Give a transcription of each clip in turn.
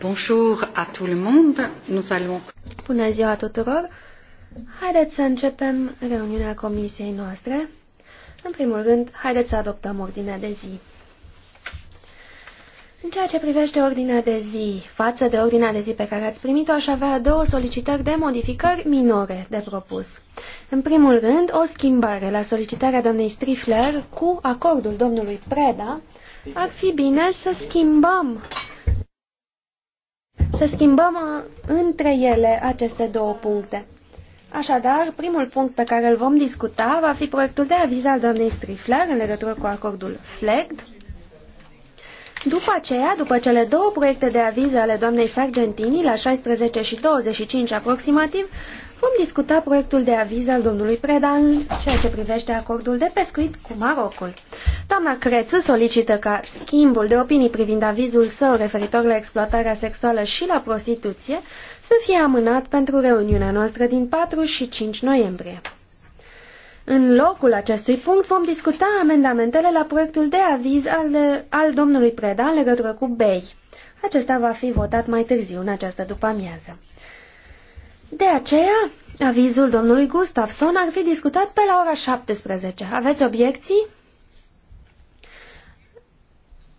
Bonjour à tout le monde. Nous allons... Bună ziua tuturor! Haideți să începem reuniunea comisiei noastre. În primul rând, haideți să adoptăm ordinea de zi. În ceea ce privește ordinea de zi, față de ordinea de zi pe care ați primit-o, aș avea două solicitări de modificări minore de propus. În primul rând, o schimbare la solicitarea domnei Strifler cu acordul domnului Preda. Ar fi bine să schimbăm să schimbăm uh, între ele aceste două puncte. Așadar, primul punct pe care îl vom discuta va fi proiectul de aviz al doamnei Strifler în legătură cu acordul FLEGD. După aceea, după cele două proiecte de aviz ale doamnei Sargentini, la 16 și 25 aproximativ, Vom discuta proiectul de aviz al domnului Preda în ceea ce privește acordul de pescuit cu Marocul. Doamna Crețu solicită ca schimbul de opinii privind avizul său referitor la exploatarea sexuală și la prostituție să fie amânat pentru reuniunea noastră din 4 și 5 noiembrie. În locul acestui punct vom discuta amendamentele la proiectul de aviz al, al domnului Preda în legătură cu BEI. Acesta va fi votat mai târziu în această după-amiază. De aceea, avizul domnului Gustafson ar fi discutat pe la ora 17. Aveți obiecții?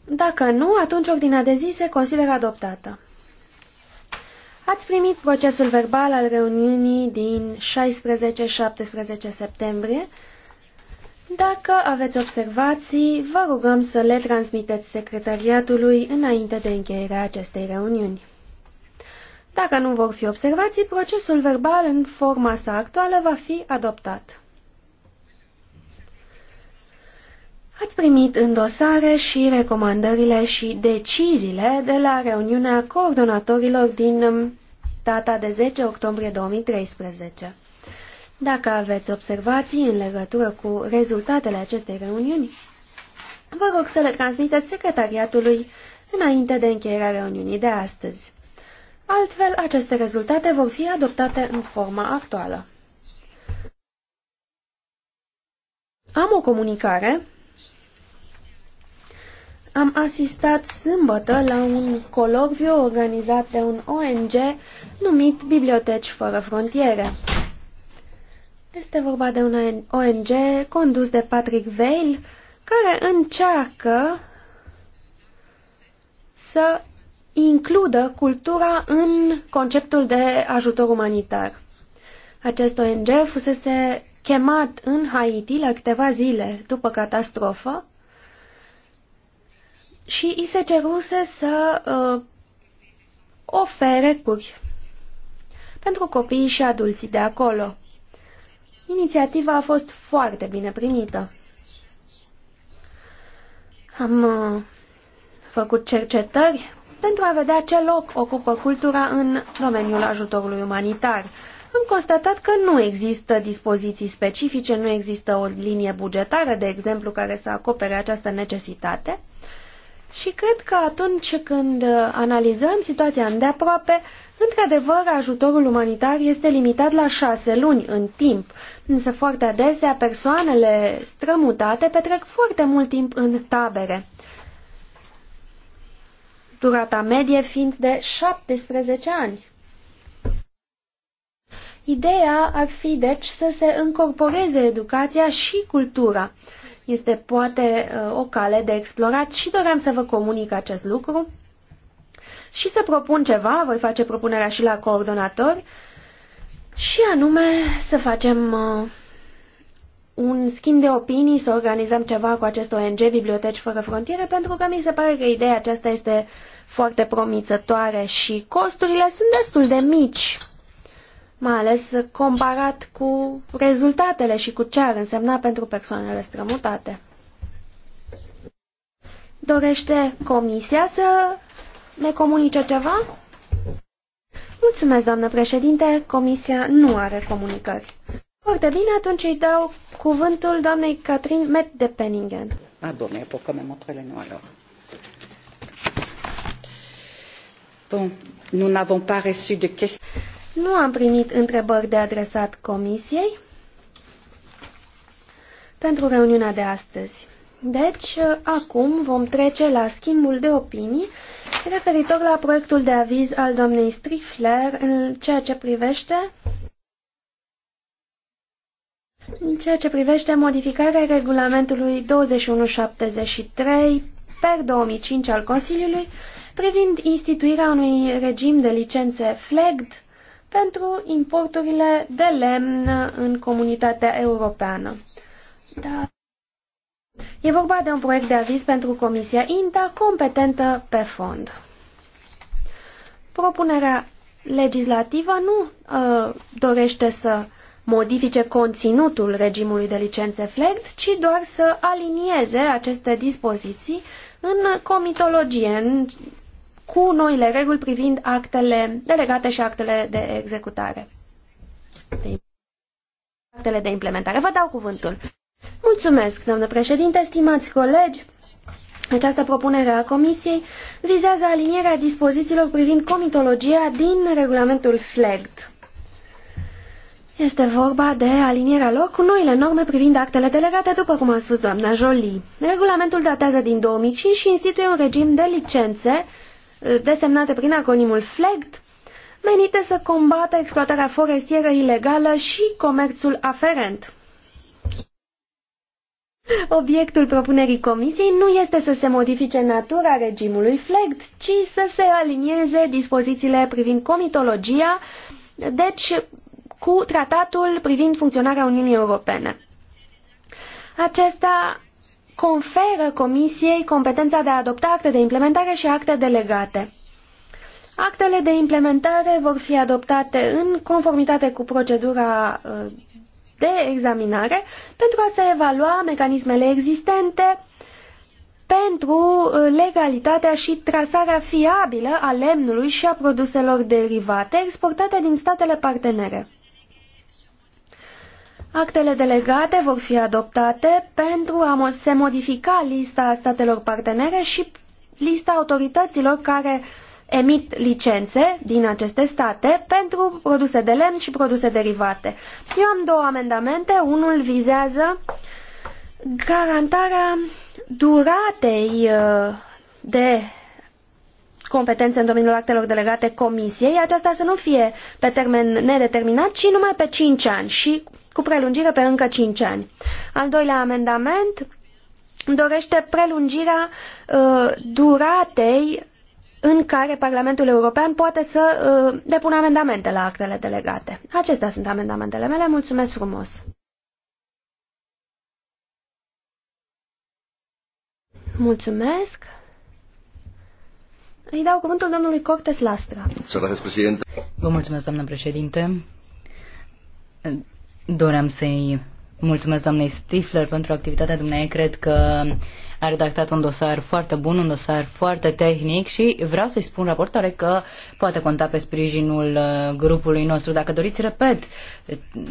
Dacă nu, atunci ordinea de zi se consideră adoptată. Ați primit procesul verbal al reuniunii din 16-17 septembrie. Dacă aveți observații, vă rugăm să le transmiteți secretariatului înainte de încheierea acestei reuniuni. Dacă nu vor fi observații, procesul verbal în forma sa actuală va fi adoptat. Ați primit în dosare și recomandările și deciziile de la reuniunea coordonatorilor din um, data de 10 octombrie 2013. Dacă aveți observații în legătură cu rezultatele acestei reuniuni, vă rog să le transmiteți secretariatului înainte de încheierea reuniunii de astăzi. Altfel, aceste rezultate vor fi adoptate în forma actuală. Am o comunicare. Am asistat sâmbătă la un colocviu organizat de un ONG numit Biblioteci fără frontiere. Este vorba de un ONG condus de Patrick Veil, care încearcă să includă cultura în conceptul de ajutor umanitar. Acest ONG fusese chemat în Haiti la câteva zile după catastrofă și i se ceruse să uh, ofere curi pentru copiii și adulții de acolo. Inițiativa a fost foarte bine primită. Am uh, făcut cercetări pentru a vedea ce loc ocupă cultura în domeniul ajutorului umanitar. Am constatat că nu există dispoziții specifice, nu există o linie bugetară, de exemplu, care să acopere această necesitate. Și cred că atunci când analizăm situația îndeaproape, într-adevăr, ajutorul umanitar este limitat la șase luni în timp, însă foarte adesea persoanele strămutate petrec foarte mult timp în tabere durata medie fiind de 17 ani. Ideea ar fi, deci, să se încorporeze educația și cultura. Este poate uh, o cale de explorat și doream să vă comunic acest lucru și să propun ceva, voi face propunerea și la coordonatori, și anume să facem uh, un schimb de opinii, să organizăm ceva cu acest ONG, Biblioteci Fără Frontiere, pentru că mi se pare că ideea aceasta este foarte promițătoare și costurile sunt destul de mici, mai ales comparat cu rezultatele și cu ce ar însemna pentru persoanele strămutate. Dorește Comisia să ne comunice ceva? Mulțumesc, doamnă președinte, Comisia nu are comunicări. Foarte bine, atunci îi dau cuvântul doamnei Catherine Met de Penningen. Ah bon, mais pourquoi me montrer le nom alors Nous n'avons pas reçu de questions. Nu am primit întrebări de adresat comisiei pentru reuniunea de astăzi. Deci, acum vom trece la schimbul de opinii referitor la proiectul de aviz al doamnei Strifler în ceea ce privește în ceea ce privește modificarea regulamentului 2173 per 2005 al Consiliului privind instituirea unui regim de licențe FLEGD pentru importurile de lemn în comunitatea europeană. Da. E vorba de un proiect de aviz pentru Comisia INTA competentă pe fond. Propunerea legislativă nu uh, dorește să modifice conținutul regimului de licențe FLEGT, ci doar să alinieze aceste dispoziții în comitologie, în cu noile reguli privind actele delegate și actele de executare. Actele de implementare. Vă dau cuvântul. Mulțumesc, domnule președinte, stimați colegi. Această propunere a Comisiei vizează alinierea dispozițiilor privind comitologia din regulamentul FLEGT. Este vorba de alinierea lor cu noile norme privind actele delegate, după cum a spus doamna Jolie. Regulamentul datează din 2005 și instituie un regim de licențe desemnate prin acronimul FLEGT, menite să combată exploatarea forestieră ilegală și comerțul aferent. Obiectul propunerii comisiei nu este să se modifice natura regimului FLEGT, ci să se alinieze dispozițiile privind comitologia, deci cu tratatul privind funcționarea Uniunii Europene. Acesta conferă Comisiei competența de a adopta acte de implementare și acte delegate. Actele de implementare vor fi adoptate în conformitate cu procedura uh, de examinare pentru a se evalua mecanismele existente pentru uh, legalitatea și trasarea fiabilă a lemnului și a produselor derivate exportate din statele partenere. Actele delegate vor fi adoptate pentru a se modifica lista statelor partenere și lista autorităților care emit licențe din aceste state pentru produse de lemn și produse derivate. Eu am două amendamente. Unul vizează garantarea duratei uh, de competențe în domeniul actelor delegate comisiei, aceasta să nu fie pe termen nedeterminat, ci numai pe 5 ani și cu prelungire pe încă 5 ani. Al doilea amendament dorește prelungirea uh, duratei în care Parlamentul European poate să uh, depună amendamente la actele delegate. Acestea sunt amendamentele mele. Mulțumesc frumos! Mulțumesc! Îi dau cuvântul domnului Cortes Lastra. Vă mulțumesc, doamnă președinte. Doream să-i mulțumesc doamnei Stifler pentru activitatea dumneavoastră. Cred că a redactat un dosar foarte bun, un dosar foarte tehnic și vreau să-i spun raportoare că poate conta pe sprijinul uh, grupului nostru. Dacă doriți, repet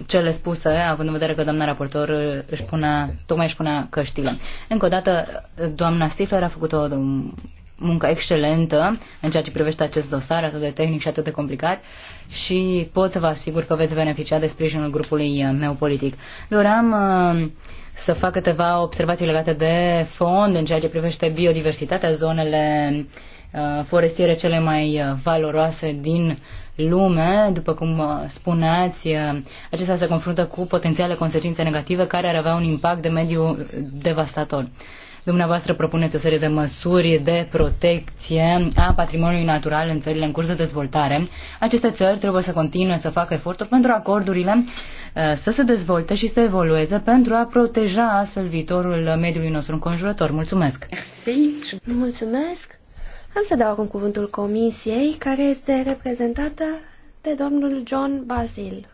cele spuse, având în vedere că doamna raportor uh, își punea, tocmai își punea căștile. Încă o dată, doamna Stifler a făcut o um, muncă excelentă în ceea ce privește acest dosar atât de tehnic și atât de complicat și pot să vă asigur că veți beneficia de sprijinul grupului uh, meu politic. Doream uh, să fac câteva observații legate de fond în ceea ce privește biodiversitatea, zonele uh, forestiere cele mai valoroase din lume, după cum spuneați, acesta se confruntă cu potențiale consecințe negative care ar avea un impact de mediu devastator. Dumneavoastră propuneți o serie de măsuri de protecție a patrimoniului natural în țările în curs de dezvoltare. Aceste țări trebuie să continue să facă eforturi pentru acordurile să se dezvolte și să evolueze pentru a proteja astfel viitorul mediului nostru înconjurător. Mulțumesc! Mulțumesc! Am să dau acum cuvântul comisiei, care este reprezentată de domnul John Basil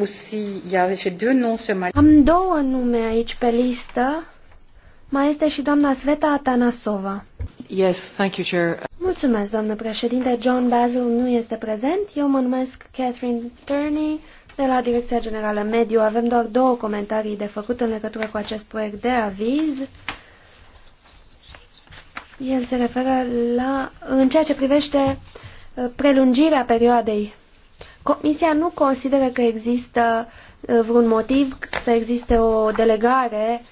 aussi, il y a, j'ai deux noms ce matin. Am două nume aici pe listă. Mai este și doamna Sveta Atanasova. Yes, thank you, Chair. Mulțumesc, doamnă președinte. John Basil nu este prezent. Eu mă numesc Catherine Turney de la Direcția Generală Mediu. Avem doar două comentarii de făcut în legătură cu acest proiect de aviz. El se referă la, în ceea ce privește uh, prelungirea perioadei Comisia nu consideră că există uh, vreun motiv să existe o delegare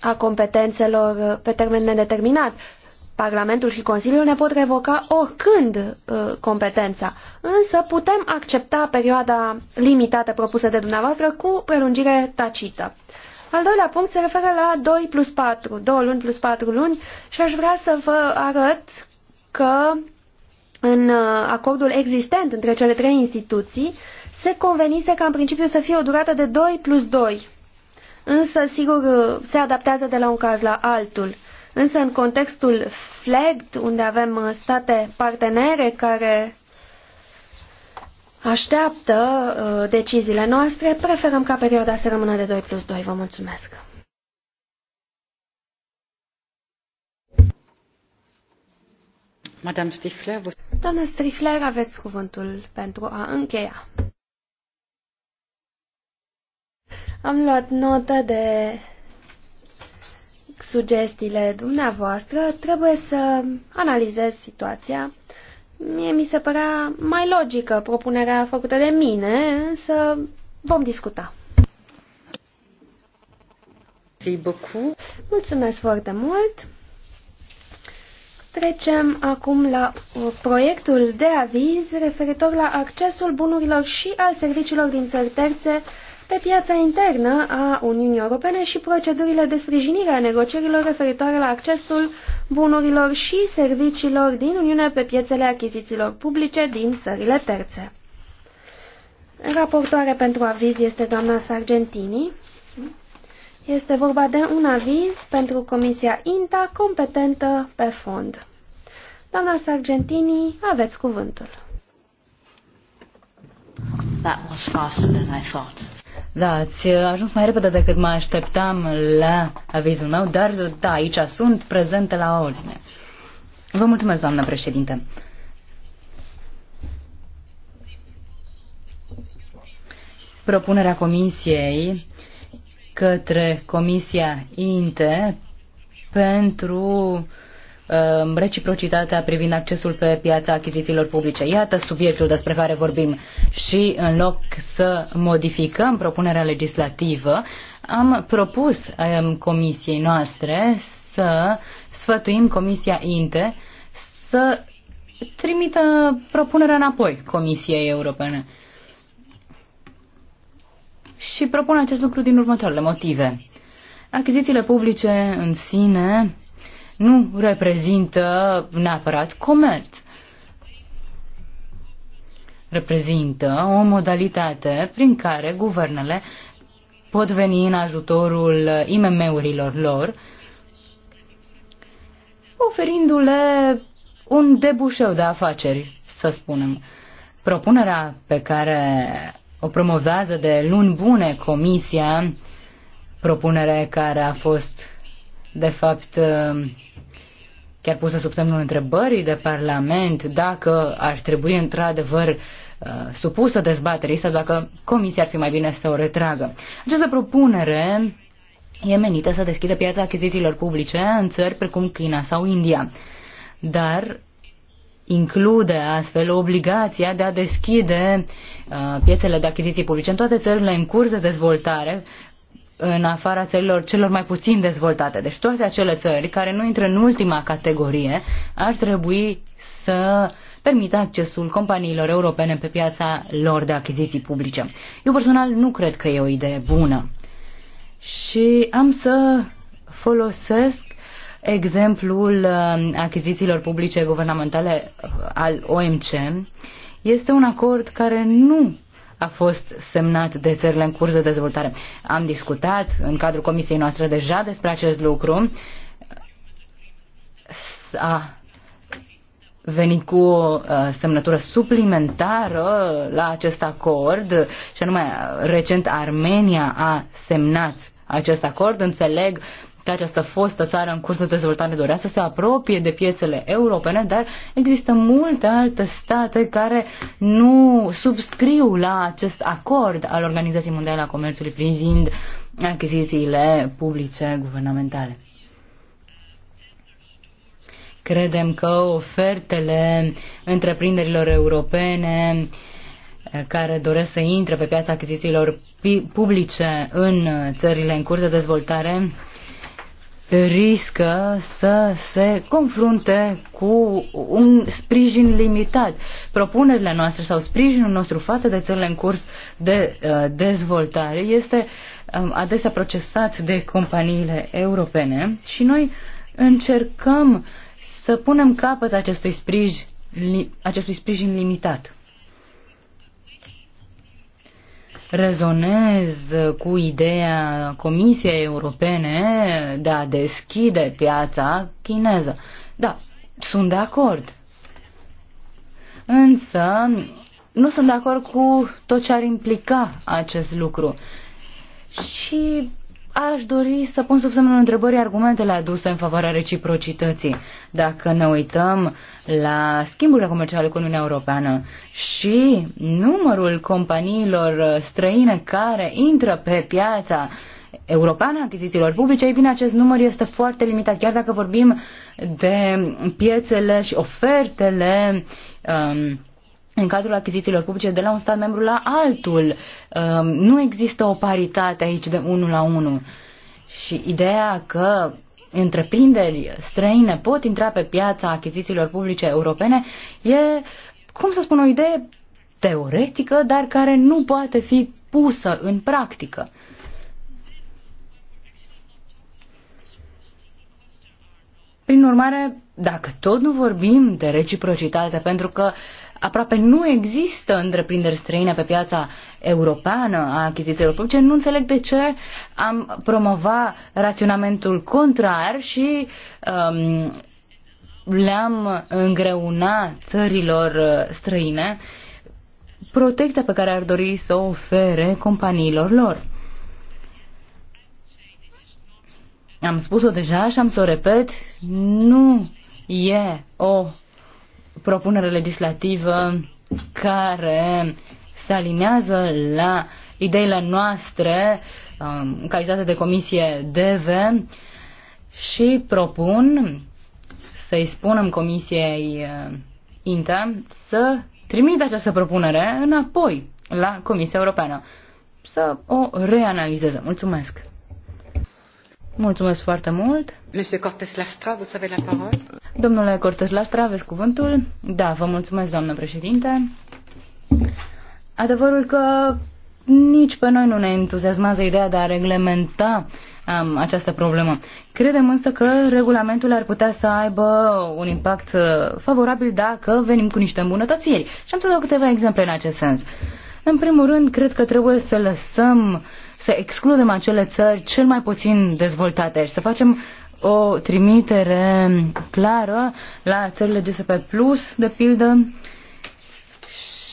a competențelor uh, pe termen nedeterminat. Parlamentul și Consiliul ne pot revoca oricând uh, competența, însă putem accepta perioada limitată propusă de dumneavoastră cu prelungire tacită. Al doilea punct se referă la 2 plus 4, 2 luni plus 4 luni și aș vrea să vă arăt că în uh, acordul existent între cele trei instituții, se convenise ca în principiu să fie o durată de 2 plus 2. Însă, sigur, uh, se adaptează de la un caz la altul. Însă, în contextul FLEGT, unde avem uh, state partenere care așteaptă deciziile noastre, preferăm ca perioada să rămână de 2 plus 2. Vă mulțumesc! Madame Stifler, vă... Doamna Strifler, aveți cuvântul pentru a încheia. Am luat notă de sugestiile dumneavoastră. Trebuie să analizez situația. Mie mi se părea mai logică propunerea făcută de mine, însă vom discuta. Mulțumesc foarte mult! Trecem acum la uh, proiectul de aviz referitor la accesul bunurilor și al serviciilor din țări terțe pe piața internă a Uniunii Europene și procedurile de sprijinire a negocierilor referitoare la accesul bunurilor și serviciilor din Uniune pe piețele achizițiilor publice din țările terțe. Raportoare pentru aviz este doamna Sargentini. Este vorba de un aviz pentru Comisia INTA competentă pe fond. Doamna Sargentini, aveți cuvântul. That was faster than I thought. Da, ați uh, ajuns mai repede decât mă așteptam la avizul meu, dar da, aici sunt prezente la ordine. Vă mulțumesc, doamnă președinte. Propunerea Comisiei către Comisia INTE pentru um, reciprocitatea privind accesul pe piața achizițiilor publice. Iată subiectul despre care vorbim și în loc să modificăm propunerea legislativă, am propus um, comisiei noastre să sfătuim Comisia INTE să trimită propunerea înapoi Comisiei Europene și propun acest lucru din următoarele motive. Achizițiile publice în sine nu reprezintă neapărat comerț. Reprezintă o modalitate prin care guvernele pot veni în ajutorul IMM-urilor lor, oferindu-le un debușeu de afaceri, să spunem. Propunerea pe care o promovează de luni bune comisia, propunere care a fost, de fapt, uh, chiar pusă sub semnul întrebării de Parlament dacă ar trebui într-adevăr uh, supusă dezbaterii sau dacă comisia ar fi mai bine să o retragă. Această propunere e menită să deschidă piața achizițiilor publice în țări precum China sau India. Dar include astfel obligația de a deschide uh, piețele de achiziții publice în toate țările în curs de dezvoltare, în afara țărilor celor mai puțin dezvoltate. Deci toate acele țări care nu intră în ultima categorie ar trebui să permită accesul companiilor europene pe piața lor de achiziții publice. Eu personal nu cred că e o idee bună și am să folosesc Exemplul uh, achizițiilor publice guvernamentale uh, al OMC este un acord care nu a fost semnat de țările în curs de dezvoltare. Am discutat în cadrul comisiei noastre deja despre acest lucru. S-a venit cu o uh, semnătură suplimentară la acest acord și anume recent Armenia a semnat acest acord. Înțeleg și această fostă țară în curs de dezvoltare dorea să se apropie de piețele europene, dar există multe alte state care nu subscriu la acest acord al Organizației Mondiale a Comerțului privind achizițiile publice guvernamentale. Credem că ofertele întreprinderilor europene eh, care doresc să intre pe piața achizițiilor publice în țările în curs de dezvoltare riscă să se confrunte cu un sprijin limitat. Propunerile noastre sau sprijinul nostru față de țările în curs de uh, dezvoltare este um, adesea procesat de companiile europene și noi încercăm să punem capăt acestui sprijin, acestui sprijin limitat. rezonez cu ideea Comisiei Europene de a deschide piața chineză. Da, sunt de acord. Însă, nu sunt de acord cu tot ce ar implica acest lucru. Și Aș dori să pun sub semnul întrebării argumentele aduse în favoarea reciprocității. Dacă ne uităm la schimburile comerciale cu Uniunea Europeană și numărul companiilor străine care intră pe piața europeană a achizițiilor publice, ei bine, acest număr este foarte limitat, chiar dacă vorbim de piețele și ofertele um, în cadrul achizițiilor publice de la un stat membru la altul. Um, nu există o paritate aici de unul la unul. Și ideea că întreprinderi străine pot intra pe piața achizițiilor publice europene e, cum să spun, o idee teoretică, dar care nu poate fi pusă în practică. Prin urmare, dacă tot nu vorbim de reciprocitate, pentru că uh, aproape nu există întreprinderi străine pe piața europeană a achizițiilor publice, nu înțeleg de ce am promova raționamentul contrar și um, le-am îngreuna țărilor uh, străine protecția pe care ar dori să o ofere companiilor lor. Am spus-o deja și am să o repet, nu e o propunere legislativă care se alinează la ideile noastre în um, calizate de comisie DV și propun să-i spunem comisiei uh, INTA să trimită această propunere înapoi la Comisia Europeană să o reanalizeze. Mulțumesc! Mulțumesc foarte mult. Monsieur Cortes Lastra, vous avez la parole. Domnule Cortes Lastra, aveți cuvântul? Da, vă mulțumesc, doamnă președinte. Adevărul că nici pe noi nu ne entuziasmează ideea de a reglementa um, această problemă. Credem însă că regulamentul ar putea să aibă un impact uh, favorabil dacă venim cu niște îmbunătățiri. Și am să dau câteva exemple în acest sens. În primul rând, cred că trebuie să lăsăm uh, să excludem acele țări cel mai puțin dezvoltate și să facem o trimitere clară la țările GSP Plus, de pildă,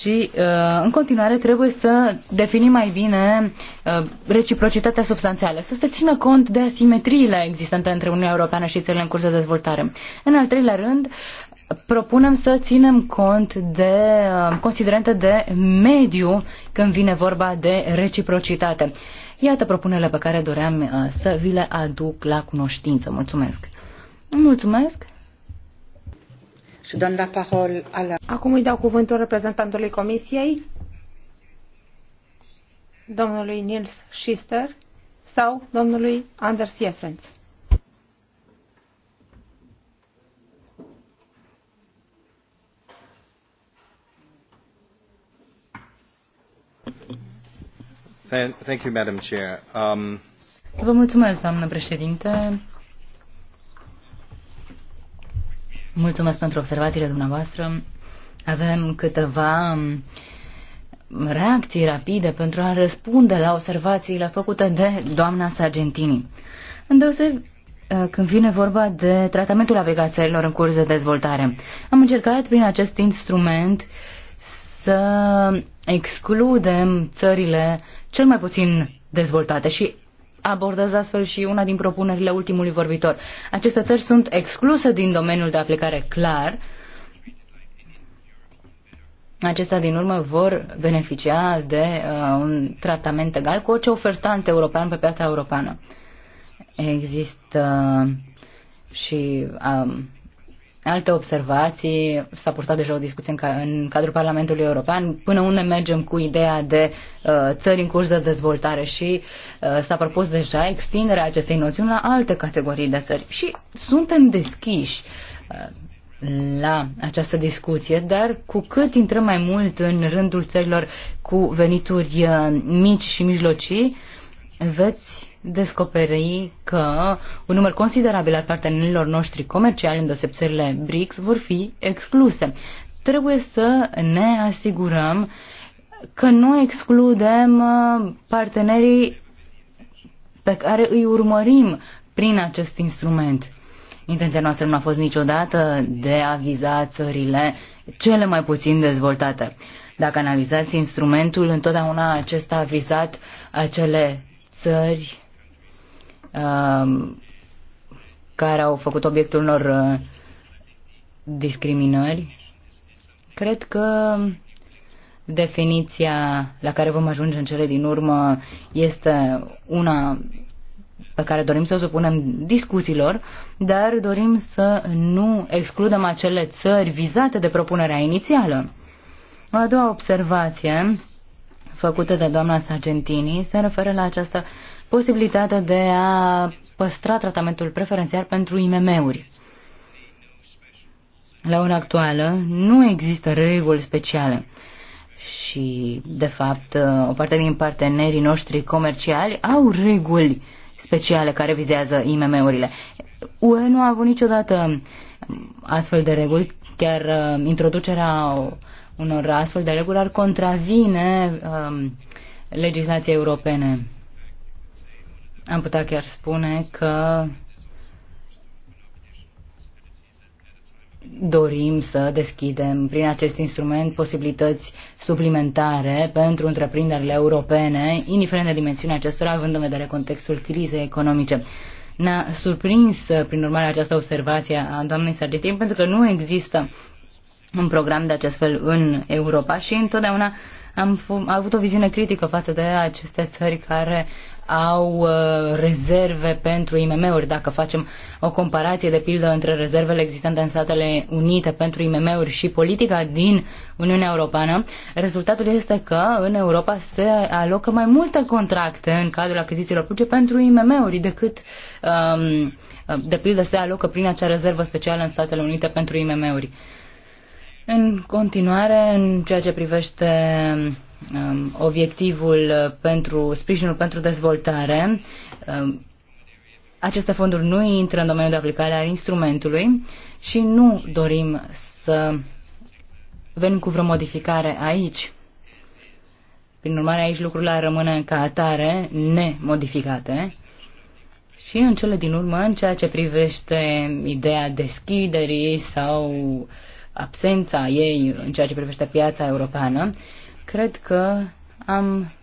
și uh, în continuare trebuie să definim mai bine uh, reciprocitatea substanțială, să se țină cont de asimetriile existente între Uniunea Europeană și țările în curs de dezvoltare. În al treilea rând, propunem să ținem cont de uh, considerente de mediu când vine vorba de reciprocitate. Iată propunerile pe care doream uh, să vi le aduc la cunoștință. Mulțumesc! Mulțumesc! Acum îi dau cuvântul reprezentantului Comisiei, domnului Nils Schister sau domnului Anders Jessens. Thank you, Madam Chair. Um... Vă mulțumesc, doamnă președinte. Mulțumesc pentru observațiile dumneavoastră. Avem câteva um, reacții rapide pentru a răspunde la observațiile făcute de doamna Sargentini. Îndeoseb uh, când vine vorba de tratamentul aplicațiilor în curs de dezvoltare. Am încercat prin acest instrument să excludem țările cel mai puțin dezvoltate și abordez astfel și una din propunerile ultimului vorbitor. Aceste țări sunt excluse din domeniul de aplicare clar. Acestea, din urmă, vor beneficia de uh, un tratament egal cu orice ofertant european pe piața europeană. Există uh, și um, alte observații. S-a purtat deja o discuție în, ca, în cadrul Parlamentului European până unde mergem cu ideea de uh, țări în curs de dezvoltare și uh, s-a propus deja extinderea acestei noțiuni la alte categorii de țări. Și suntem deschiși uh, la această discuție, dar cu cât intrăm mai mult în rândul țărilor cu venituri uh, mici și mijlocii, veți descoperi că un număr considerabil al partenerilor noștri comerciali, în țările BRICS, vor fi excluse. Trebuie să ne asigurăm că nu excludem uh, partenerii pe care îi urmărim prin acest instrument. Intenția noastră nu a fost niciodată de a viza țările cele mai puțin dezvoltate. Dacă analizați instrumentul, întotdeauna acesta a vizat acele țări Um, care au făcut obiectul unor uh, discriminări. Cred că definiția la care vom ajunge în cele din urmă este una pe care dorim să o supunem discuțiilor, dar dorim să nu excludem acele țări vizate de propunerea inițială. O a doua observație făcută de doamna Sargentini se referă la această uh, posibilitatea de a păstra tratamentul preferențial pentru IMM-uri. La ora actuală nu există reguli speciale și, de fapt, o parte din partenerii noștri comerciali au reguli speciale care vizează IMM-urile. UE nu a avut niciodată astfel de reguli, chiar uh, introducerea unor astfel de reguli ar contravine um, legislației europene. Am putea chiar spune că dorim să deschidem prin acest instrument posibilități suplimentare pentru întreprinderile europene, indiferent de dimensiunea acestora, având în vedere contextul crizei economice. Ne-a surprins, prin urmare, această observație a doamnei Sargentin, pentru că nu există un program de acest fel în Europa și întotdeauna am avut o viziune critică față de aceste țări care au uh, rezerve pentru IMM-uri. Dacă facem o comparație, de pildă, între rezervele existente în Statele Unite pentru IMM-uri și politica din Uniunea Europeană, rezultatul este că în Europa se alocă mai multe contracte în cadrul achizițiilor publice pentru IMM-uri decât, um, de pildă, se alocă prin acea rezervă specială în Statele Unite pentru IMM-uri. În continuare, în ceea ce privește Um, obiectivul uh, pentru sprijinul pentru dezvoltare. Um, aceste fonduri nu intră în domeniul de aplicare al instrumentului și nu dorim să venim cu vreo modificare aici. Prin urmare, aici lucrurile rămâne ca atare, nemodificate. Și în cele din urmă, în ceea ce privește ideea deschiderii sau absența ei în ceea ce privește piața europeană, Cred că am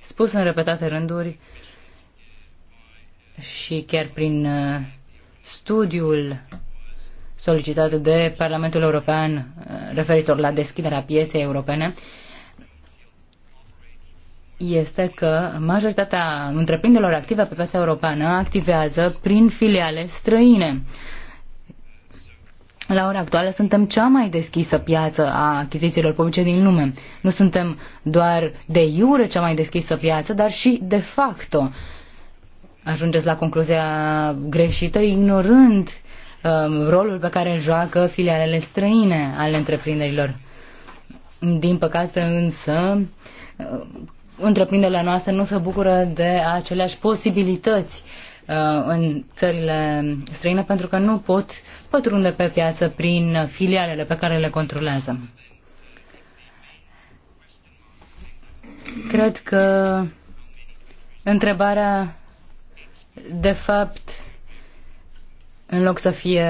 spus în repetate rânduri și chiar prin uh, studiul solicitat de Parlamentul European uh, referitor la deschiderea pieței europene, este că majoritatea întreprinderilor active pe piața europeană activează prin filiale străine. La ora actuală suntem cea mai deschisă piață a achizițiilor publice din lume. Nu suntem doar de iure cea mai deschisă piață, dar și de facto. Ajungeți la concluzia greșită ignorând uh, rolul pe care îl joacă filialele străine ale întreprinderilor. Din păcate însă, um, întreprinderile noastre nu se bucură de aceleași posibilități uh, în țările străine pentru că nu pot pătrunde pe piață prin filialele pe care le controlează. Cred că întrebarea, de fapt, în loc să fie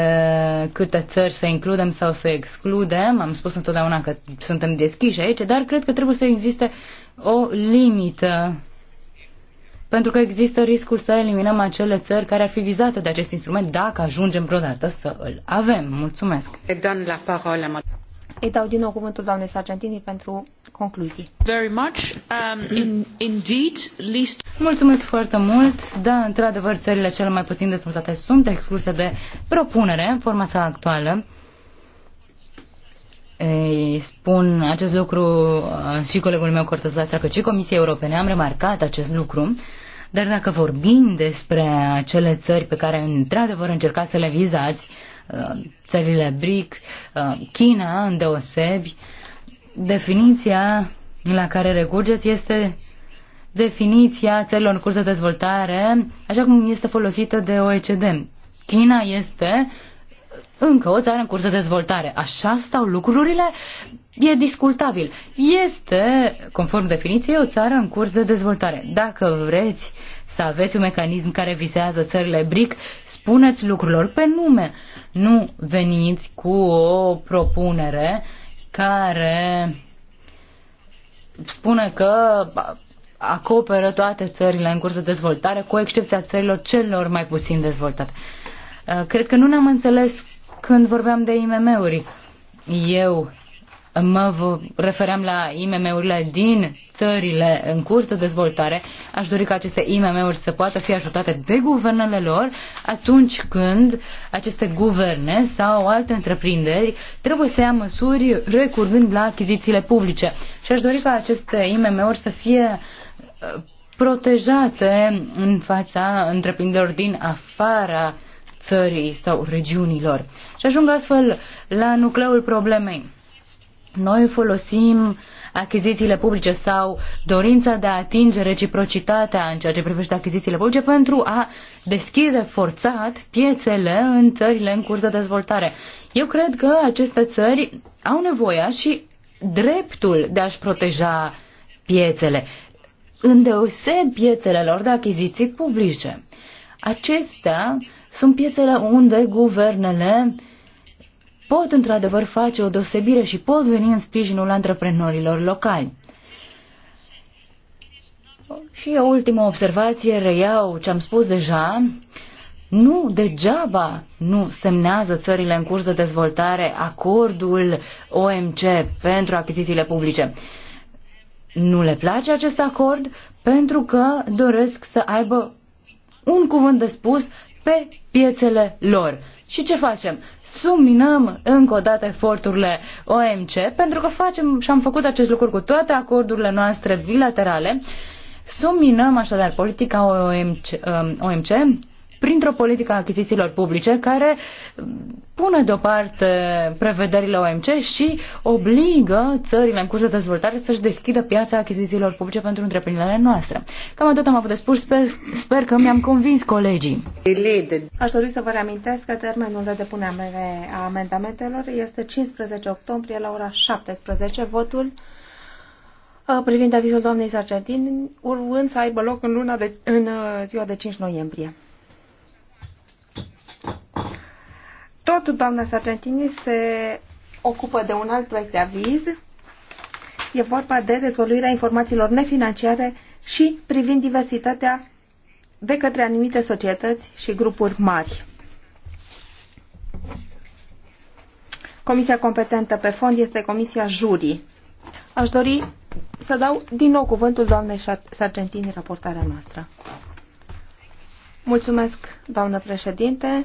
câte țări să includem sau să excludem, am spus întotdeauna că suntem deschiși aici, dar cred că trebuie să existe o limită pentru că există riscul să eliminăm acele țări care ar fi vizate de acest instrument dacă ajungem vreodată să îl avem. Mulțumesc! Îi dau din nou cuvântul doamnei Sargentini pentru concluzii. Very much. Um, in, indeed, least... Mulțumesc foarte mult. Da, într-adevăr, țările cele mai puțin dezvoltate sunt excluse de propunere în forma sa actuală. Îi spun acest lucru uh, și colegul meu Cortes Lastra, că și Comisia Europene am remarcat acest lucru, dar dacă vorbim despre acele țări pe care într-adevăr încercați să le vizați, uh, țările BRIC, uh, China îndeosebi, definiția la care recurgeți este definiția țărilor în curs de dezvoltare, așa cum este folosită de OECD. China este încă o țară în curs de dezvoltare. Așa stau lucrurile? E discutabil. Este, conform definiției, o țară în curs de dezvoltare. Dacă vreți să aveți un mecanism care vizează țările BRIC, spuneți lucrurilor pe nume. Nu veniți cu o propunere care spune că acoperă toate țările în curs de dezvoltare, cu excepția țărilor celor mai puțin dezvoltate. Cred că nu ne-am înțeles când vorbeam de IMM-uri. Eu mă refeream la IMM-urile din țările în curs de dezvoltare, aș dori ca aceste IMM-uri să poată fi ajutate de guvernele lor atunci când aceste guverne sau alte întreprinderi trebuie să ia măsuri recurgând la achizițiile publice. Și aș dori ca aceste IMM-uri să fie uh, protejate în fața întreprinderilor din afara țării sau regiunilor și ajung astfel la nucleul problemei. Noi folosim achizițiile publice sau dorința de a atinge reciprocitatea în ceea ce privește achizițiile publice pentru a deschide forțat piețele în țările în curs de dezvoltare. Eu cred că aceste țări au nevoia și dreptul de a-și proteja piețele, îndeoseb piețele lor de achiziții publice. Acestea sunt piețele unde guvernele pot într-adevăr face o deosebire și pot veni în sprijinul antreprenorilor locali. Și o ultimă observație, reiau ce am spus deja, nu degeaba nu semnează țările în curs de dezvoltare acordul OMC pentru achizițiile publice. Nu le place acest acord pentru că doresc să aibă un cuvânt de spus pe piețele lor. Și ce facem? Suminăm încă o dată eforturile OMC, pentru că facem și am făcut acest lucru cu toate acordurile noastre bilaterale. Suminăm așadar politica OMC, um, OMC printr-o politică a achizițiilor publice care pune deoparte prevederile OMC și obligă țările în curs de dezvoltare să-și deschidă piața achizițiilor publice pentru întreprinderile noastre. Cam atât am avut de spus, sper, sper că mi-am convins colegii. Aș dori să vă reamintesc că termenul de depunere a amendamentelor este 15 octombrie la ora 17. Votul uh, privind avizul doamnei Sargentin, urmând să aibă loc în, luna de, în uh, ziua de 5 noiembrie. Tot doamna Sargentini se ocupă de un alt proiect de aviz. E vorba de dezvăluirea informațiilor nefinanciare și privind diversitatea de către anumite societăți și grupuri mari. Comisia competentă pe fond este Comisia Jurii. Aș dori să dau din nou cuvântul doamnei Sargentini, raportarea noastră. Mulțumesc, doamnă președinte.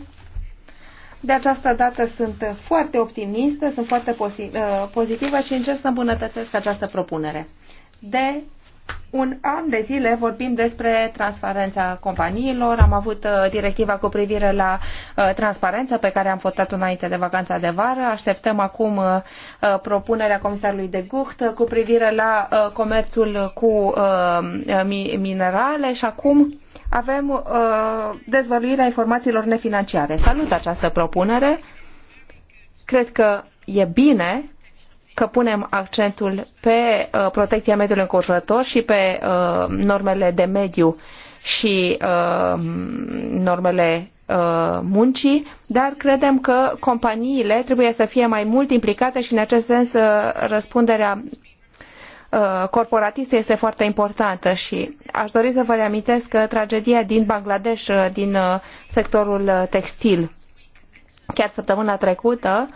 De această dată sunt foarte optimistă, sunt foarte uh, pozitivă și încerc să îmbunătățesc această propunere. De un an de zile vorbim despre transparența companiilor, am avut uh, directiva cu privire la uh, transparență pe care am votat înainte de vacanța de vară, așteptăm acum propunerea comisarului de Gucht cu privire la comerțul cu minerale și acum avem uh, dezvăluirea informațiilor nefinanciare. Salut această propunere. Cred că e bine că punem accentul pe uh, protecția mediului înconjurător și pe uh, normele de mediu și uh, normele uh, muncii, dar credem că companiile trebuie să fie mai mult implicate și în acest sens uh, răspunderea Uh, corporatistă este foarte importantă și aș dori să vă reamintesc că tragedia din Bangladesh, uh, din uh, sectorul textil, chiar săptămâna trecută,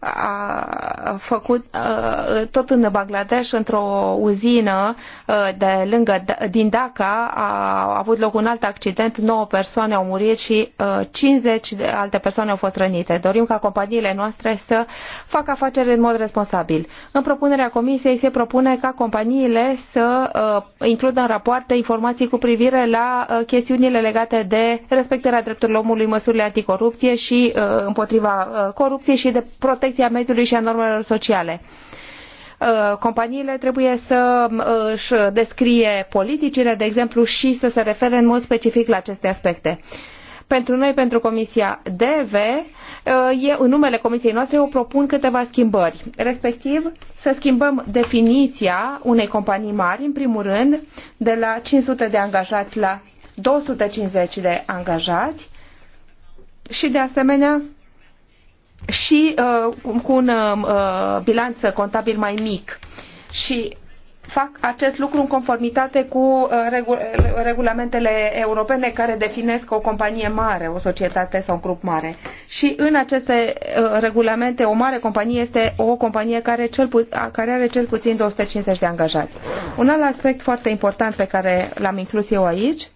a făcut tot în Bangladesh, într-o uzină de lângă, din Dhaka, a avut loc un alt accident, 9 persoane au murit și 50 de alte persoane au fost rănite. Dorim ca companiile noastre să facă afaceri în mod responsabil. În propunerea comisiei se propune ca companiile să includă în rapoarte informații cu privire la chestiunile legate de respectarea drepturilor omului, măsurile anticorupție și împotriva corupției și de protecție protecția mediului și a normelor sociale uh, companiile trebuie să uh, își descrie politicile, de exemplu, și să se refere în mod specific la aceste aspecte. Pentru noi, pentru Comisia DV, uh, eu, în numele Comisiei noastre, eu propun câteva schimbări. Respectiv, să schimbăm definiția unei companii mari, în primul rând, de la 500 de angajați la 250 de angajați și, de asemenea, și uh, cu un uh, bilanț contabil mai mic. Și fac acest lucru în conformitate cu uh, regu uh, regulamentele europene care definesc o companie mare, o societate sau un grup mare. Și în aceste uh, regulamente, o mare companie este o companie care, cel care are cel puțin 250 de angajați. Un alt aspect foarte important pe care l-am inclus eu aici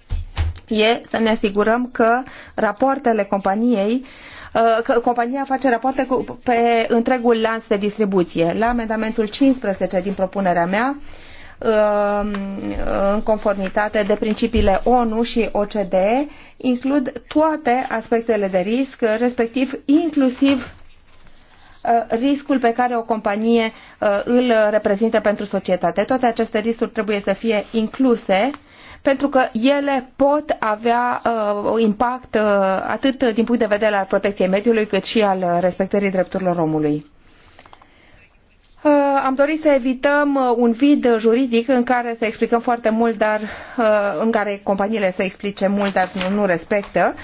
e să ne asigurăm că rapoartele companiei uh, Uh, compania face rapoarte cu, pe întregul lanț de distribuție. La amendamentul 15 din propunerea mea, uh, în conformitate de principiile ONU și OCDE, includ toate aspectele de risc, respectiv inclusiv uh, riscul pe care o companie îl reprezintă pentru societate. Toate aceste riscuri trebuie să fie incluse pentru că ele pot avea uh, impact uh, atât din punct de vedere al protecției mediului, cât și al respectării drepturilor omului. Uh, am dorit să evităm uh, un vid juridic în care să explicăm foarte mult, dar uh, în care companiile să explice mult, dar nu, nu respectă.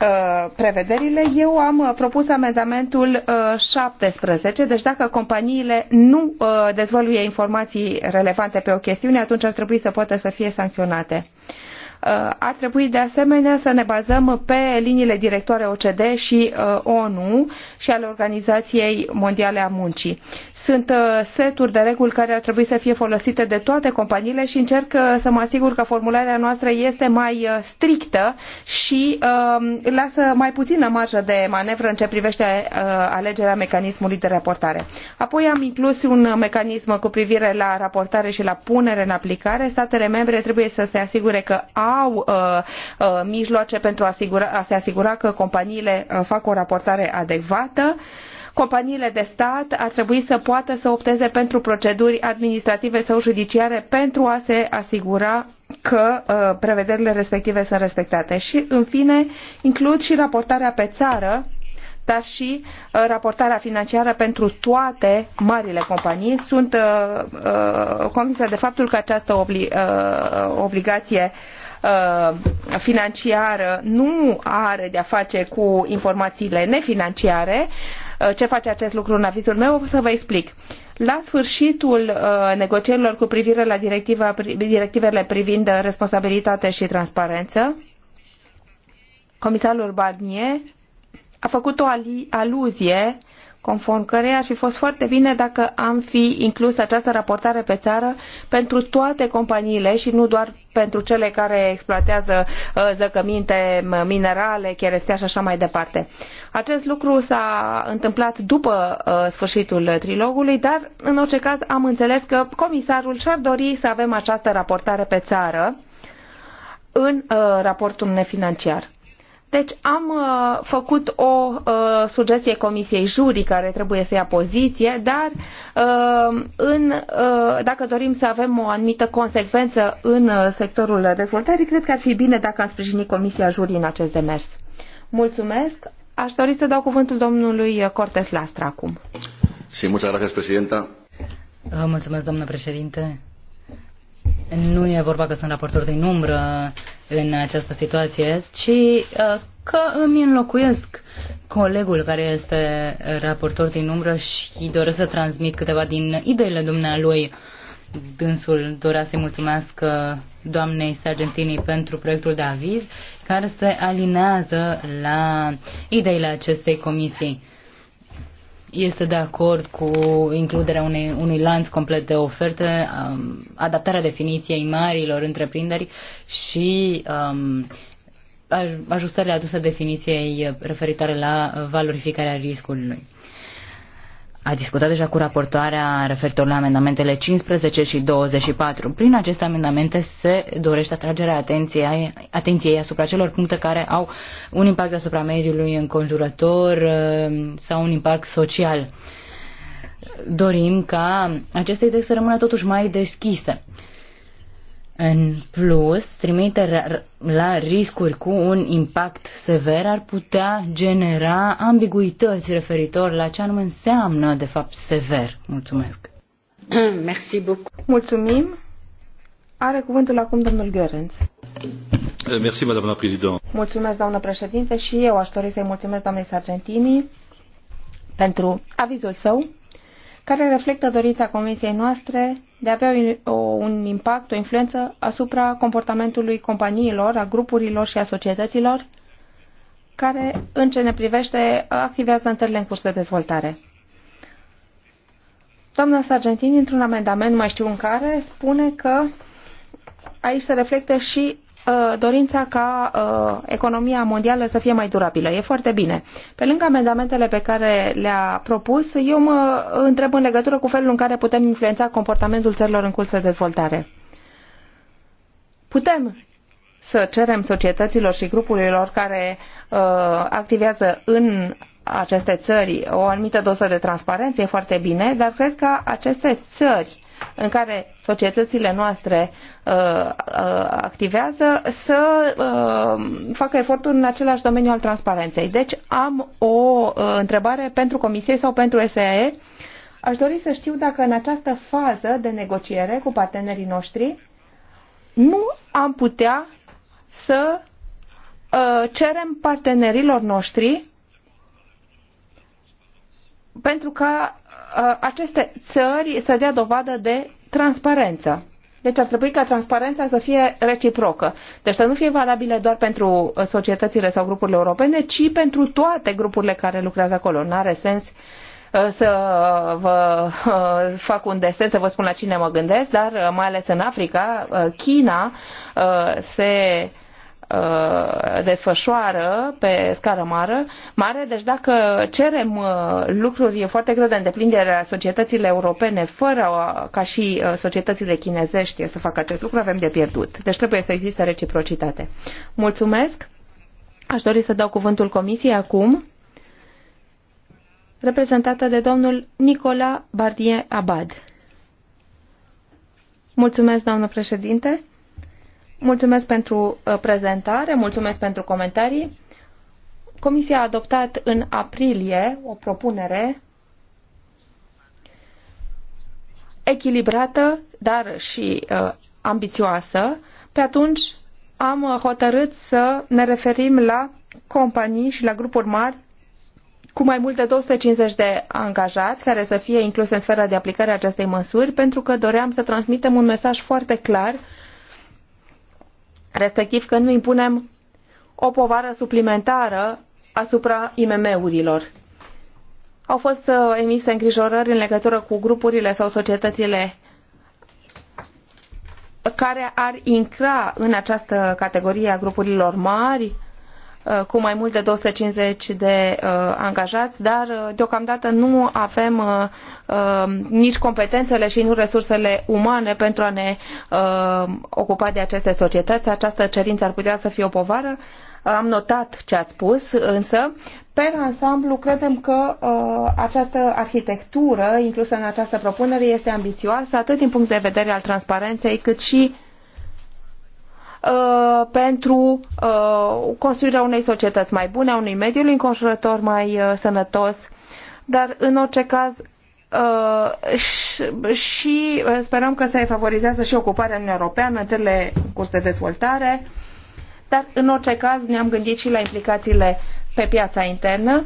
Uh, prevederile, eu am uh, propus amendamentul 17, uh, deci dacă companiile nu dezvăluie informații relevante pe o chestiune, atunci ar trebui să poată să fie sancționate ar trebui de asemenea să ne bazăm pe liniile directoare OCD și ONU și ale Organizației Mondiale a Muncii. Sunt uh, seturi de reguli care ar trebui să fie folosite de toate companiile și încerc uh, să mă asigur că formularea noastră este mai uh, strictă și um, lasă mai puțină marjă de manevră în ce privește alegerea mecanismului de raportare. Apoi am inclus un mecanism cu privire la raportare și la punere în aplicare. Statele membre trebuie să se asigure că au mijloace pentru a se asigura că companiile fac o raportare adecvată dată, companiile de stat ar trebui să poată să opteze pentru proceduri administrative sau judiciare pentru a se asigura că uh, prevederile respective sunt respectate. Și, în fine, includ și raportarea pe țară, dar și uh, raportarea financiară pentru toate marile companii. Sunt uh, uh convinsă de faptul că această obli uh, obligație Uh, financiară nu are de-a face cu informațiile nefinanciare. Uh, ce face acest lucru în avizul meu? O să vă explic. La sfârșitul uh, negocierilor cu privire la directiva, directivele privind responsabilitate și transparență, comisarul Barnier a făcut o aluzie conform căreia ar fi fost foarte bine dacă am fi inclus această raportare pe țară pentru toate companiile și nu doar pentru cele care exploatează uh, zăcăminte minerale, cherestea și așa mai departe. Acest lucru s-a întâmplat după uh, sfârșitul trilogului, dar în orice caz am înțeles că comisarul și-ar dori să avem această raportare pe țară în uh, raportul nefinanciar. Deci am uh, făcut o uh, sugestie comisiei juri care trebuie să ia poziție, dar uh, în, uh, dacă dorim să avem o anumită consecvență în uh, sectorul dezvoltării, cred că ar fi bine dacă am sprijini comisia juri în acest demers. Mulțumesc. Aș dori să dau cuvântul domnului Cortes Lastra acum. Sí, muchas gracias, presidenta. Mulțumesc, domnule președinte. Nu e vorba că sunt raportor din umbră în această situație, ci uh, că îmi înlocuiesc colegul care este raportor din umbră și doresc să transmit câteva din ideile dumnealui. Dânsul dorea să-i mulțumesc uh, doamnei Sargentini pentru proiectul de aviz care se alinează la ideile acestei comisii este de acord cu includerea unei, unui lanț complet de oferte, um, adaptarea definiției marilor întreprinderi și um, ajustările aduse definiției referitoare la valorificarea riscului a discutat deja cu raportoarea referitor la amendamentele 15 și 24. Prin aceste amendamente se dorește atragerea atenției, atenției asupra celor puncte care au un impact asupra mediului înconjurător uh, sau un impact social. Dorim ca aceste idei să rămână totuși mai deschise. În plus, trimiterea la riscuri cu un impact sever ar putea genera ambiguități referitor la ce anume înseamnă, de fapt, sever. Mulțumesc. Merci beaucoup. Mulțumim. Are cuvântul acum domnul Görens. Eh, merci, doamna președinte. Mulțumesc, doamnă președinte, și eu aș dori să-i mulțumesc doamnei Sargentini pentru avizul său care reflectă dorința comisiei noastre de a avea un impact, o influență asupra comportamentului companiilor, a grupurilor și a societăților care, în ce ne privește, activează în țările în curs de dezvoltare. Doamna Sargentini, într-un amendament, mai știu în care, spune că aici se reflectă și Uh, dorința ca uh, economia mondială să fie mai durabilă. E foarte bine. Pe lângă amendamentele pe care le-a propus, eu mă întreb în legătură cu felul în care putem influența comportamentul țărilor în curs de dezvoltare. Putem să cerem societăților și grupurilor care uh, activează în aceste țări o anumită dosă de transparență, e foarte bine, dar cred că aceste țări în care societățile noastre uh, uh, activează să uh, facă eforturi în același domeniu al transparenței. Deci am o uh, întrebare pentru Comisie sau pentru SAE. Aș dori să știu dacă în această fază de negociere cu partenerii noștri nu am putea să uh, cerem partenerilor noștri pentru ca Uh, aceste țări să dea dovadă de transparență. Deci ar trebui ca transparența să fie reciprocă. Deci să nu fie valabile doar pentru uh, societățile sau grupurile europene, ci pentru toate grupurile care lucrează acolo. Nu are sens uh, să vă fac un desen, să vă spun la cine mă gândesc, dar mai ales în Africa, China se Uh, desfășoară pe scară mare, mare, deci dacă cerem uh, lucruri foarte greu de îndeplinire a societățile europene fără ca și uh, societățile chinezești să facă acest lucru, avem de pierdut. Deci trebuie să existe reciprocitate. Mulțumesc! Aș dori să dau cuvântul comisiei acum, reprezentată de domnul Nicola Bardie Abad. Mulțumesc, doamnă președinte! Mulțumesc pentru uh, prezentare, mulțumesc pentru comentarii. Comisia a adoptat în aprilie o propunere echilibrată, dar și uh, ambițioasă. Pe atunci am uh, hotărât să ne referim la companii și la grupuri mari cu mai mult de 250 de angajați care să fie incluse în sfera de aplicare a acestei măsuri, pentru că doream să transmitem un mesaj foarte clar uh, respectiv când nu impunem o povară suplimentară asupra IMM-urilor. Au fost uh, emise îngrijorări în legătură cu grupurile sau societățile care ar intra în această categorie a grupurilor mari, Uh, cu mai mult de 250 de uh, angajați, dar uh, deocamdată nu avem nici competențele și nu resursele umane pentru a ne ocupa de aceste societăți. Această cerință ar putea să fie o povară. Am notat ce ați spus, însă, pe ansamblu, credem că uh, această arhitectură inclusă în această propunere este ambițioasă, atât din punct de vedere al transparenței, cât și Uh, pentru uh, construirea unei societăți mai bune, a unui mediu înconjurător mai uh, sănătos, dar în orice caz uh, și, și uh, sperăm că se favorizează și ocuparea în Uniunea Europeană, cele curs de dezvoltare, dar în orice caz ne-am gândit și la implicațiile pe piața internă.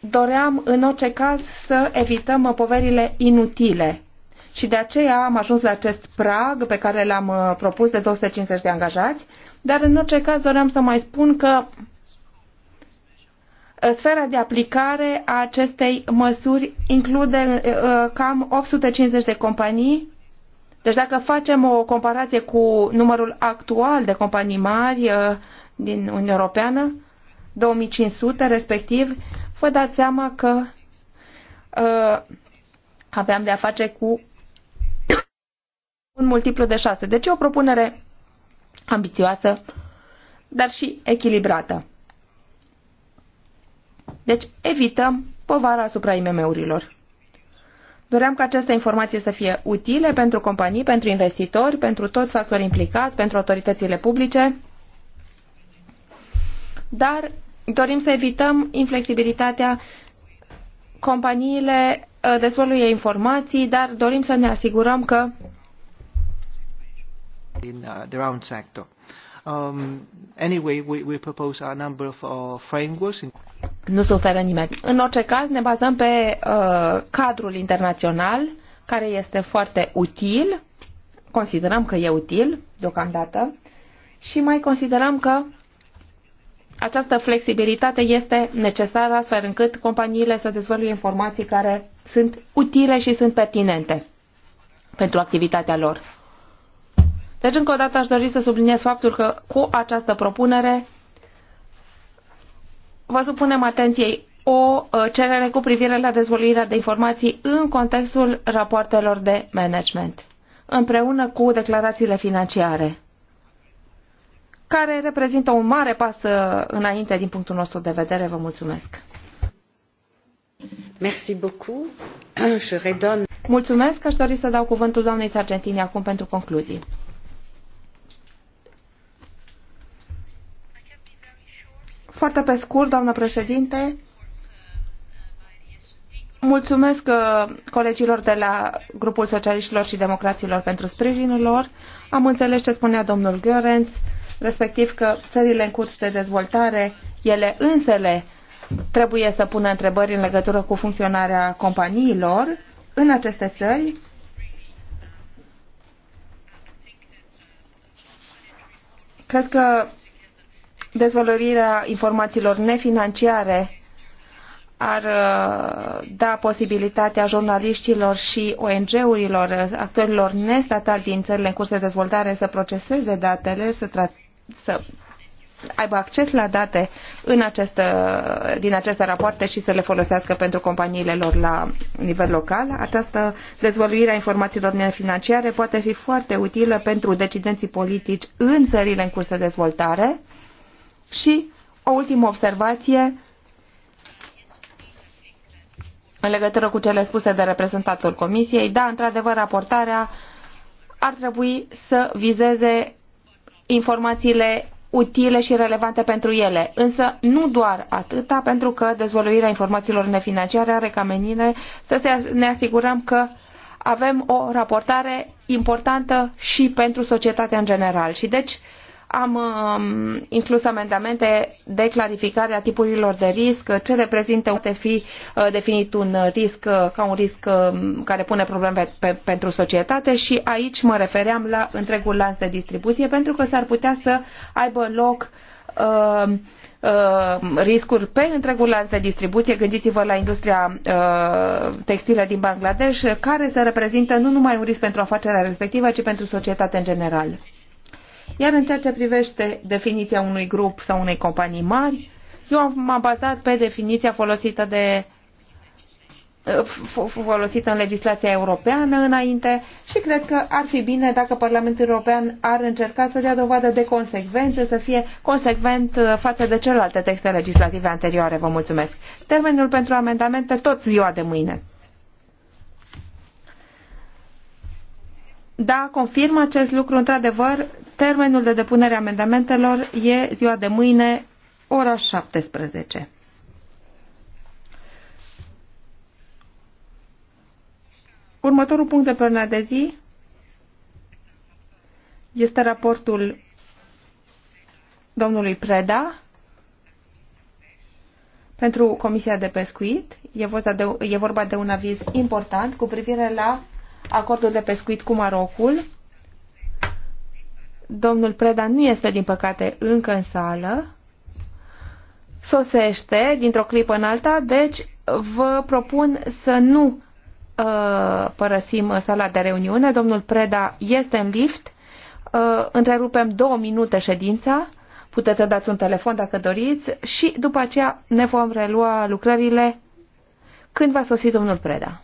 Doream în orice caz să evităm poverile inutile și de aceea am ajuns la acest prag pe care l-am uh, propus de 250 de angajați, dar în orice caz doream să mai spun că uh, sfera de aplicare a acestei măsuri include uh, cam 850 de companii. Deci dacă facem o comparație cu numărul actual de companii mari din Uniunea Europeană, 2500 respectiv, vă dați seama că aveam de a face cu un multiplu de 6. Deci e o propunere ambițioasă, dar și echilibrată. Deci evităm povara asupra IMM-urilor. Doream ca aceste informații să fie utile pentru companii, pentru investitori, pentru toți factorii implicați, pentru autoritățile publice, dar dorim să evităm inflexibilitatea. Companiile uh, dezvoluie informații, dar dorim să ne asigurăm că in uh, the round sector. Um, anyway, we, we propose a number of uh, frameworks. In... Nu oferă nimeni. În orice caz, ne bazăm pe uh, cadrul internațional, care este foarte util. Considerăm că e util, deocamdată. Și mai considerăm că această flexibilitate este necesară astfel încât companiile să dezvăluie informații care sunt utile și sunt pertinente pentru activitatea lor. Deci, încă o dată, aș dori să subliniez faptul că cu această propunere vă supunem atenției o ă, cerere cu privire la dezvoluirea de informații în contextul rapoartelor de management, împreună cu declarațiile financiare, care reprezintă un mare pas ă, înainte din punctul nostru de vedere. Vă mulțumesc! Merci beaucoup. Je redonne... Mulțumesc, aș dori să dau cuvântul doamnei Sargentini acum pentru concluzii. Foarte pe scurt, doamnă președinte, mulțumesc uh, colegilor de la grupul socialiștilor și democraților pentru sprijinul lor. Am înțeles ce spunea domnul Görenț, respectiv că țările în curs de dezvoltare, ele însele, trebuie să pună întrebări în legătură cu funcționarea companiilor în aceste țări. Cred că dezvăluirea informațiilor nefinanciare ar uh, da posibilitatea jurnaliștilor și ONG-urilor, uh, actorilor nestatali din țările în curs de dezvoltare să proceseze datele, să, să aibă acces la date în această, uh, din aceste rapoarte și să le folosească pentru companiile lor la nivel local. Această dezvăluire a informațiilor nefinanciare poate fi foarte utilă pentru decidenții politici în țările în curs de dezvoltare, și o ultimă observație în legătură cu cele spuse de reprezentantul Comisiei. Da, într-adevăr, raportarea ar trebui să vizeze informațiile utile și relevante pentru ele, însă nu doar atâta, pentru că dezvăluirea informațiilor nefinanciare are ca menire să se, ne asigurăm că avem o raportare importantă și pentru societatea în general. Și deci, am um, inclus amendamente de clarificare a tipurilor de risc, ce reprezintă poate fi uh, definit un risc uh, ca un risc um, care pune probleme pe, pentru societate și aici mă refeream la întregul lanț de distribuție pentru că s-ar putea să aibă loc uh, riscuri pe întregul lanț de distribuție. Gândiți-vă la industria uh, textilă din Bangladesh, care se reprezintă nu numai un risc pentru afacerea respectivă, ci pentru societatea în general. Iar în ceea ce privește definiția unui grup sau unei companii mari, eu m-am bazat pe definiția folosită de folosită în legislația europeană înainte și cred că ar fi bine dacă Parlamentul European ar încerca să dea dovadă de consecvență, să fie consecvent uh, față de celelalte texte legislative anterioare. Vă mulțumesc. Termenul pentru amendamente tot ziua de mâine. Da, confirm acest lucru într-adevăr. Termenul de depunere a amendamentelor e ziua de mâine, ora 17. Următorul punct de pe de zi este raportul domnului Preda pentru Comisia de Pescuit. E vorba de, e vorba de un aviz important cu privire la acordul de pescuit cu Marocul Domnul Preda nu este, din păcate, încă în sală. Sosește dintr-o clipă în alta, deci vă propun să nu uh, părăsim sala de reuniune. Domnul Preda este în lift. Uh, întrerupem două minute ședința. Puteți să dați un telefon dacă doriți și după aceea ne vom relua lucrările când va sosi domnul Preda.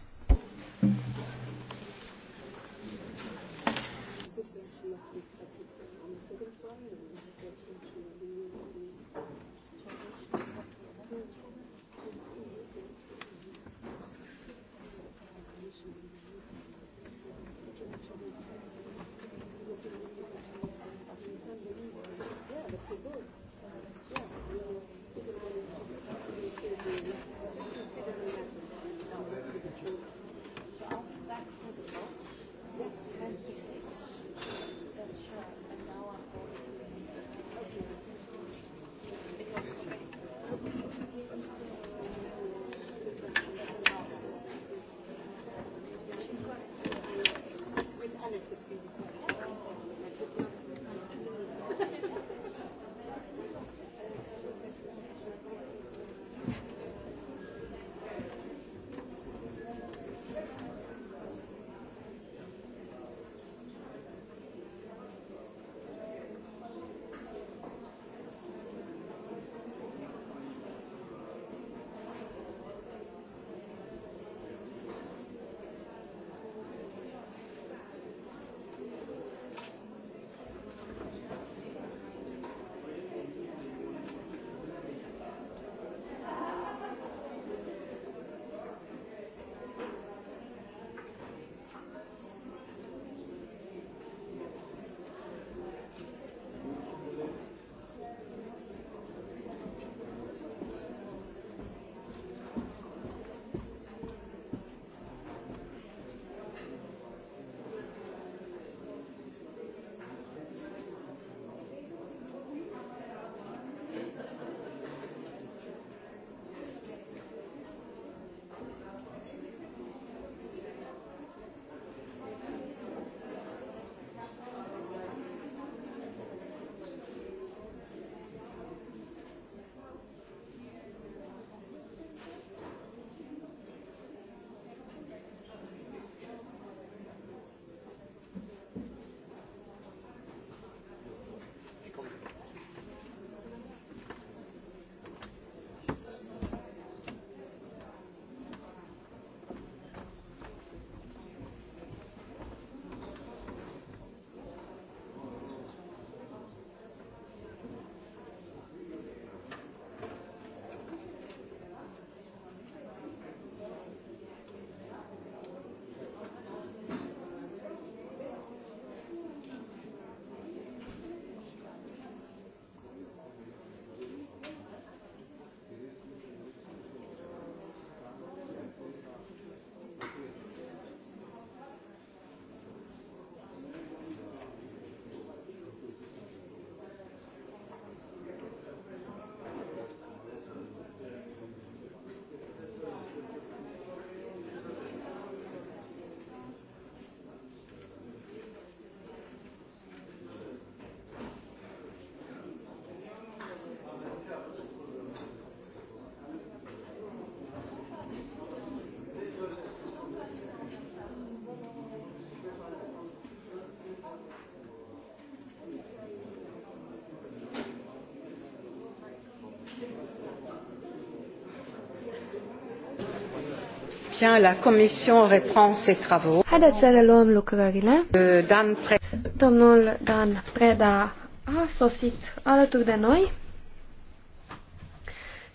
soutien, la Commission reprend ses travaux. Haideți să reluăm lucrările. Euh, Dan Pre- Domnul Dan Preda a sosit alături de noi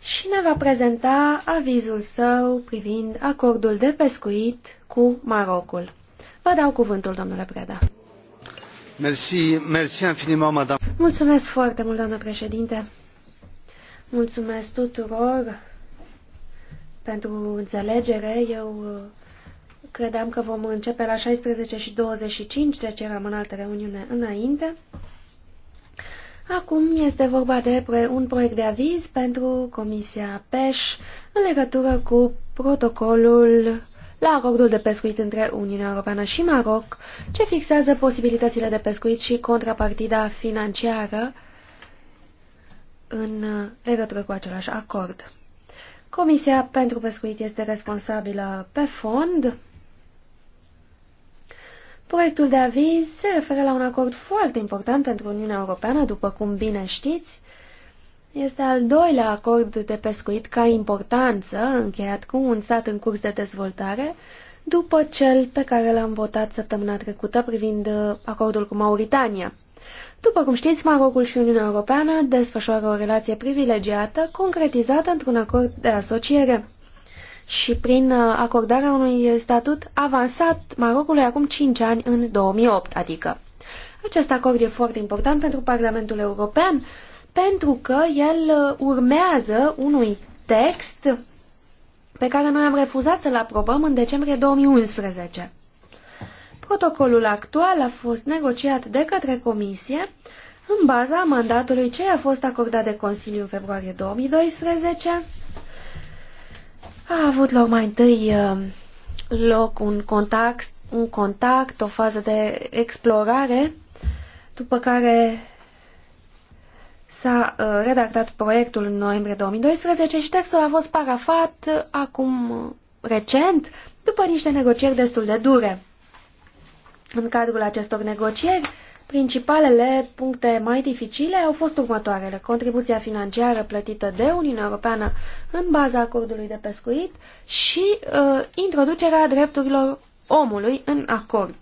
și ne va prezenta avizul său privind acordul de pescuit cu Marocul. Vă dau cuvântul, domnule Preda. Merci, merci infiniment, madame. Mulțumesc foarte mult, doamnă președinte. Mulțumesc tuturor pentru înțelegere. Eu uh, credeam că vom începe la 16 și 25, ce deci eram în altă reuniune înainte. Acum este vorba de un proiect de aviz pentru Comisia Pesh în legătură cu protocolul la acordul de pescuit între Uniunea Europeană și Maroc, ce fixează posibilitățile de pescuit și contrapartida financiară în uh, legătură cu același acord. Comisia pentru pescuit este responsabilă pe fond. Proiectul de aviz se referă la un acord foarte important pentru Uniunea Europeană, după cum bine știți. Este al doilea acord de pescuit ca importanță încheiat cu un stat în curs de dezvoltare, după cel pe care l-am votat săptămâna trecută privind acordul cu Mauritania. După cum știți, Marocul și Uniunea Europeană desfășoară o relație privilegiată, concretizată într-un acord de asociere și prin uh, acordarea unui statut avansat Marocului acum 5 ani, în 2008, adică. Acest acord e foarte important pentru Parlamentul European, pentru că el uh, urmează unui text pe care noi am refuzat să-l aprobăm în decembrie 2011. Protocolul actual a fost negociat de către Comisie în baza mandatului ce a fost acordat de Consiliu în februarie 2012. A avut loc mai întâi uh, loc un contact, un contact, o fază de explorare, după care s-a uh, redactat proiectul în noiembrie 2012 și textul a fost parafat uh, acum recent, după niște negocieri destul de dure. În cadrul acestor negocieri, principalele puncte mai dificile au fost următoarele. Contribuția financiară plătită de Uniunea Europeană în baza acordului de pescuit și uh, introducerea drepturilor omului în acord.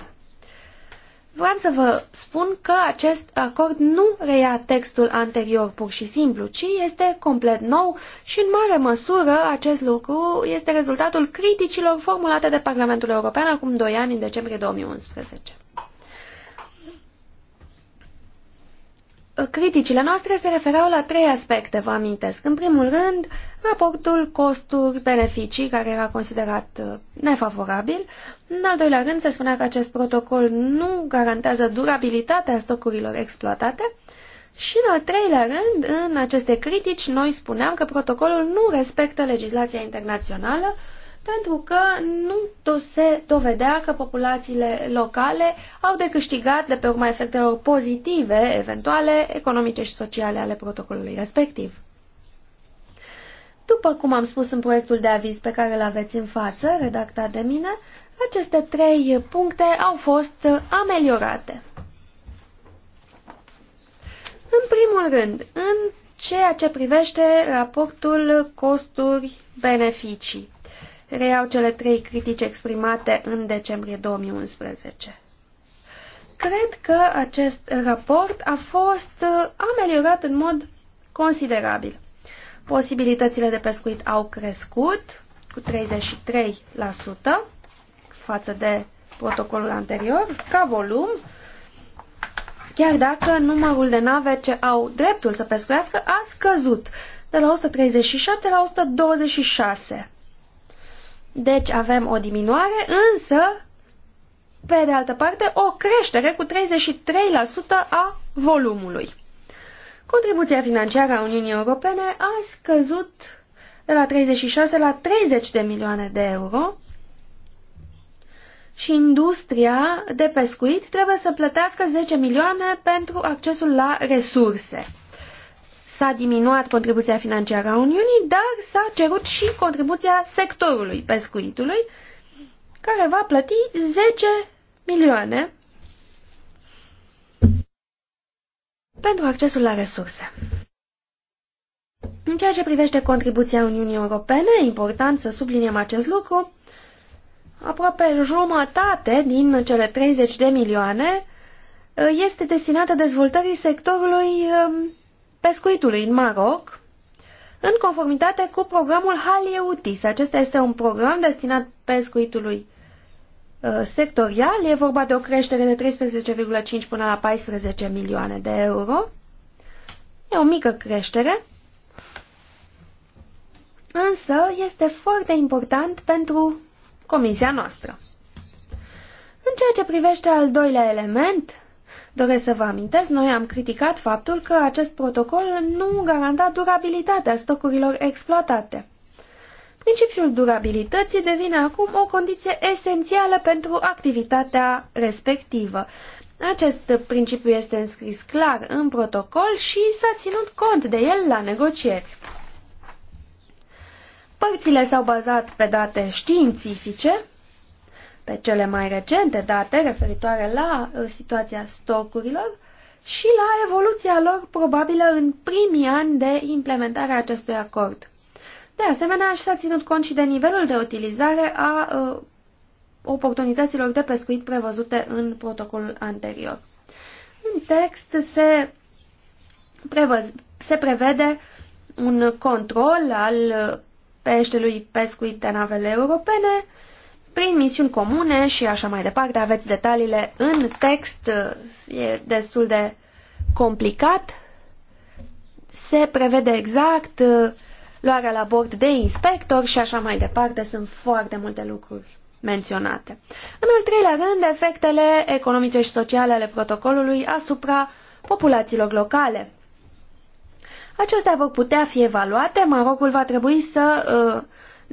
Vreau să vă spun că acest acord nu reia textul anterior pur și simplu, ci este complet nou și în mare măsură acest lucru este rezultatul criticilor formulate de Parlamentul European acum 2 ani în decembrie 2011. Criticile noastre se refereau la trei aspecte, vă amintesc. În primul rând, raportul costuri-beneficii, care era considerat uh, nefavorabil. În al doilea rând, se spunea că acest protocol nu garantează durabilitatea stocurilor exploatate. Și în al treilea rând, în aceste critici, noi spuneam că protocolul nu respectă legislația internațională pentru că nu se dovedea că populațiile locale au de câștigat de pe urma efectelor pozitive, eventuale, economice și sociale ale protocolului respectiv. După cum am spus în proiectul de aviz pe care îl aveți în față, redactat de mine, aceste trei puncte au fost ameliorate. În primul rând, în ceea ce privește raportul costuri-beneficii reiau cele trei critici exprimate în decembrie 2011. Cred că acest raport a fost uh, ameliorat în mod considerabil. Posibilitățile de pescuit au crescut cu 33% față de protocolul anterior, ca volum, chiar dacă numărul de nave ce au dreptul să pescuiască a scăzut de la 137 la 126. Deci avem o diminuare, însă, pe de altă parte, o creștere cu 33% a volumului. Contribuția financiară a Uniunii Europene a scăzut de la 36 la 30 de milioane de euro și industria de pescuit trebuie să plătească 10 milioane pentru accesul la resurse s-a diminuat contribuția financiară a Uniunii, dar s-a cerut și contribuția sectorului pescuitului, care va plăti 10 milioane pentru accesul la resurse. În ceea ce privește contribuția Uniunii Europene, e important să subliniem acest lucru, aproape jumătate din cele 30 de milioane este destinată dezvoltării sectorului um, pescuitului în Maroc, în conformitate cu programul Halieutis. Acesta este un program destinat pescuitului uh, sectorial. E vorba de o creștere de 13,5 până la 14 milioane de euro. E o mică creștere, însă este foarte important pentru comisia noastră. În ceea ce privește al doilea element, Doresc să vă amintesc, noi am criticat faptul că acest protocol nu garanta durabilitatea stocurilor exploatate. Principiul durabilității devine acum o condiție esențială pentru activitatea respectivă. Acest principiu este înscris clar în protocol și s-a ținut cont de el la negocieri. Părțile s-au bazat pe date științifice pe cele mai recente date referitoare la uh, situația stocurilor și la evoluția lor probabilă în primii ani de implementare a acestui acord. De asemenea, și s-a ținut cont și de nivelul de utilizare a uh, oportunităților de pescuit prevăzute în protocolul anterior. În text se, prevăz, se prevede un control al uh, peștelui pescuit de navele europene, prin misiuni comune și așa mai departe. Aveți detaliile în text, e destul de complicat. Se prevede exact uh, luarea la bord de inspector și așa mai departe. Sunt foarte multe lucruri menționate. În al treilea rând, efectele economice și sociale ale protocolului asupra populațiilor locale. Acestea vor putea fi evaluate, Marocul va trebui să uh,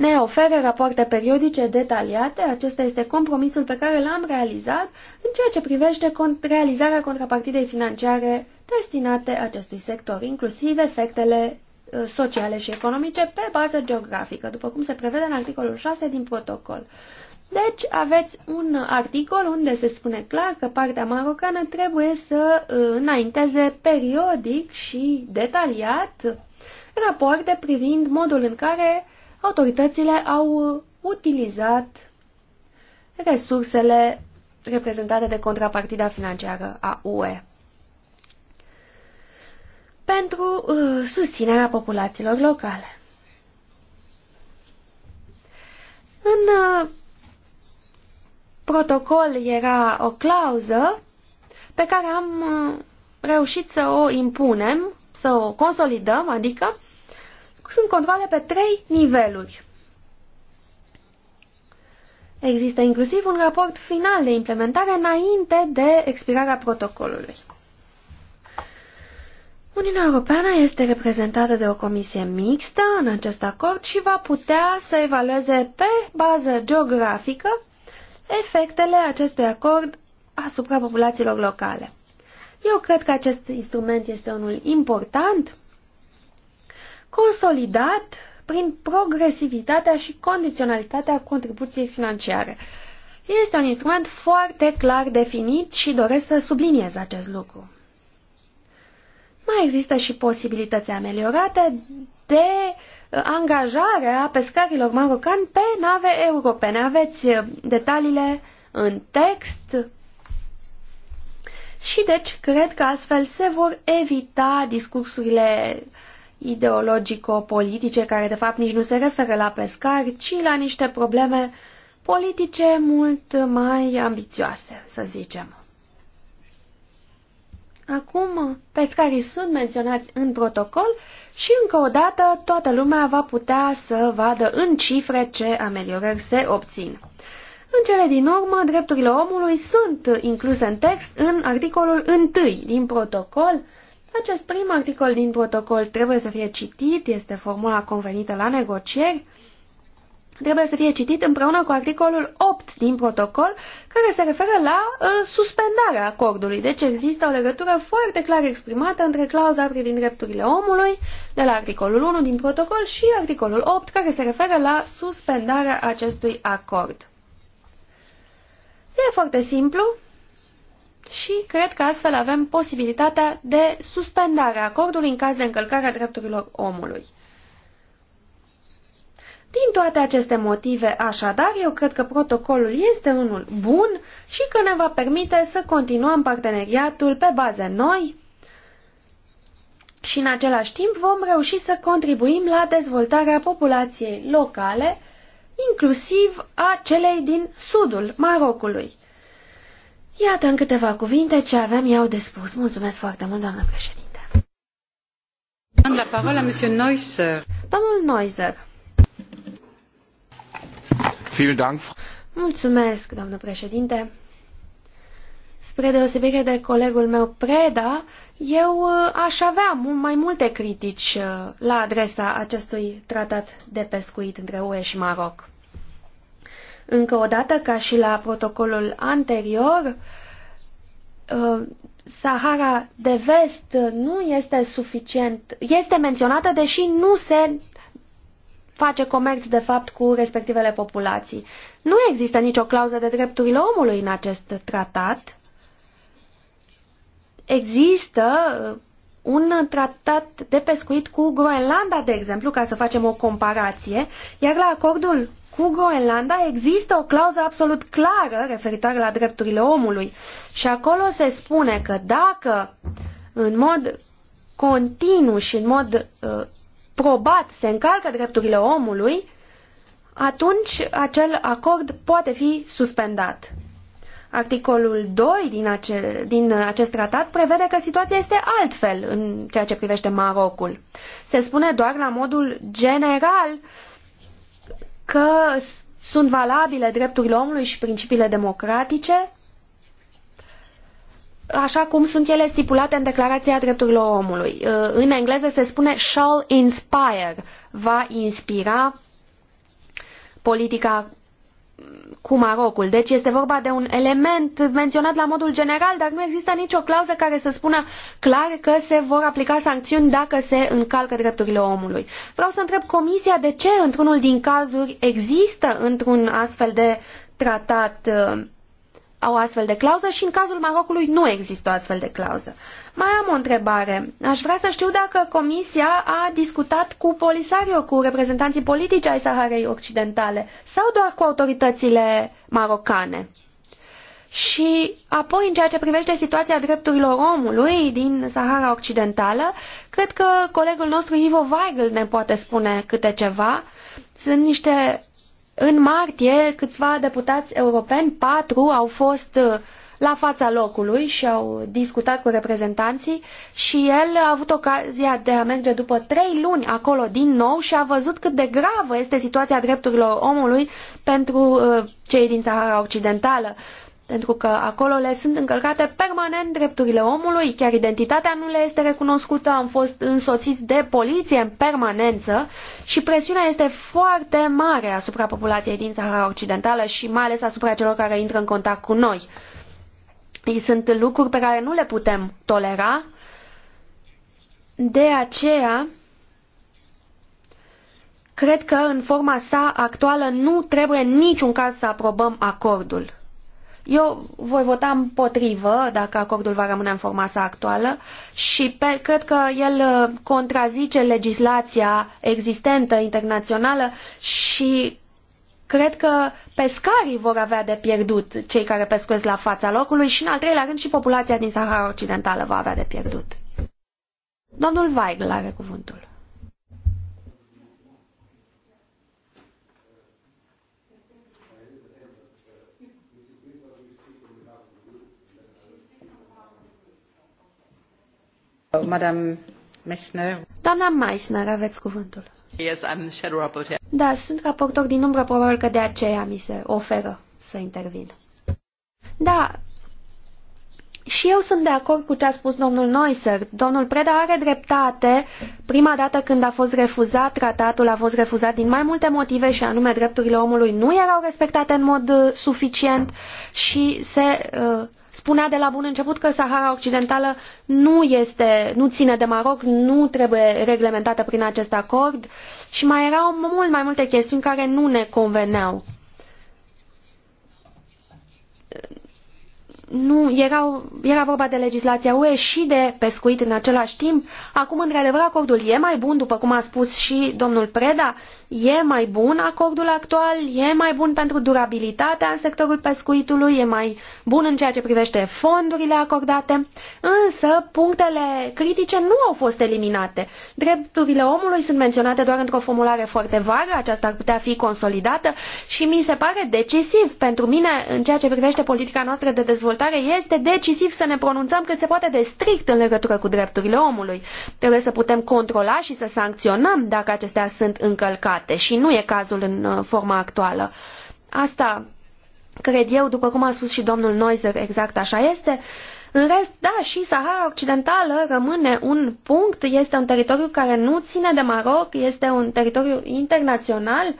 ne oferă rapoarte periodice detaliate, acesta este compromisul pe care l-am realizat în ceea ce privește realizarea contrapartidei financiare destinate acestui sector, inclusiv efectele uh, sociale și economice pe bază geografică, după cum se prevede în articolul 6 din protocol. Deci aveți un articol unde se spune clar că partea marocană trebuie să uh, înainteze periodic și detaliat rapoarte privind modul în care uh, autoritățile au uh, utilizat resursele reprezentate de contrapartida financiară a UE pentru uh, susținerea populațiilor locale. În uh, protocol era o clauză pe care am uh, reușit să o impunem, să o consolidăm, adică sunt controle pe trei niveluri. Există inclusiv un raport final de implementare înainte de expirarea protocolului. Uniunea Europeană este reprezentată de o comisie mixtă în acest acord și va putea să evalueze pe bază geografică efectele acestui acord asupra populațiilor locale. Eu cred că acest instrument este unul important consolidat prin progresivitatea și condiționalitatea contribuției financiare. Este un instrument foarte clar definit și doresc să subliniez acest lucru. Mai există și posibilități ameliorate de uh, angajare a pescarilor marocani pe nave europene. Aveți uh, detaliile în text și deci cred că astfel se vor evita discursurile uh, ideologico-politice care de fapt nici nu se referă la pescari, ci la niște probleme politice mult mai ambițioase, să zicem. Acum, pescarii sunt menționați în protocol și încă o dată toată lumea va putea să vadă în cifre ce ameliorări se obțin. În cele din urmă, drepturile omului sunt incluse în text în articolul 1 din protocol, acest prim articol din protocol trebuie să fie citit, este formula convenită la negocieri, trebuie să fie citit împreună cu articolul 8 din protocol, care se referă la uh, suspendarea acordului. Deci există o legătură foarte clar exprimată între clauza privind drepturile omului de la articolul 1 din protocol și articolul 8, care se referă la suspendarea acestui acord. E foarte simplu, și cred că astfel avem posibilitatea de suspendare a acordului în caz de încălcare a drepturilor omului. Din toate aceste motive, așadar, eu cred că protocolul este unul bun și că ne va permite să continuăm parteneriatul pe baze noi și în același timp vom reuși să contribuim la dezvoltarea populației locale, inclusiv a celei din sudul Marocului. Iată în câteva cuvinte ce aveam eu de spus. Mulțumesc foarte mult, doamnă președinte. La parola, domnul Neusser. Domnul Neuser. Mulțumesc, doamnă președinte. Spre deosebire de colegul meu Preda, eu uh, aș avea mai multe critici uh, la adresa acestui tratat de pescuit între UE și Maroc. Încă o dată, ca și la protocolul anterior, uh, Sahara de vest nu este suficient, este menționată, deși nu se face comerț, de fapt, cu respectivele populații. Nu există nicio clauză de drepturile omului în acest tratat. Există uh, un tratat de pescuit cu Groenlanda, de exemplu, ca să facem o comparație, iar la acordul cu Groenlanda există o clauză absolut clară referitoare la drepturile omului și acolo se spune că dacă în mod continuu și în mod uh, probat se încalcă drepturile omului, atunci acel acord poate fi suspendat. Articolul 2 din, ace din acest tratat prevede că situația este altfel în ceea ce privește Marocul. Se spune doar la modul general că sunt valabile drepturile omului și principiile democratice, așa cum sunt ele stipulate în Declarația Drepturilor Omului. Uh, în engleză se spune shall inspire, va inspira politica cu Marocul. Deci este vorba de un element menționat la modul general, dar nu există nicio clauză care să spună clar că se vor aplica sancțiuni dacă se încalcă drepturile omului. Vreau să întreb Comisia de ce într-unul din cazuri există într-un astfel de tratat o uh, astfel de clauză și în cazul Marocului nu există o astfel de clauză. Mai am o întrebare. Aș vrea să știu dacă Comisia a discutat cu Polisario, cu reprezentanții politici ai Saharei Occidentale sau doar cu autoritățile marocane. Și apoi, în ceea ce privește situația drepturilor omului din Sahara Occidentală, cred că colegul nostru Ivo Weigl ne poate spune câte ceva. Sunt niște... În martie, câțiva deputați europeni, patru, au fost la fața locului și au discutat cu reprezentanții și el a avut ocazia de a merge după trei luni acolo din nou și a văzut cât de gravă este situația drepturilor omului pentru uh, cei din Sahara Occidentală pentru că acolo le sunt încălcate permanent drepturile omului, chiar identitatea nu le este recunoscută, am fost însoțiți de poliție în permanență și presiunea este foarte mare asupra populației din Sahara Occidentală și mai ales asupra celor care intră în contact cu noi. Sunt lucruri pe care nu le putem tolera. De aceea, cred că în forma sa actuală nu trebuie în niciun caz să aprobăm acordul. Eu voi vota împotrivă dacă acordul va rămâne în forma sa actuală și pe, cred că el uh, contrazice legislația existentă internațională și Cred că pescarii vor avea de pierdut, cei care pescuiesc la fața locului și, în al treilea rând, și populația din Sahara Occidentală va avea de pierdut. Domnul Weigl are cuvântul. Madame Meissner. Doamna Meissner, aveți cuvântul. Yes, I'm shadow rapporteur. Da, sunt raportor din umbră, probabil că de aceea mi se oferă să intervin. Da, și eu sunt de acord cu ce a spus domnul Neusser. Domnul Preda are dreptate. Prima dată când a fost refuzat tratatul, a fost refuzat din mai multe motive și anume drepturile omului nu erau respectate în mod uh, suficient și se uh, spunea de la bun început că Sahara Occidentală nu, este, nu ține de Maroc, nu trebuie reglementată prin acest acord și mai erau mult mai multe chestiuni care nu ne conveneau. nu erau, era vorba de legislația UE și de pescuit în același timp. Acum, într-adevăr, acordul e mai bun, după cum a spus și domnul Preda, E mai bun acordul actual, e mai bun pentru durabilitatea în sectorul pescuitului, e mai bun în ceea ce privește fondurile acordate, însă punctele critice nu au fost eliminate. Drepturile omului sunt menționate doar într-o formulare foarte vagă, aceasta ar putea fi consolidată și mi se pare decisiv pentru mine în ceea ce privește politica noastră de dezvoltare, este decisiv să ne pronunțăm cât se poate de strict în legătură cu drepturile omului. Trebuie să putem controla și să sancționăm dacă acestea sunt încălcate date și nu e cazul în uh, forma actuală. Asta cred eu, după cum a spus și domnul Noizer, exact așa este. În rest, da, și Sahara Occidentală rămâne un punct, este un teritoriu care nu ține de Maroc, este un teritoriu internațional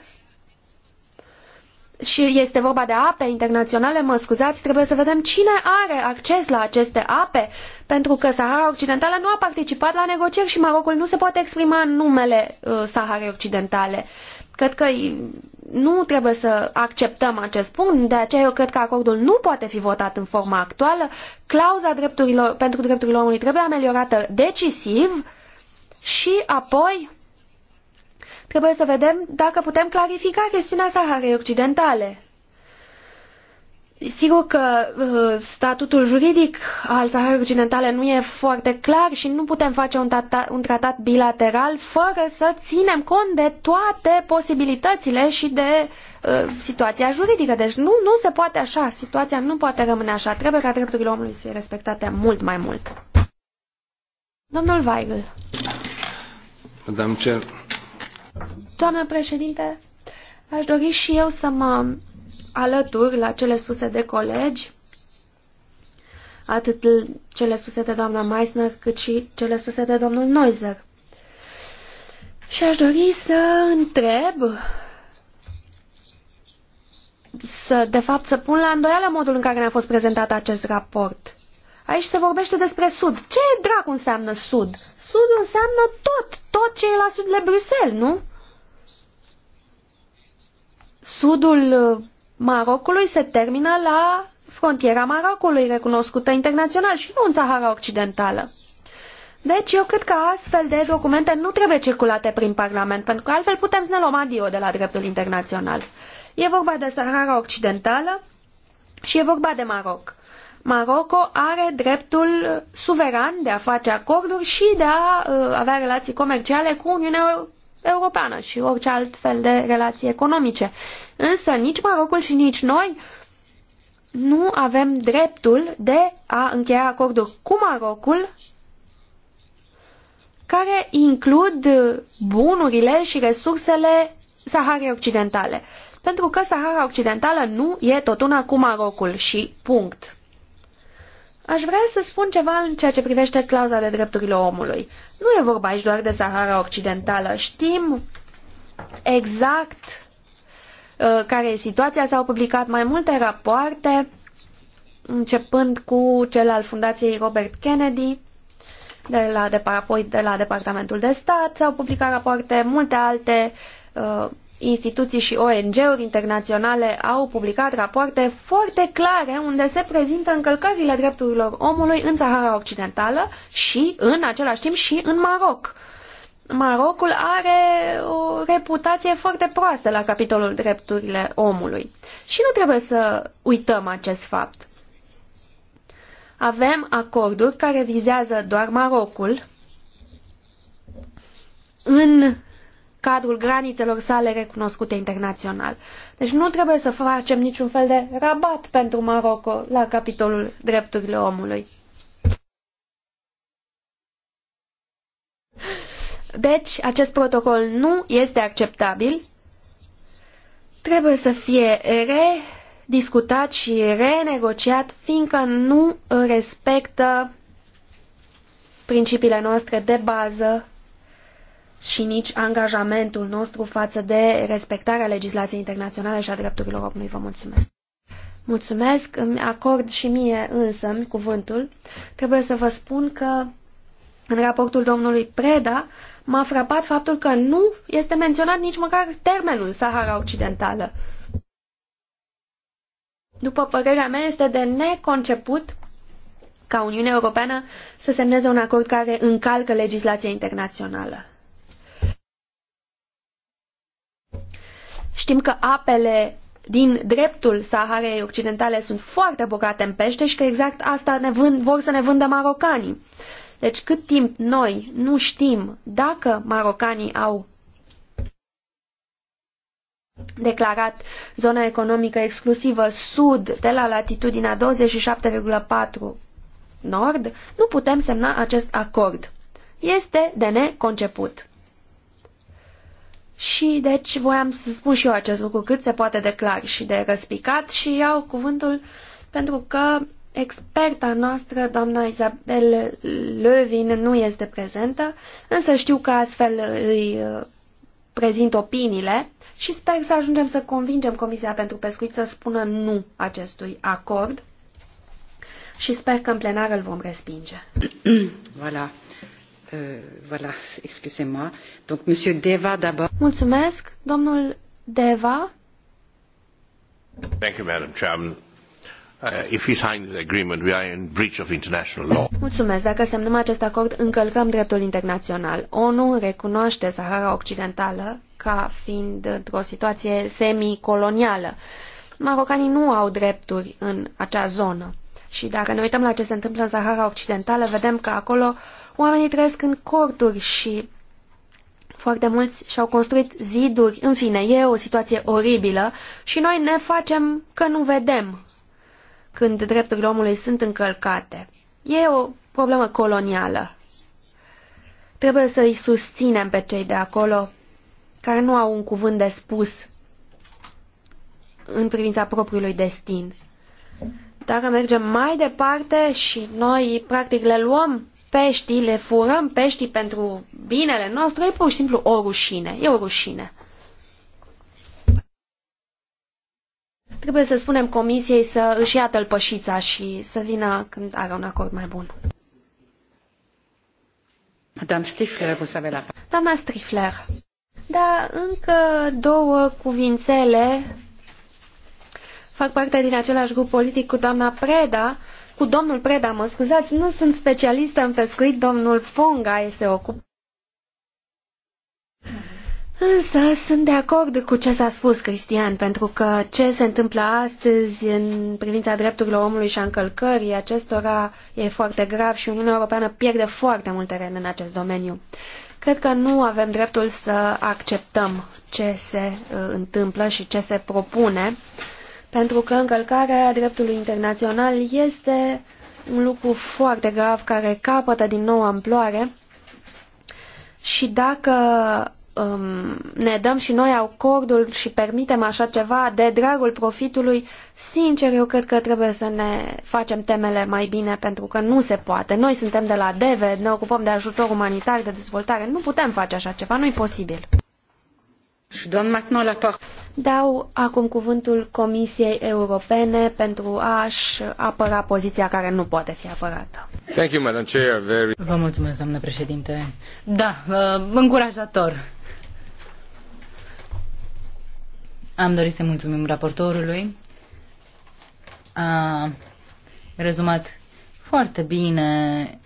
și este vorba de ape internaționale, mă scuzați, trebuie să vedem cine are acces la aceste ape, pentru că Sahara Occidentală nu a participat la negocieri și Marocul nu se poate exprima în numele uh, Saharei Occidentale. Cred că nu trebuie să acceptăm acest punct, de aceea eu cred că acordul nu poate fi votat în forma actuală. Clauza drepturilor, pentru drepturile omului trebuie ameliorată decisiv și apoi Trebuie să vedem dacă putem clarifica chestiunea Saharei Occidentale. Sigur că uh, statutul juridic al Saharei Occidentale nu e foarte clar și nu putem face un, tata, un tratat bilateral fără să ținem cont de toate posibilitățile și de uh, situația juridică. Deci nu, nu se poate așa, situația nu poate rămâne așa. Trebuie ca drepturile omului să fie respectate mult mai mult. Domnul Weigl. Madame Cer, Doamnă președinte, aș dori și eu să mă alătur la cele spuse de colegi, atât cele spuse de doamna Meissner, cât și cele spuse de domnul Noizer. Și aș dori să întreb, să, de fapt, să pun la îndoială modul în care ne-a fost prezentat acest raport. Aici se vorbește despre sud. Ce dracu înseamnă sud? Sud înseamnă tot, tot ce e la sud de Bruxelles, nu? Sudul uh, Marocului se termină la frontiera Marocului, recunoscută internațional și nu în Sahara Occidentală. Deci eu cred că astfel de documente nu trebuie circulate prin Parlament, pentru că altfel putem să ne luăm adio de la dreptul internațional. E vorba de Sahara Occidentală și e vorba de Maroc. Maroco are dreptul suveran de a face acorduri și de a uh, avea relații comerciale cu Uniunea Europeană și orice alt fel de relații economice. Însă nici Marocul și nici noi nu avem dreptul de a încheia acorduri cu Marocul care includ bunurile și resursele Saharei Occidentale. Pentru că Sahara Occidentală nu e tot una cu Marocul și punct. Aș vrea să spun ceva în ceea ce privește clauza de drepturile omului. Nu e vorba aici doar de Sahara Occidentală. Știm exact uh, care e situația. S-au publicat mai multe rapoarte, începând cu cel al Fundației Robert Kennedy, de la, de, apoi de la Departamentul de Stat. S-au publicat rapoarte, multe alte uh, instituții și ONG-uri internaționale au publicat rapoarte foarte clare unde se prezintă încălcările drepturilor omului în Sahara Occidentală și, în același timp, și în Maroc. Marocul are o reputație foarte proastă la capitolul drepturile omului. Și nu trebuie să uităm acest fapt. Avem acorduri care vizează doar Marocul în cadrul granițelor sale recunoscute internațional. Deci nu trebuie să facem niciun fel de rabat pentru Maroco la capitolul drepturile omului. Deci, acest protocol nu este acceptabil. Trebuie să fie rediscutat și renegociat, fiindcă nu respectă principiile noastre de bază și nici angajamentul nostru față de respectarea legislației internaționale și a drepturilor omului. Vă mulțumesc! Mulțumesc, îmi acord și mie însă cuvântul. Trebuie să vă spun că în raportul domnului Preda m-a frapat faptul că nu este menționat nici măcar termenul Sahara Occidentală. După părerea mea, este de neconceput ca Uniunea Europeană să semneze un acord care încalcă legislația internațională. Știm că apele din dreptul Saharei Occidentale sunt foarte bogate în pește și că exact asta ne vând, vor să ne vândă marocanii. Deci cât timp noi nu știm dacă marocanii au declarat zona economică exclusivă sud de la latitudinea 27,4 nord, nu putem semna acest acord. Este de neconceput. Și deci voiam să spun și eu acest lucru cât se poate de clar și de răspicat și iau cuvântul pentru că experta noastră, doamna Isabel Lövin, nu este prezentă, însă știu că astfel îi uh, prezint opiniile și sper să ajungem să convingem Comisia pentru Pescuit să spună nu acestui acord și sper că în plenar îl vom respinge. voilà. Euh, voilà, excusez-moi. Donc, Monsieur Deva d'abord. Mulțumesc, domnul Deva. Thank you, Madam Chairman. Uh, if we sign this agreement, we are in breach of international law. Mulțumesc. Dacă semnăm acest acord, încălcăm dreptul internațional. ONU recunoaște Sahara Occidentală ca fiind într-o situație semicolonială. Marocanii nu au drepturi în acea zonă. Și dacă ne uităm la ce se întâmplă în Sahara Occidentală, vedem că acolo uh, Oamenii trăiesc în corturi și foarte mulți și-au construit ziduri. În fine, e o situație oribilă și noi ne facem că nu vedem când drepturile omului sunt încălcate. E o problemă colonială. Trebuie să îi susținem pe cei de acolo care nu au un cuvânt de spus în privința propriului destin. Dacă mergem mai departe și noi practic le luăm pești le furăm peștii pentru binele nostru, e pur și simplu o rușine. E o rușine. Trebuie să spunem comisiei să își ia tălpășița și să vină când are un acord mai bun. Madame Stifler, vous să la Doamna Strifler, da, încă două cuvințele fac parte din același grup politic cu doamna Preda cu domnul Preda, mă scuzați, nu sunt specialistă în pescuit, domnul Fonga se ocupă. Însă sunt de acord cu ce s-a spus, Cristian, pentru că ce se întâmplă astăzi în privința drepturilor omului și a încălcării acestora e foarte grav și Uniunea Europeană pierde foarte mult teren în acest domeniu. Cred că nu avem dreptul să acceptăm ce se uh, întâmplă și ce se propune uh, pentru că încălcarea dreptului internațional este un lucru foarte grav care capătă din nou amploare și dacă um, ne dăm și noi acordul și permitem așa ceva de dragul profitului, sincer eu cred că trebuie să ne facem temele mai bine pentru că nu se poate. Noi suntem de la DEVE, ne ocupăm de ajutor umanitar, de dezvoltare, nu putem face așa ceva, nu e posibil. Dau acum cuvântul Comisiei Europene pentru a-și apăra poziția care nu poate fi apărată. Thank you, Madam Chair. Very... Vă mulțumesc, doamnă președinte. Da, încurajator. Am dorit să mulțumim raportorului. A rezumat foarte bine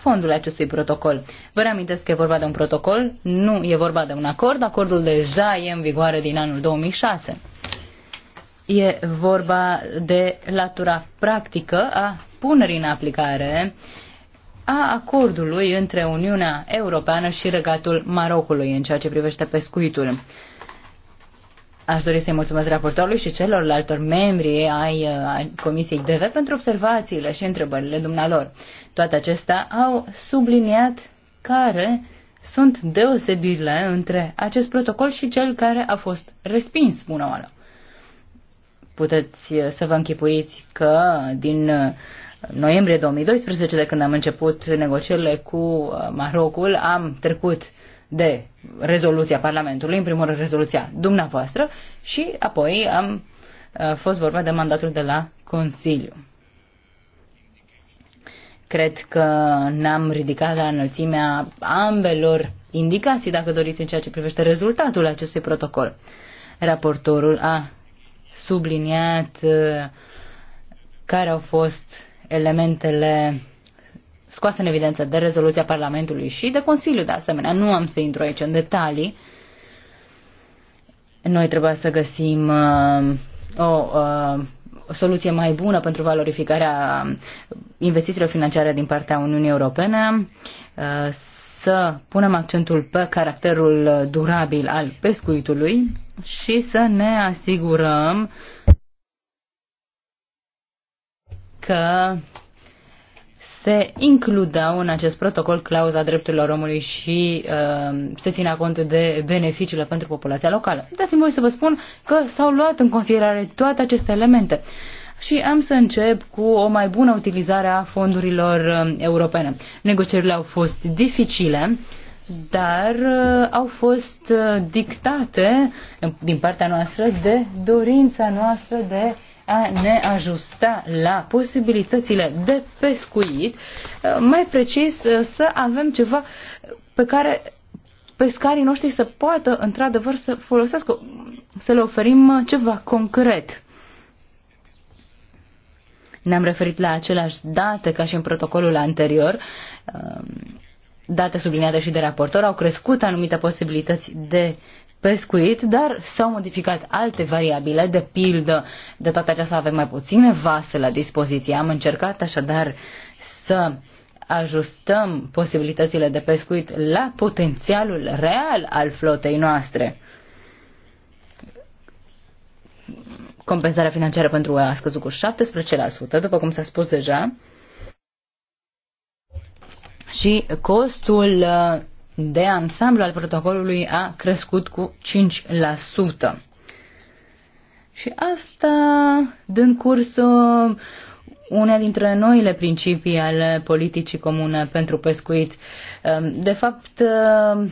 fondul acestui protocol. Vă reamintesc că e vorba de un protocol, nu e vorba de un acord. Acordul deja e în vigoare din anul 2006. E vorba de latura practică a punerii în aplicare a acordului între Uniunea Europeană și regatul Marocului în ceea ce privește pescuitul. Aș dori să-i mulțumesc raportorului și celorlaltor membri ai uh, Comisiei DV pentru observațiile și întrebările dumnealor. Toate acestea au subliniat care sunt deosebirile între acest protocol și cel care a fost respins, bună oară. Puteți uh, să vă închipuiți că din uh, noiembrie 2012, de când am început negocierile cu Marocul, am trecut uh, de rezoluția Parlamentului, în primul rând rezoluția dumneavoastră și apoi am fost vorba de mandatul de la Consiliu. Cred că ne-am ridicat la înălțimea ambelor indicații, dacă doriți, în ceea ce privește rezultatul acestui protocol. Raportorul a subliniat care au fost elementele scoasă în evidență de rezoluția Parlamentului și de Consiliu, de asemenea. Nu am să intru aici în detalii. Noi trebuia să găsim uh, o uh, o soluție mai bună pentru valorificarea investițiilor financiare din partea Uniunii Europene, uh, să punem accentul pe caracterul durabil al pescuitului și să ne asigurăm că se includă în acest protocol clauza drepturilor omului și uh, se țină cont de beneficiile pentru populația locală. Dați-mi voi să vă spun că s-au luat în considerare toate aceste elemente. Și am să încep cu o mai bună utilizare a fondurilor uh, europene. Negocierile au fost dificile, dar uh, au fost uh, dictate din partea noastră de dorința noastră de a ne ajusta la posibilitățile de pescuit, mai precis să avem ceva pe care pescarii noștri să poată într-adevăr să folosească, să le oferim ceva concret. Ne-am referit la aceleași date ca și în protocolul anterior. Date subliniate și de raportor au crescut anumite posibilități de pescuit, dar s-au modificat alte variabile, de pildă, de toate aceasta avem mai puține vase la dispoziție. Am încercat așadar să ajustăm posibilitățile de pescuit la potențialul real al flotei noastre. Compensarea financiară pentru UE a scăzut cu 17%, după cum s-a spus deja, și costul uh, de ansamblu al protocolului a crescut cu 5%. Și asta dând curs uh, unea dintre noile principii ale politicii comune pentru pescuit. Um, de fapt, uh,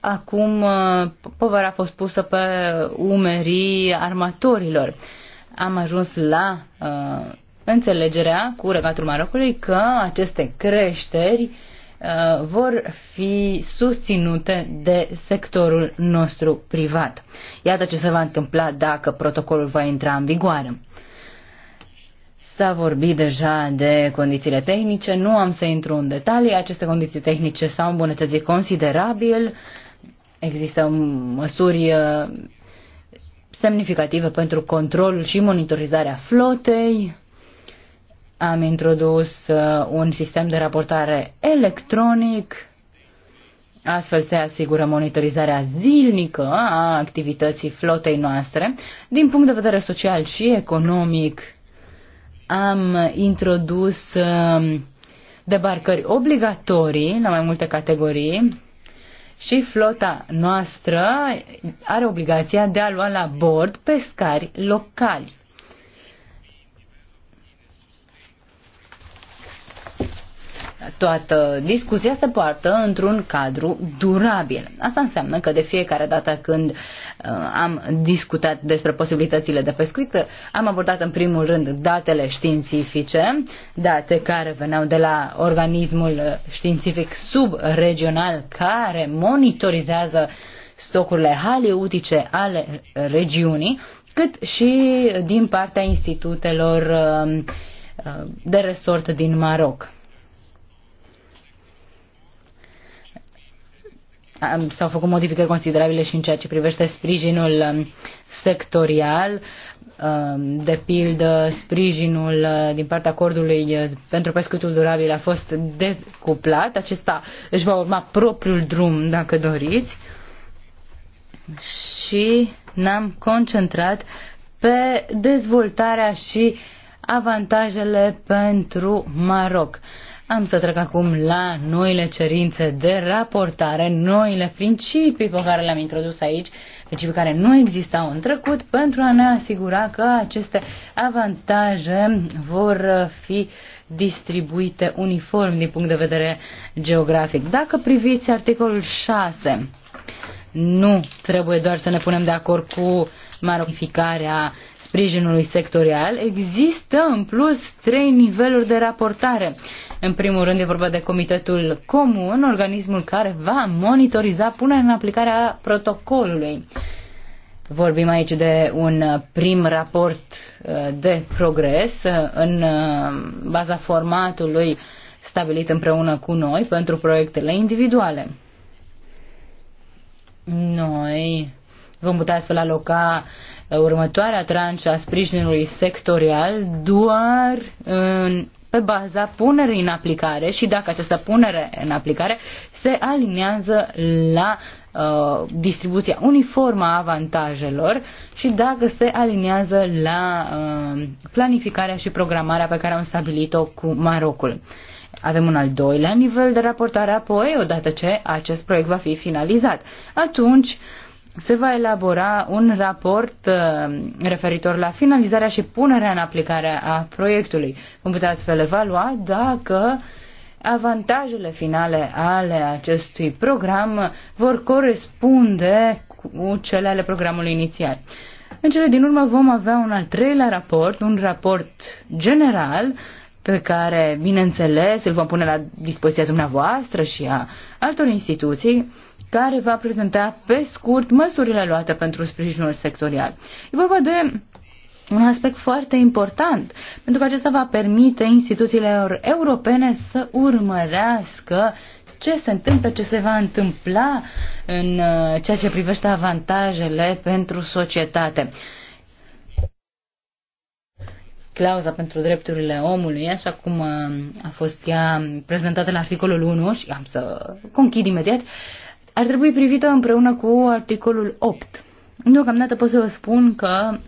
acum uh, povara a fost pusă pe umerii armatorilor. Am ajuns la înțelegerea cu regatul Marocului că aceste creșteri uh, Uh, vor fi susținute de sectorul nostru privat. Iată ce se va întâmpla dacă protocolul va intra în vigoare. S-a vorbit deja de condițiile tehnice, nu am să intru în detalii, aceste condiții tehnice s-au îmbunătățit considerabil, există măsuri uh, semnificative pentru controlul și monitorizarea flotei, am introdus uh, un sistem de raportare electronic, astfel se asigură monitorizarea zilnică a activității flotei noastre. Din punct de vedere social și economic, am introdus um, debarcări obligatorii la mai multe categorii și flota noastră are obligația de a lua la bord pescari locali. toată discuția se poartă într-un cadru durabil. Asta înseamnă că de fiecare dată când uh, am discutat despre posibilitățile de pescuit, am abordat în primul rând datele științifice, date care veneau de la organismul științific subregional care monitorizează stocurile haleutice ale regiunii, cât și din partea institutelor uh, uh, de resort din Maroc. s-au făcut modificări considerabile și în ceea ce privește sprijinul um, sectorial, um, de pildă sprijinul uh, din partea acordului uh, pentru pescuitul durabil a fost decuplat, acesta își va urma propriul drum dacă doriți și ne-am concentrat pe dezvoltarea și avantajele pentru Maroc. Am să trec acum la noile cerințe de raportare, noile principii pe care le-am introdus aici, principii care nu existau în trecut, pentru a ne asigura că aceste avantaje vor fi distribuite uniform din punct de vedere geografic. Dacă priviți articolul 6, nu trebuie doar să ne punem de acord cu marocificarea sprijinului sectorial, există în plus trei niveluri de raportare în primul rând e vorba de Comitetul Comun, organismul care va monitoriza punerea în aplicare a protocolului. Vorbim aici de un prim raport uh, de progres uh, în uh, baza formatului stabilit împreună cu noi pentru proiectele individuale. Noi vom putea astfel aloca următoarea tranșă a sprijinului sectorial doar în pe baza punerii în aplicare și dacă această punere în aplicare se aliniază la uh, distribuția uniformă a avantajelor și dacă se aliniază la uh, planificarea și programarea pe care am stabilit-o cu Marocul. Avem un al doilea nivel de raportare apoi, odată ce acest proiect va fi finalizat. Atunci, uh, se va elabora un raport uh, referitor la finalizarea și punerea în aplicare a proiectului. Vom putea astfel evalua dacă avantajele finale ale acestui program vor corespunde cu cele ale programului inițial. În cele din urmă vom avea un al treilea raport, un raport general pe care, bineînțeles, îl vom pune la dispoziția dumneavoastră și a altor instituții care va prezenta pe scurt măsurile luate pentru sprijinul sectorial. E vorba de un aspect foarte important, pentru că acesta va permite instituțiilor europene să urmărească ce se întâmplă, ce se va întâmpla în uh, ceea ce privește avantajele pentru societate. Clauza pentru drepturile omului, așa cum uh, a fost ea prezentată la articolul 1 și am să conchid imediat, uh, ar trebui privită împreună cu articolul 8. Deocamdată pot să vă spun că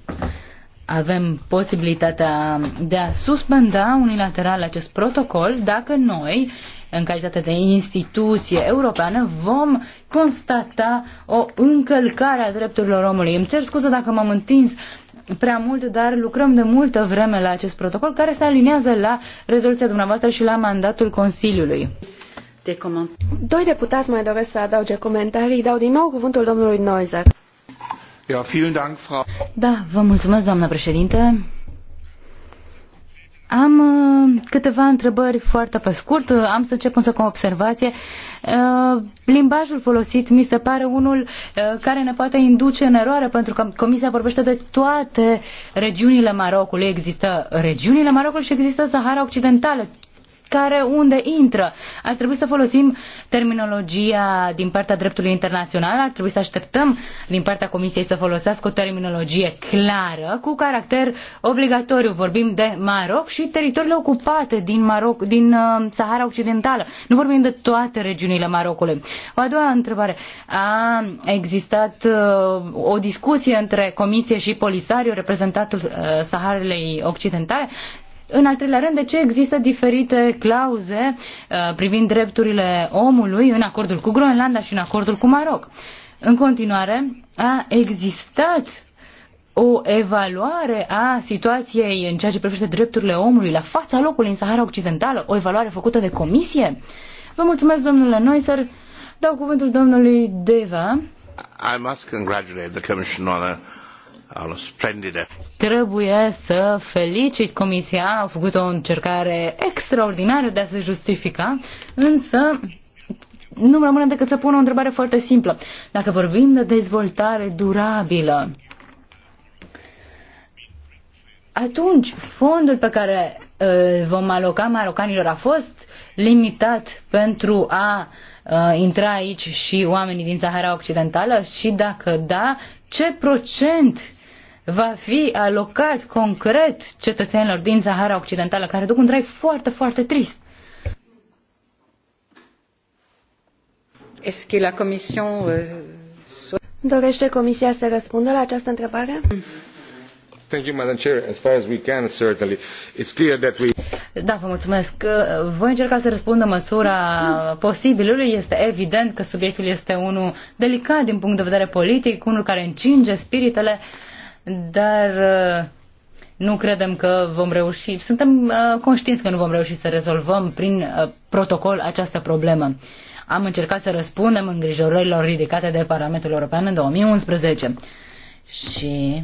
avem posibilitatea de a suspenda unilateral acest protocol dacă noi, în calitate de instituție europeană, vom constata o încălcare a drepturilor omului. Îmi cer scuze dacă m-am întins prea mult, dar lucrăm de multă vreme la acest protocol care se aliniază la rezoluția dumneavoastră și la mandatul Consiliului. Doi deputați mai doresc să adauge comentarii. Dau din nou cuvântul domnului Neuser. Ja, vielen Dank, Frau. Da, vă mulțumesc, doamnă președinte. Am uh, câteva întrebări foarte pe scurt. Am să încep însă cu o observație. Uh, limbajul folosit mi se pare unul uh, care ne poate induce în eroare, pentru că Comisia vorbește de toate regiunile Marocului. Există regiunile Marocului și există Sahara Occidentală care unde intră. Ar trebui să folosim terminologia din partea dreptului internațional, ar trebui să așteptăm din partea Comisiei să folosească o terminologie clară, cu caracter obligatoriu. Vorbim de Maroc și teritoriile ocupate din, Maroc, din uh, Sahara Occidentală. Nu vorbim de toate regiunile Marocului. O a doua întrebare. A existat uh, o discuție între Comisie și Polisario, reprezentatul uh, Saharelei Occidentale? În al treilea rând, de ce există diferite clauze uh, privind drepturile omului în acordul cu Groenlanda și în acordul cu Maroc? În continuare, a existat o evaluare a situației în ceea ce privește drepturile omului la fața locului în Sahara Occidentală, o evaluare făcută de comisie? Vă mulțumesc, domnule Neusser. Dau cuvântul domnului Deva. I must congratulate the Commission on a Trebuie să felicit Comisia, au făcut o încercare extraordinară de a se justifica, însă nu rămâne decât să pun o întrebare foarte simplă. Dacă vorbim de dezvoltare durabilă, atunci fondul pe care uh, îl vom aloca marocanilor a fost limitat pentru a uh, intra aici și oamenii din Sahara Occidentală și dacă da, ce procent va fi alocat concret cetățenilor din Zahara Occidentală, care duc un trai foarte, foarte trist. Est-ce que la Commission euh, Dorește Comisia să răspundă la această întrebare? Thank you, Madam Chair. As as far we we. can, certainly, it's clear that Da, vă mulțumesc. Uh, voi încerca să răspund măsura posibilului. Este evident că subiectul este unul delicat din punct de vedere politic, unul care încinge spiritele uh, dar uh, nu credem că vom reuși, suntem uh, conștienți că nu vom reuși să rezolvăm prin uh, protocol această problemă. Am încercat să răspundem îngrijorărilor ridicate de Parlamentul European în 2011 și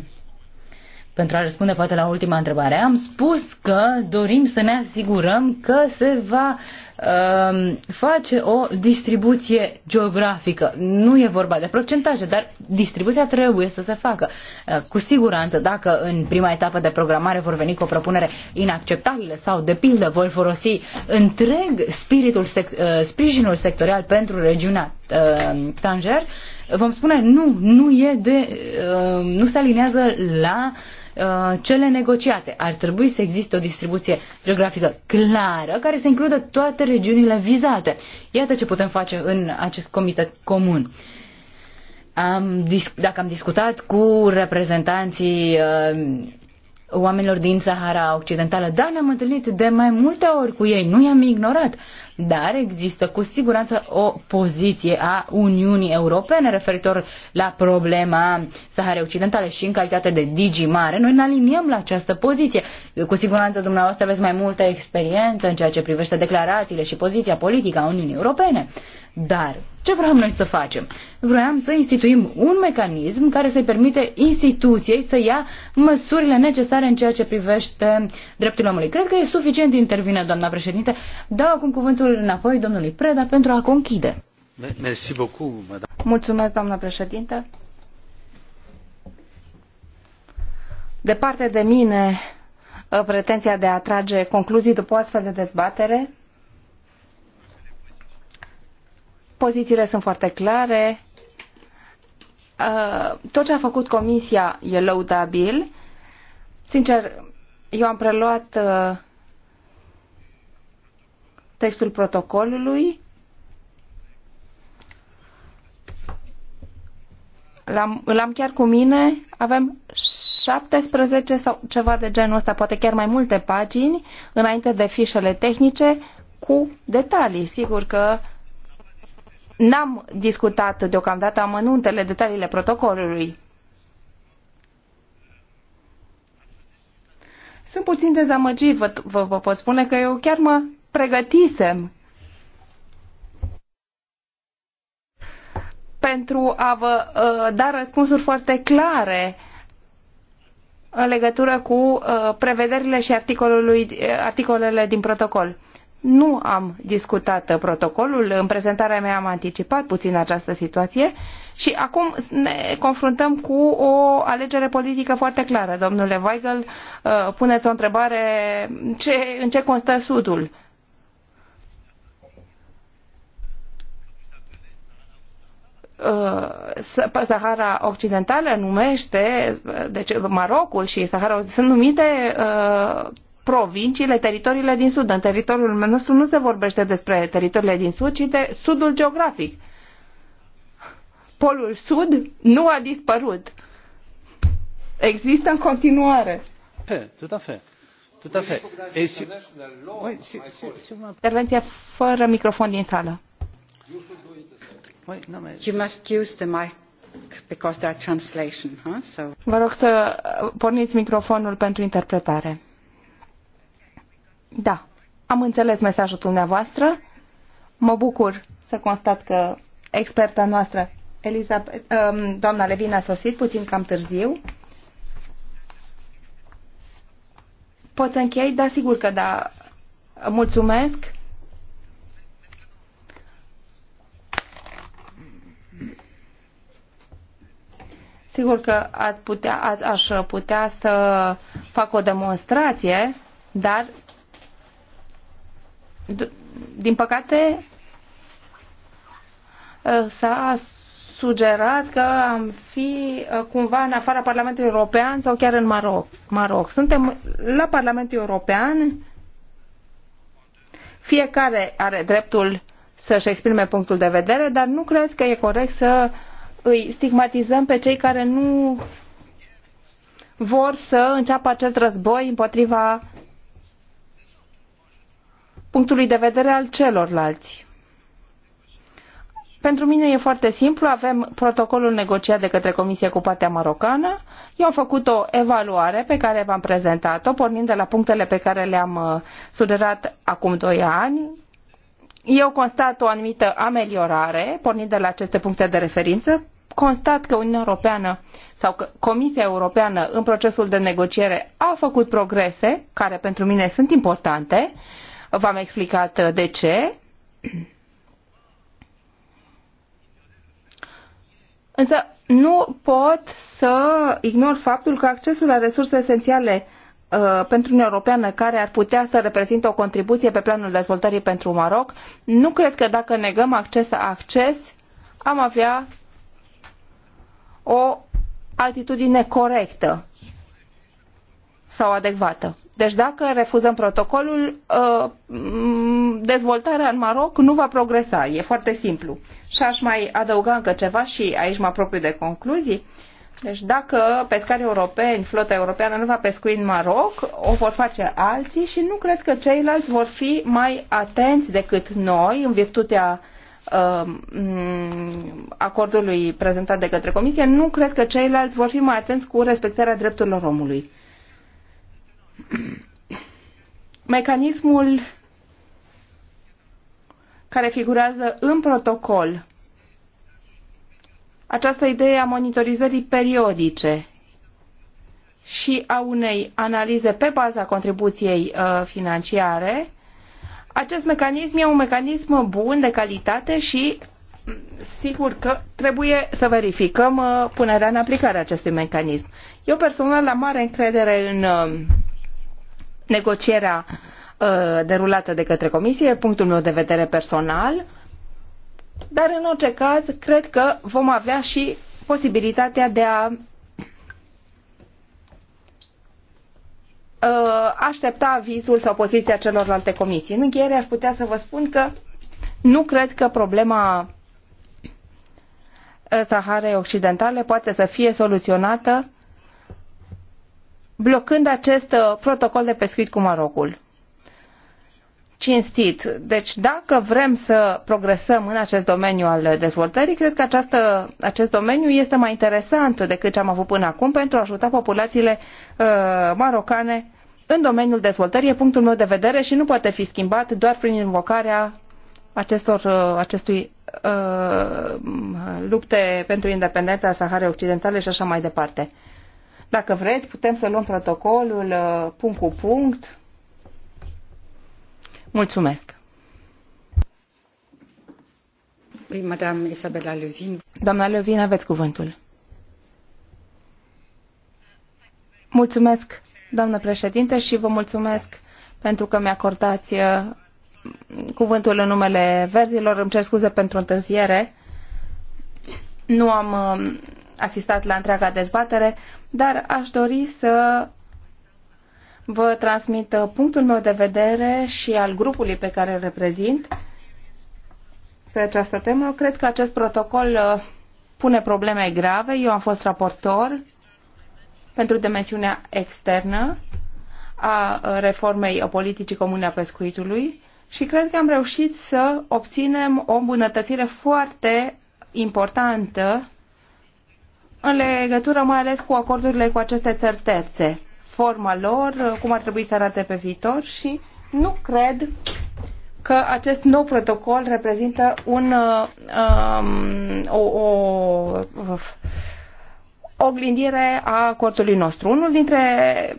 pentru a răspunde poate la ultima întrebare, am spus că dorim să ne asigurăm că se va um, face o distribuție geografică. Nu e vorba de procentaje, dar distribuția trebuie să se facă. Uh, cu siguranță, dacă în prima etapă de programare vor veni cu o propunere inacceptabilă sau, de pildă, vor folosi întreg spiritul uh, sprijinul sectorial pentru regiunea uh, Tanger, vom spune nu, nu e de, uh, nu se alinează la uh, Uh, cele negociate. Ar trebui să existe o distribuție geografică clară care să includă toate regiunile vizate. Iată ce putem face în acest comitet comun. Am dacă am discutat cu reprezentanții uh, oamenilor din Sahara Occidentală, dar ne-am întâlnit de mai multe ori cu ei, nu i-am ignorat dar există cu siguranță o poziție a Uniunii Europene referitor la problema Saharei Occidentale și în calitate de Digi Mare. Noi ne aliniem la această poziție. Cu siguranță dumneavoastră aveți mai multă experiență în ceea ce privește declarațiile și poziția politică a Uniunii Europene. Dar ce vrem noi să facem? Vroiam să instituim un mecanism care să-i permite instituției să ia măsurile necesare în ceea ce privește dreptul omului. Cred că e suficient intervine, doamna președinte. Dau acum cuvântul înapoi domnului Preda pentru a conchide. Merci beaucoup, madame. Mulțumesc, doamna președinte. Departe de mine uh, pretenția de a trage concluzii după astfel de dezbatere. Pozițiile sunt foarte clare. Uh, tot ce a făcut comisia e lăudabil. Sincer, eu am preluat uh, textul protocolului. L-am, l-am chiar cu mine. Avem 17 sau ceva de genul ăsta, poate chiar mai multe pagini, înainte de fișele tehnice, cu detalii. Sigur că uh, N-am discutat deocamdată amănuntele, detaliile protocolului. Sunt puțin dezamăgit, vă, vă, vă pot spune că eu chiar mă pregătisem pentru a vă uh, da răspunsuri foarte clare în legătură cu uh, prevederile și uh, articolele din protocol nu am discutat protocolul, în prezentarea mea am anticipat puțin această situație și acum ne confruntăm cu o alegere politică foarte clară. Domnule Weigel, uh, puneți o întrebare, ce, în ce constă Sudul? Uh, Sahara Occidentală numește, deci Marocul și Sahara sunt numite uh, provinciile, teritoriile din sud. În teritoriul nostru nu se vorbește despre teritoriile din sud, ci de sudul geografic. Polul sud nu a dispărut. Există în continuare. Tot a fait. Tot a si, Intervenție fără microfon din sală. You must use the mic because there are translation, huh? so... Vă rog să uh, porniți microfonul pentru interpretare. Da, am înțeles mesajul dumneavoastră. Mă bucur să constat că experta noastră, Elizabeth, um, doamna Levin, a sosit puțin cam târziu. Pot să închei? Da, sigur că da. Mulțumesc. Sigur că ați putea, ați, aș putea să fac o demonstrație, dar din păcate, uh, s-a sugerat că am fi uh, cumva în afara Parlamentului European sau chiar în Maroc. Maroc. Suntem la Parlamentul European. Fiecare are dreptul să-și exprime punctul de vedere, dar nu cred că e corect să îi stigmatizăm pe cei care nu vor să înceapă acest război împotriva punctului de vedere al celorlalți. Pentru mine e foarte simplu, avem protocolul negociat de către Comisie cu partea marocană. Eu am făcut o evaluare pe care v-am prezentat-o, pornind de la punctele pe care le-am uh, sugerat acum doi ani. Eu constat o anumită ameliorare, pornind de la aceste puncte de referință. Constat că Uniunea Europeană sau că Comisia Europeană în procesul de negociere a făcut progrese, care pentru mine sunt importante, uh, V-am explicat uh, de ce. Însă nu pot să ignor faptul că accesul la resurse esențiale uh, pentru Uniunea Europeană care ar putea să reprezinte o contribuție pe planul dezvoltării pentru Maroc, nu cred că dacă negăm acces acces, am avea o atitudine corectă sau adecvată. Deci dacă refuzăm protocolul, uh, dezvoltarea în Maroc nu va progresa. E foarte simplu. Și aș mai adăuga încă ceva și aici mă apropiu de concluzii. Deci dacă pescarii europeni, flota europeană nu va pescui în Maroc, o vor face alții și nu cred că ceilalți vor fi mai atenți decât noi în virtutea uh, acordului prezentat de către Comisie, nu cred că ceilalți vor fi mai atenți cu respectarea drepturilor omului. Mecanismul care figurează în protocol această idee a monitorizării periodice și a unei analize pe baza contribuției uh, financiare, acest mecanism e un mecanism bun de calitate și sigur că trebuie să verificăm uh, punerea în aplicare a acestui mecanism. Eu personal am mare încredere în uh, negocierea uh, derulată de către comisie, punctul meu de vedere personal, dar în orice caz cred că vom avea și posibilitatea de a uh, aștepta avizul sau poziția celorlalte comisii. În încheiere aș putea să vă spun că nu cred că problema uh, Saharei Occidentale poate să fie soluționată blocând acest uh, protocol de pescuit cu Marocul cinstit. Deci dacă vrem să progresăm în acest domeniu al dezvoltării, cred că această, acest domeniu este mai interesant decât ce am avut până acum pentru a ajuta populațiile uh, marocane în domeniul dezvoltării, e punctul meu de vedere și nu poate fi schimbat doar prin invocarea acestor, uh, acestui uh, lupte pentru independența Saharei Occidentale și așa mai departe. Dacă vreți, putem să luăm protocolul uh, punct cu punct. Mulțumesc. Oui, Madame Isabella Levin. Doamna Levin, aveți cuvântul. Mulțumesc, doamnă președinte, și vă mulțumesc pentru că mi-acordați uh, cuvântul în numele verzilor. Îmi cer scuze pentru întârziere. Nu am uh, asistat la întreaga dezbatere, dar aș dori să vă transmit punctul meu de vedere și al grupului pe care îl reprezint pe această temă. Cred că acest protocol uh, pune probleme grave. Eu am fost raportor pentru dimensiunea externă a uh, reformei uh, politicii comune a pescuitului și cred că am reușit să obținem o îmbunătățire foarte importantă în legătură mai ales cu acordurile cu aceste țări terțe, forma lor, cum ar trebui să arate pe viitor și nu cred că acest nou protocol reprezintă un, um, o, o oglindire a acordului nostru. Unul dintre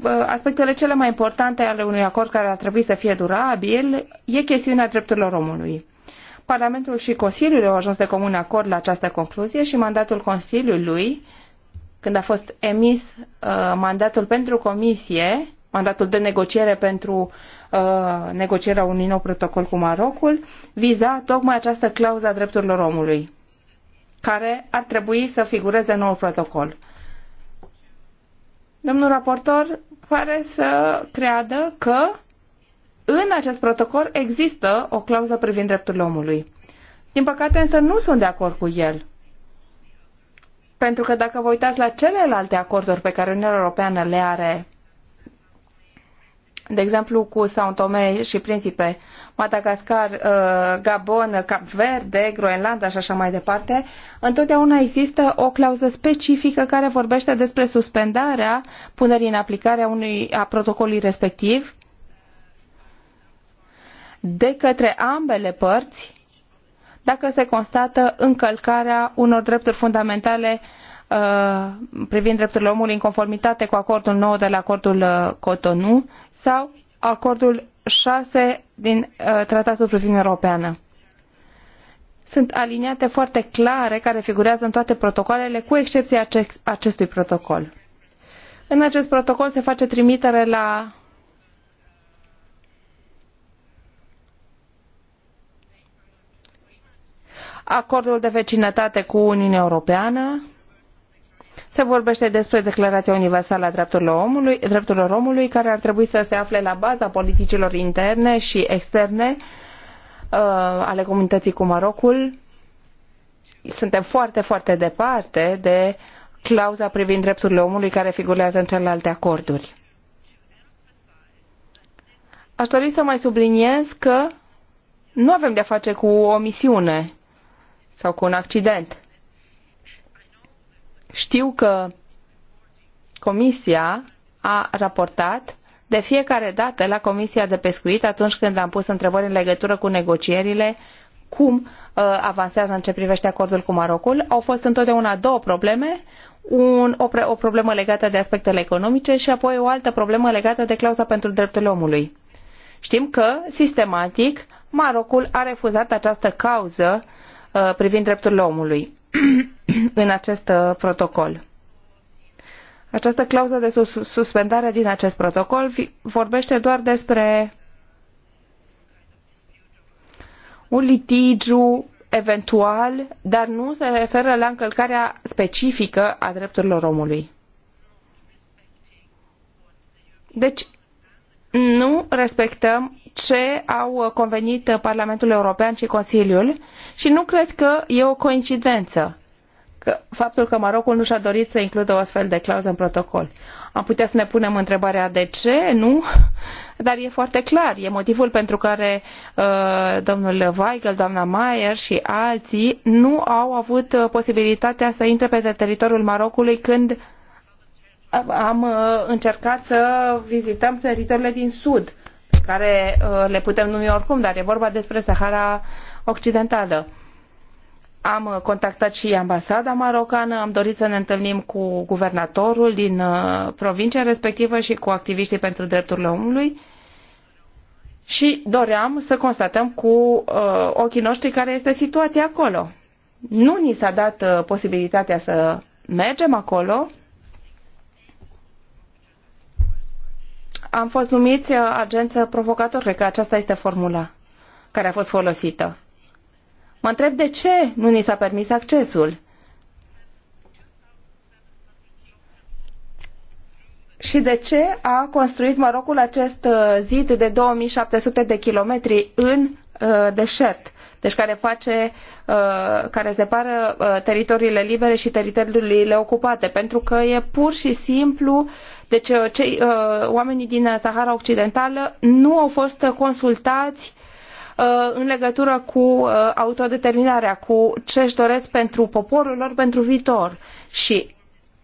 uh, aspectele cele mai importante ale unui acord care ar trebui să fie durabil e chestiunea drepturilor omului. Parlamentul și Consiliul au ajuns de comun acord la această concluzie și mandatul Consiliului când a fost emis uh, mandatul pentru comisie, mandatul de negociere pentru uh, negocierea unui nou protocol cu Marocul, viza tocmai această clauză a drepturilor omului, care ar trebui să figureze în noul protocol. Domnul raportor pare să creadă că în acest protocol există o clauză privind drepturile omului. Din păcate însă nu sunt de acord cu el. Pentru că dacă vă uitați la celelalte acorduri pe care Uniunea Europeană le are, de exemplu cu São Tomé și Principe, Madagascar, uh, Gabon, Cap Verde, Groenlanda și așa mai departe, întotdeauna există o clauză specifică care vorbește despre suspendarea punerii în aplicare a, unui, a protocolului respectiv de către ambele părți dacă se constată încălcarea unor drepturi fundamentale uh, privind drepturile omului în conformitate cu acordul 9 de la acordul uh, Cotonou sau acordul 6 din uh, Tratatul privind Europeană. Sunt aliniate foarte clare care figurează în toate protocoalele, cu excepția acestui protocol. În acest protocol se face trimitere la acordul de vecinătate cu Uniunea Europeană, se vorbește despre Declarația Universală a Drepturilor Omului, Drepturilor care ar trebui să se afle la baza politicilor interne și externe uh, ale comunității cu Marocul. Suntem foarte, foarte departe de clauza privind drepturile omului care figurează în celelalte acorduri. Aș dori să mai subliniez că nu avem de-a face cu o misiune sau cu un accident. Știu că Comisia a raportat de fiecare dată la Comisia de Pescuit atunci când am pus întrebări în legătură cu negocierile cum uh, avansează în ce privește acordul cu Marocul. Au fost întotdeauna două probleme, un, o, o problemă legată de aspectele economice și apoi o altă problemă legată de clauza pentru drepturile omului. Știm că, sistematic, Marocul a refuzat această cauză Uh, privind drepturile omului în acest uh, protocol. Această clauză de suspendare din acest protocol vorbește doar despre un litigiu eventual, dar nu se referă la încălcarea specifică a drepturilor omului. Deci, nu respectăm ce au convenit Parlamentul European și Consiliul și nu cred că e o coincidență că faptul că Marocul nu și-a dorit să includă o astfel de clauză în protocol. Am putea să ne punem întrebarea de ce, nu? Dar e foarte clar, e motivul pentru care uh, domnul Weigel, doamna Mayer și alții nu au avut posibilitatea să intre pe teritoriul Marocului când am uh, încercat să vizităm teritoriile din sud, pe care uh, le putem numi oricum, dar e vorba despre Sahara Occidentală. Am uh, contactat și ambasada marocană, am dorit să ne întâlnim cu guvernatorul din provincia respectivă și cu activiștii pentru drepturile omului și doream să constatăm cu ochii noștri care este situația acolo. Nu ni s-a dat posibilitatea să mergem acolo, am fost numiți uh, agență provocator, cred că aceasta este formula care a fost folosită. Mă întreb de ce nu ni s-a permis accesul. Și de ce a construit Marocul acest uh, zid de 2700 de kilometri în uh, deșert, deci care face, care separă teritoriile libere și teritoriile ocupate, pentru că e pur și simplu uh, deci uh, cei, uh, oamenii din uh, Sahara Occidentală nu au fost consultați în legătură cu autodeterminarea, cu ce își doresc pentru poporul lor pentru viitor. Și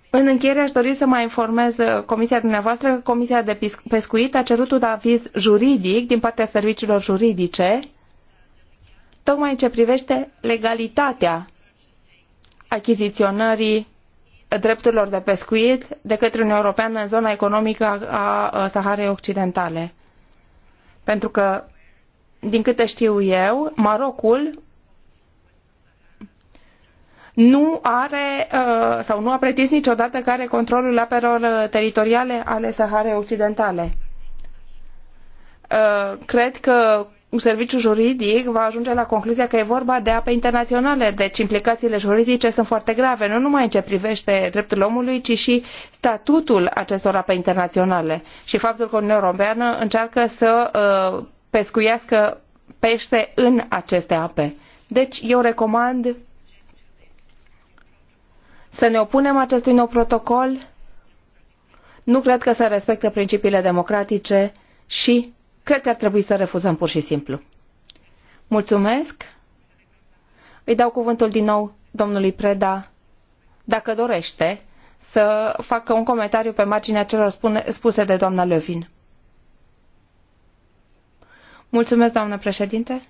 în încheiere aș dori să mai informez comisia dumneavoastră că Comisia de Pescuit a cerut un aviz juridic din partea serviciilor juridice tocmai în ce privește legalitatea achiziționării drepturilor de pescuit de către Uniunea Europeană în zona economică a Saharei Occidentale. Pentru că, din câte știu eu, Marocul nu are uh, sau nu a pretins niciodată că are controlul apelor teritoriale ale Saharei Occidentale. Uh, cred că serviciu juridic va ajunge la concluzia că e vorba de ape internaționale, deci implicațiile juridice sunt foarte grave, nu numai în ce privește drepturile omului, ci și statutul acestor ape internaționale și faptul că Uniunea Europeană încearcă să uh, pescuiască pește în aceste ape. Deci eu recomand să ne opunem acestui nou protocol. Nu cred că se respectă principiile democratice și Cred că ar trebui să refuzăm pur și simplu. Mulțumesc. Îi dau cuvântul din nou domnului Preda, dacă dorește, să facă un comentariu pe marginea celor spune, spuse de doamna Lövin. Mulțumesc, doamnă președinte.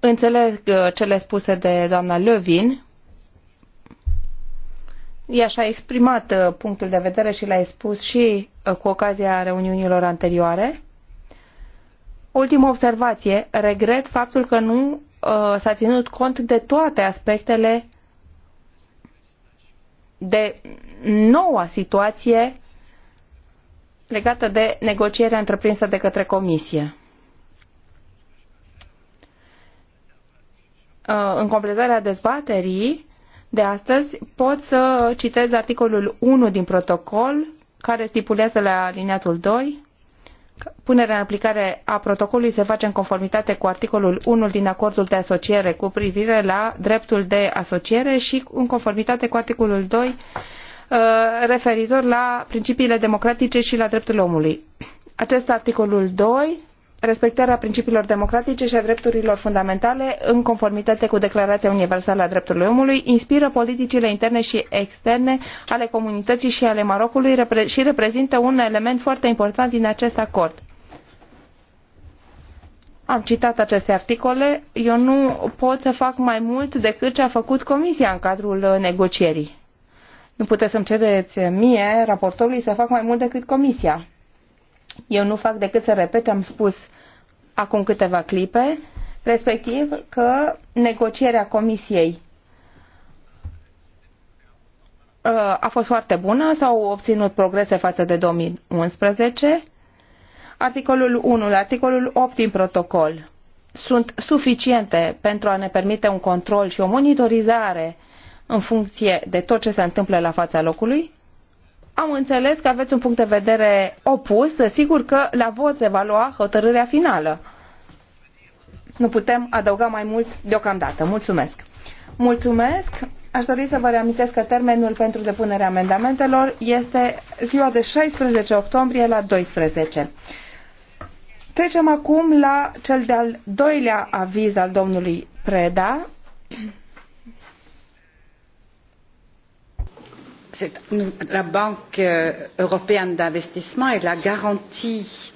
Înțeleg uh, cele spuse de doamna Lövin ea și-a exprimat uh, punctul de vedere și l-a expus și uh, cu ocazia reuniunilor anterioare. Ultimă observație. Regret faptul că nu uh, s-a ținut cont de toate aspectele de noua situație legată de negocierea întreprinsă de către Comisie. În completarea dezbaterii, de astăzi, pot să citez articolul 1 din protocol, care stipulează la alineatul 2. Punerea în aplicare a protocolului se face în conformitate cu articolul 1 din acordul de asociere cu privire la dreptul de asociere și în conformitate cu articolul 2 uh, referitor la principiile democratice și la drepturile omului. Acest articolul 2 respectarea principiilor democratice și a drepturilor fundamentale în conformitate cu Declarația Universală a Drepturilor Omului inspiră politicile interne și externe ale comunității și ale Marocului și reprezintă un element foarte important din acest acord. Am citat aceste articole, eu nu pot să fac mai mult decât ce a făcut Comisia în cadrul negocierii. Nu puteți să-mi cereți mie, raportorului, să fac mai mult decât Comisia eu nu fac decât să repet ce am spus acum câteva clipe, respectiv că negocierea Comisiei uh, a fost foarte bună, s-au obținut progrese față de 2011. Articolul 1, articolul 8 din protocol sunt suficiente pentru a ne permite un control și o monitorizare în funcție de tot ce se întâmplă la fața locului am înțeles că aveți un punct de vedere opus, sigur că la vot se va lua hotărârea finală. Nu putem adăuga mai mult deocamdată. Mulțumesc! Mulțumesc! Aș dori să vă reamintesc că termenul pentru depunerea amendamentelor este ziua de 16 octombrie la 12. Trecem acum la cel de-al doilea aviz al domnului Preda la Banque euh, européenne d'investissement est la garantie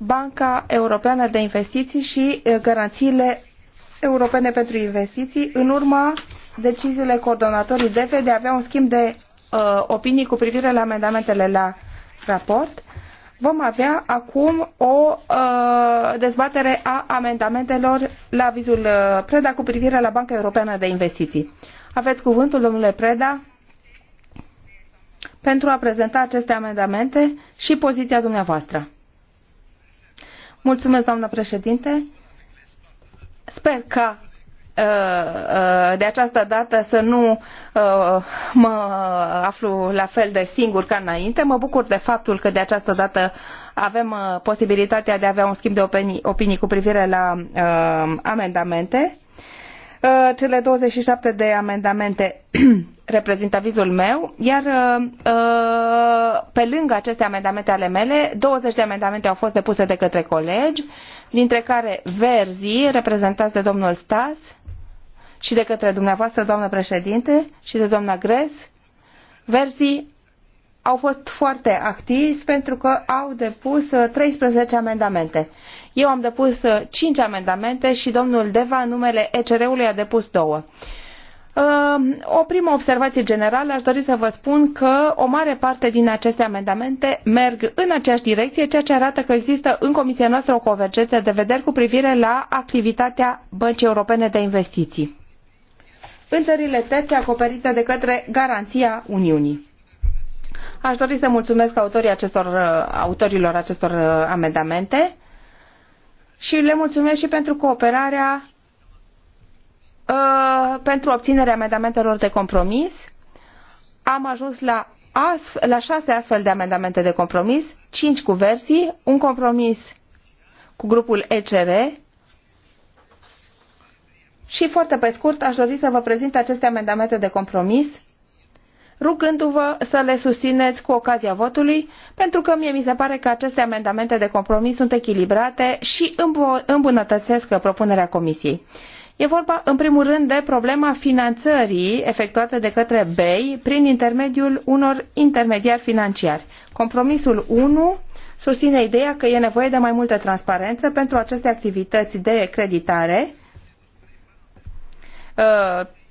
Banca Europeană de Investiții și uh, garanțiile europene pentru investiții în urma deciziile coordonatorii DEVE de a avea un schimb de uh, opinii cu privire la amendamentele la raport. Vom avea acum o uh, dezbatere a amendamentelor la vizul uh, Preda cu privire la Banca Europeană de Investiții. Aveți cuvântul, domnule Preda pentru a prezenta aceste amendamente și poziția dumneavoastră. Mulțumesc, doamnă președinte. Sper că uh, uh, de această dată să nu uh, mă aflu la fel de singur ca înainte. Mă bucur de faptul că de această dată avem posibilitatea de a avea un schimb de opinii, opinii cu privire la amendamente Uh, cele 27 de amendamente reprezintă avizul meu, iar uh, uh, pe lângă aceste amendamente ale mele, 20 de amendamente au fost depuse de către colegi, dintre care Verzi, reprezentați de domnul Stas, și de către dumneavoastră, doamnă președinte, și de doamna Gres. Verzi au fost foarte activi pentru că au depus 13 amendamente. Eu am depus uh, cinci amendamente și domnul Deva, în numele ECR-ului, a depus două. Um, o primă observație generală, aș dori să vă spun că o mare parte din aceste amendamente merg în aceeași direcție, ceea ce arată că există în comisia noastră o convergență de vederi cu privire la activitatea Băncii Europene de Investiții în țările terțe acoperite de către garanția Uniunii. Aș dori să mulțumesc autorii acestor, uh, autorilor acestor uh, amendamente și le mulțumesc și pentru cooperarea uh, pentru obținerea amendamentelor de compromis. Am ajuns la, la șase astfel de amendamente de compromis, cinci cu versii, un compromis cu grupul ECR și foarte pe scurt aș dori să vă prezint aceste amendamente de compromis rugându-vă să le susțineți cu ocazia votului, pentru că mie mi se pare că aceste amendamente de compromis sunt echilibrate și îmbunătățesc propunerea Comisiei. E vorba, în primul rând, de problema finanțării efectuate de către BEI prin intermediul unor intermediari financiari. Compromisul 1 susține ideea că e nevoie de mai multă transparență pentru aceste activități de creditare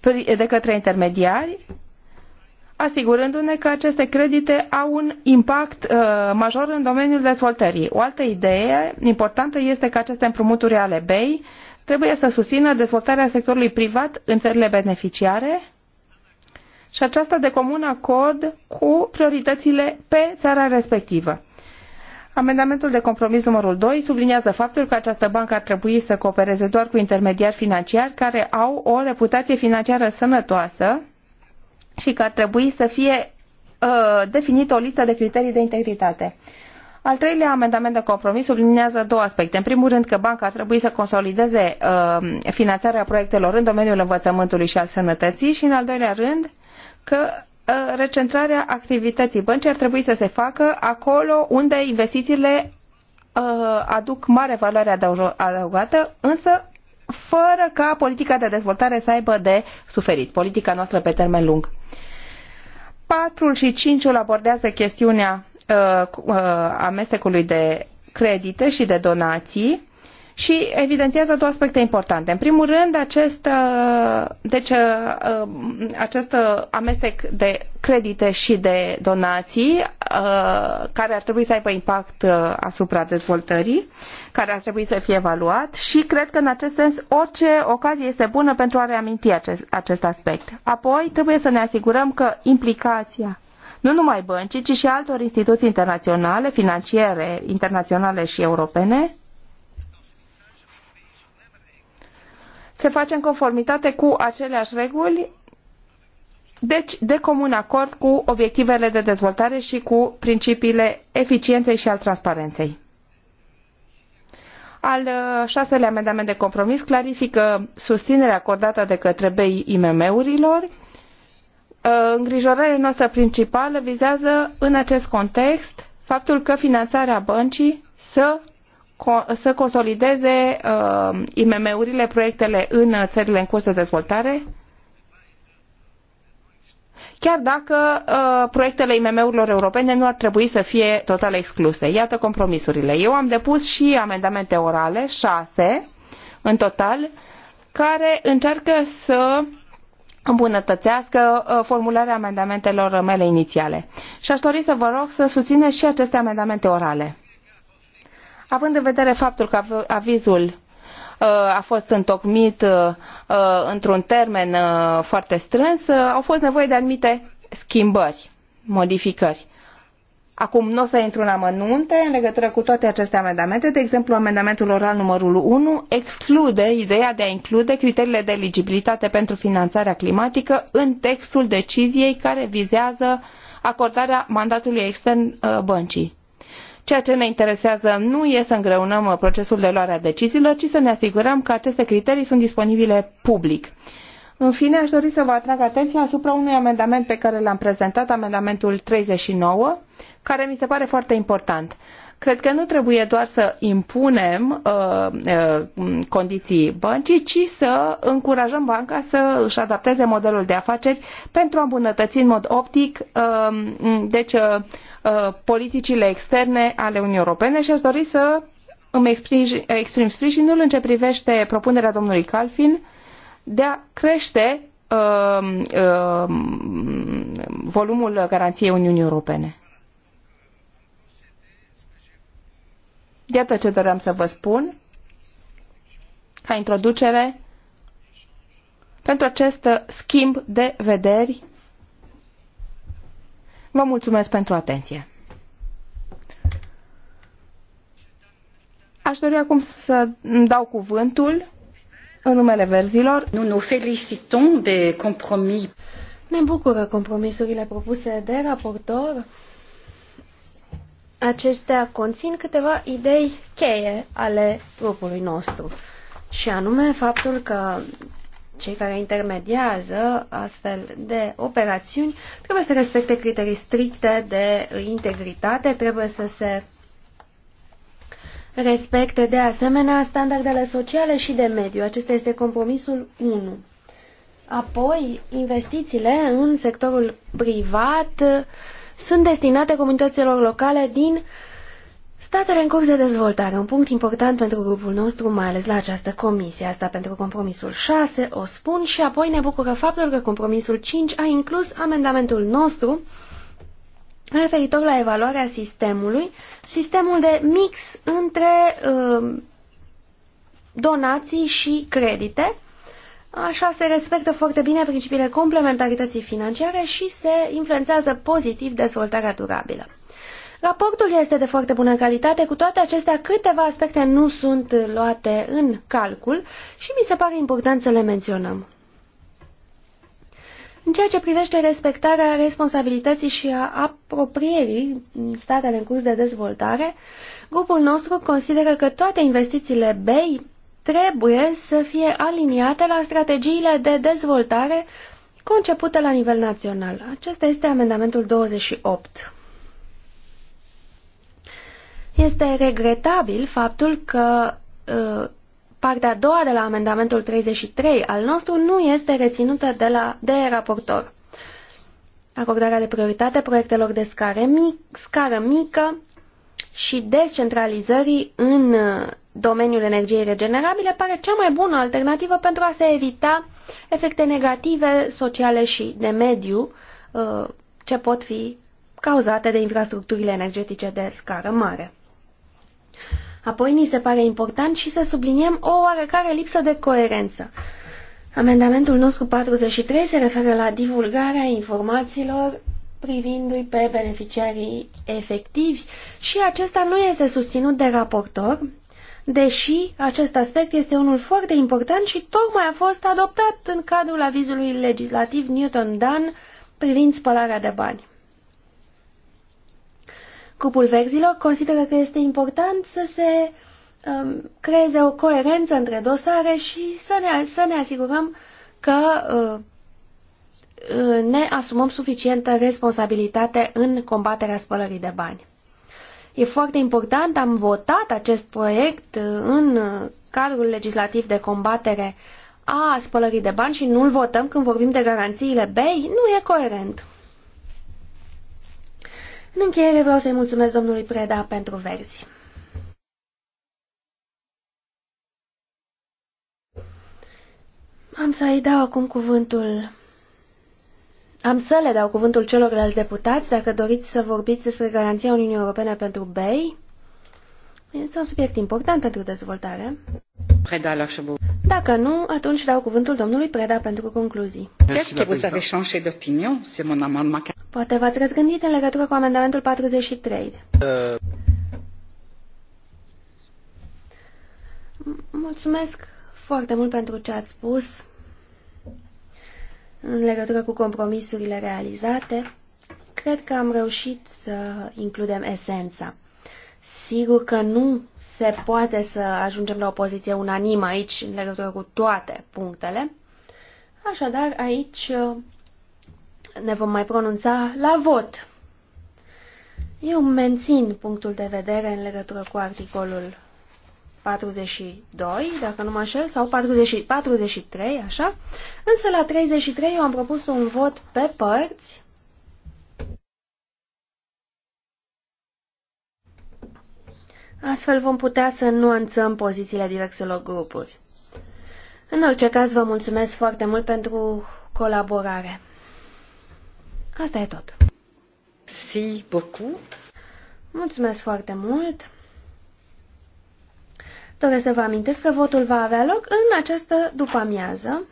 uh, de către intermediari asigurându-ne că aceste credite au un impact uh, major în domeniul dezvoltării. O altă idee importantă este că aceste împrumuturi ale BEI trebuie să susțină dezvoltarea sectorului privat în țările beneficiare și aceasta de comun acord cu prioritățile pe țara respectivă. Amendamentul de compromis numărul 2 subliniază faptul că această bancă ar trebui să coopereze doar cu intermediari financiari care au o reputație financiară sănătoasă și că ar trebui să fie uh, definită o listă de criterii de integritate. Al treilea amendament de compromis subliniază două aspecte. În primul rând că banca ar trebui să consolideze uh, finanțarea proiectelor în domeniul învățământului și al sănătății și în al doilea rând că uh, recentrarea activității băncii ar trebui să se facă acolo unde investițiile uh, aduc mare valoare adăugată, însă fără ca politica de dezvoltare să aibă de suferit, politica noastră pe termen lung patru și cinci abordează chestiunea uh, uh, amestecului de credite și de donații și evidențiază două aspecte importante. În primul rând, acest, uh, deci, uh, uh, acest amestec de credite și de donații care ar trebui să aibă impact asupra dezvoltării, care ar trebui să fie evaluat și cred că în acest sens orice ocazie este bună pentru a reaminti acest, acest aspect. Apoi trebuie să ne asigurăm că implicația nu numai băncii, ci și altor instituții internaționale, financiere, internaționale și europene, se face în conformitate cu aceleași reguli, deci de comun acord cu obiectivele de dezvoltare și cu principiile eficienței și al transparenței. Al uh, șaselea amendament de compromis clarifică susținerea acordată de către BEI IMM-urilor. Uh, Îngrijorarea noastră principală vizează în acest context faptul că finanțarea băncii să să consolideze uh, IMM-urile, proiectele în țările în curs de dezvoltare? chiar dacă uh, proiectele IMM-urilor europene nu ar trebui să fie total excluse. Iată compromisurile. Eu am depus și amendamente orale, șase în total, care încearcă să îmbunătățească uh, formularea amendamentelor mele inițiale. Și aș dori să vă rog să susțineți și aceste amendamente orale având în vedere faptul că avizul uh, a fost întocmit uh, uh, într-un termen foarte strâns, au fost nevoie de anumite schimbări, modificări. Acum nu o să intru în amănunte în legătură cu toate aceste amendamente. De exemplu, amendamentul oral numărul 1 exclude ideea de a include criteriile de eligibilitate pentru finanțarea climatică în textul deciziei care vizează acordarea mandatului extern băncii. Ceea ce ne interesează nu e să îngreunăm uh, procesul de luare a deciziilor, ci să ne asigurăm că aceste criterii sunt disponibile public. În fine, aș dori să vă atrag atenția asupra unui amendament pe care l-am prezentat, amendamentul 39, care mi se pare foarte important. Cred că nu trebuie doar să impunem uh, uh, condiții băncii, ci să încurajăm banca să își adapteze modelul de afaceri pentru a îmbunătăți în mod optic um, deci, uh, deci, uh, politicile externe ale Uniunii Europene și aș dori să îmi exprim, exprim sprijinul în ce privește propunerea domnului Calfin de a crește uh, uh, volumul garanției Uniunii Europene. Iată ce doream să vă spun ca introducere pentru acest schimb de vederi. Vă mulțumesc pentru atenție. Aș dori acum să îmi dau cuvântul în numele verzilor. Nu nu felicităm de compromis. Ne bucură compromisurile propuse de raportor Acestea conțin câteva idei cheie ale grupului nostru, și anume faptul că cei care intermediază astfel de operațiuni trebuie să respecte criterii stricte de integritate, trebuie să se respecte de asemenea standardele sociale și de mediu. Acesta este compromisul 1. Apoi, investițiile în sectorul privat uh, sunt destinate comunităților locale din statele în curs de dezvoltare. Un punct important pentru grupul nostru, mai ales la această comisie. Asta pentru compromisul 6, o spun, și apoi ne bucură faptul că compromisul 5 a inclus amendamentul nostru referitor la evaluarea sistemului, sistemul de mix între uh, donații și credite, Așa se respectă foarte bine principiile complementarității financiare și se influențează pozitiv dezvoltarea durabilă. Raportul este de foarte bună calitate, cu toate acestea câteva aspecte nu sunt luate în calcul și mi se pare important să le menționăm. În ceea ce privește respectarea responsabilității și a aproprierii în statele în curs de dezvoltare, grupul nostru consideră că toate investițiile BEI trebuie să fie aliniate la strategiile de dezvoltare concepute la nivel național. Acesta este amendamentul 28. Este regretabil faptul că ă, partea a doua de la amendamentul 33 al nostru nu este reținută de, la, de raportor. Acordarea de prioritate proiectelor de scară, mic, scară mică și descentralizării în domeniul energiei regenerabile pare cea mai bună alternativă pentru a se evita efecte negative sociale și de mediu uh, ce pot fi cauzate de infrastructurile energetice de scară mare. Apoi ni se pare important și să subliniem o oarecare lipsă de coerență. Amendamentul nostru 43 se referă la divulgarea informațiilor privindu-i pe beneficiarii efectivi și acesta nu este susținut de raportor, deși acest aspect este unul foarte important și tocmai a fost adoptat în cadrul avizului legislativ Newton-Dunn privind spălarea de bani. Cupul Verzilor consideră că este important să se um, creeze o coerență între dosare și să ne, să ne asigurăm că uh, uh ne asumăm suficientă responsabilitate în combaterea spălării de bani. E foarte important, am votat acest proiect uh, în uh, cadrul legislativ de combatere a spălării de bani și nu-l votăm când vorbim de garanțiile BEI, nu e coerent. În încheiere vreau să-i mulțumesc domnului Preda pentru verzi. Am să-i dau acum cuvântul am să le dau cuvântul celorlalți deputați dacă doriți să vorbiți despre garanția Uniunii Europene pentru BEI. Este un subiect important pentru dezvoltare. Preda la Dacă nu, atunci dau cuvântul domnului Preda pentru concluzii. Poate v-ați răzgândit în legătură cu amendamentul 43. Uh. Mulțumesc foarte mult pentru ce ați spus. În legătură cu compromisurile realizate, cred că am reușit să includem esența. Sigur că nu se poate să ajungem la o poziție unanimă aici în legătură cu toate punctele. Așadar, aici uh, ne vom mai pronunța la vot. Eu mențin punctul de vedere în legătură cu articolul 42, dacă nu mă așel, sau 40, 43, așa. Însă la 33 eu am propus un vot pe părți. Astfel vom putea să nuanțăm pozițiile diverselor grupuri. În orice caz, vă mulțumesc foarte mult pentru colaborare. Asta e tot. Si beaucoup. Mulțumesc foarte mult. Doresc să vă amintesc că votul va avea loc în această după-amiază.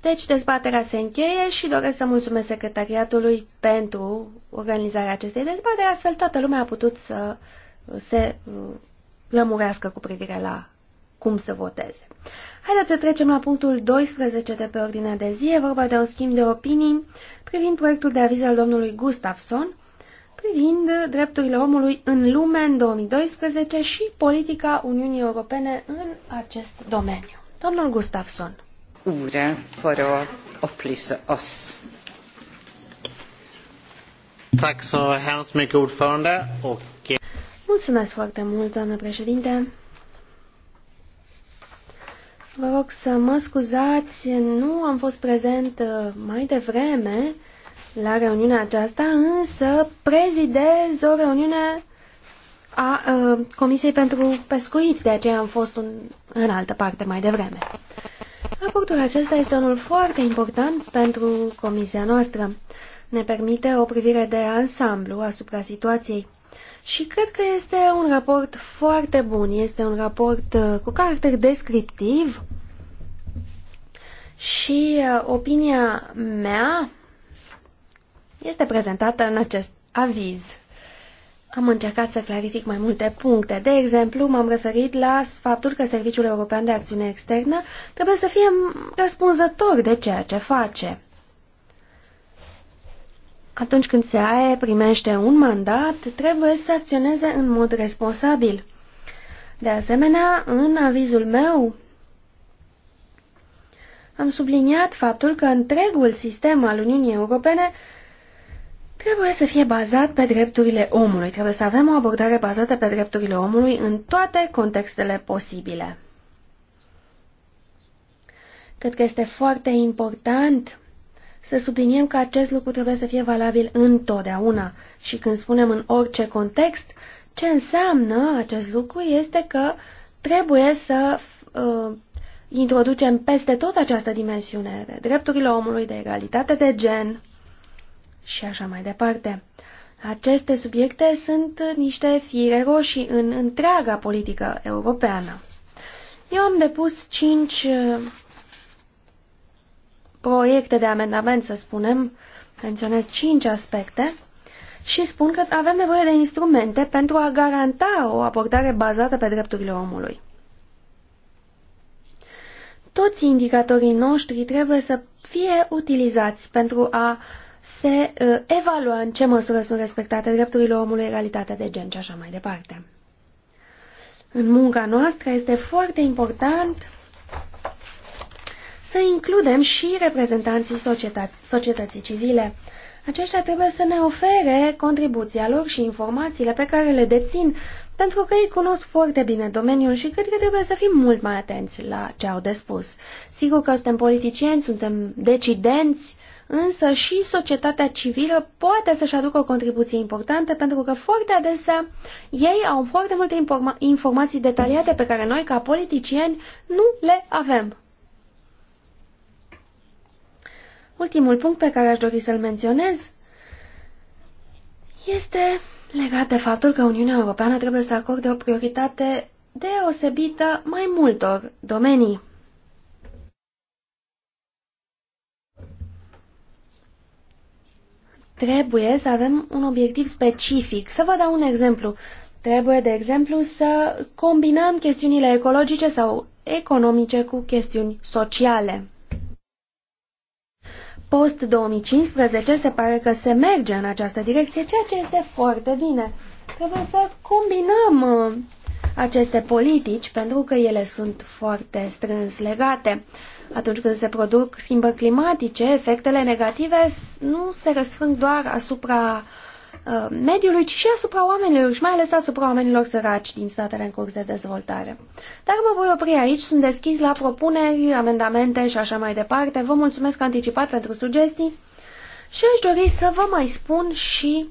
Deci dezbaterea se încheie și doresc să mulțumesc secretariatului pentru organizarea acestei dezbatere, astfel toată lumea a putut să se uh, lămurească cu privire la cum să voteze. Haideți să trecem la punctul 12 de pe ordinea de zi, e vorba de un schimb de opinii privind proiectul de aviz al domnului Gustafsson, privind drepturile omului în lume în 2012 și politica Uniunii Europene în acest domeniu. Domnul Gustafsson. Ure, fără o oplyse os. Mulțumesc foarte mult, doamnă președinte. Vă rog să mă scuzați, nu am fost prezent uh, mai devreme la reuniunea aceasta, însă prezidez o reuniune a a ă, Comisiei pentru Pescuit, de aceea am fost un, în altă parte mai devreme. Raportul acesta este unul foarte important pentru Comisia noastră. Ne permite o privire de ansamblu asupra situației. Și cred că este un raport foarte bun, este un raport ă, cu caracter descriptiv și ă, opinia mea este prezentată în acest aviz. Am încercat să clarific mai multe puncte. De exemplu, m-am referit la faptul că Serviciul European de Acțiune Externă trebuie să fie răspunzător de ceea ce face. Atunci când SAE primește un mandat, trebuie să acționeze în mod responsabil. De asemenea, în avizul meu, am subliniat faptul că întregul sistem al Uniunii Europene trebuie să fie bazat pe drepturile omului. Trebuie să avem o abordare bazată pe drepturile omului în toate contextele posibile. Cred că este foarte important să subliniem că acest lucru trebuie să fie valabil întotdeauna și când spunem în orice context, ce înseamnă acest lucru este că trebuie să uh, introducem peste tot această dimensiune de drepturile omului, de egalitate de gen, și așa mai departe. Aceste subiecte sunt niște fire roșii în întreaga politică europeană. Eu am depus cinci uh, proiecte de amendament, să spunem, menționez cinci aspecte, și spun că avem nevoie de instrumente pentru a garanta o abordare bazată pe drepturile omului. Toți indicatorii noștri trebuie să fie utilizați pentru a uh, se uh, evalua în ce măsură sunt respectate drepturile omului, egalitatea de gen și așa mai departe. În munca noastră este foarte important să includem și reprezentanții societății civile. Aceștia trebuie să ne ofere contribuția lor și informațiile pe care le dețin, pentru că ei cunosc foarte bine domeniul și cred că trebuie să fim mult mai atenți la ce au de spus. Sigur că suntem politicieni, suntem decidenți, însă și societatea civilă poate să-și aducă o contribuție importantă pentru că foarte adesea ei au foarte multe informa informații detaliate pe care noi, ca politicieni, nu le avem. Ultimul punct pe care aș dori să-l menționez este legat de faptul că Uniunea Europeană trebuie să acorde o prioritate deosebită mai multor domenii. Trebuie să avem un obiectiv specific. Să vă dau un exemplu. Trebuie, de exemplu, să combinăm chestiunile ecologice sau economice cu chestiuni sociale. Post-2015 se pare că se merge în această direcție, ceea ce este foarte bine. Trebuie să combinăm uh, aceste politici pentru că ele sunt foarte strâns legate. Atunci când se produc schimbări climatice, efectele negative nu se răsfrâng doar asupra uh, mediului, ci și asupra oamenilor și mai ales asupra oamenilor săraci din statele în curs de dezvoltare. Dar mă voi opri aici, sunt deschis la propuneri, amendamente și așa mai departe. Vă mulțumesc anticipat pentru sugestii și aș dori să vă mai spun și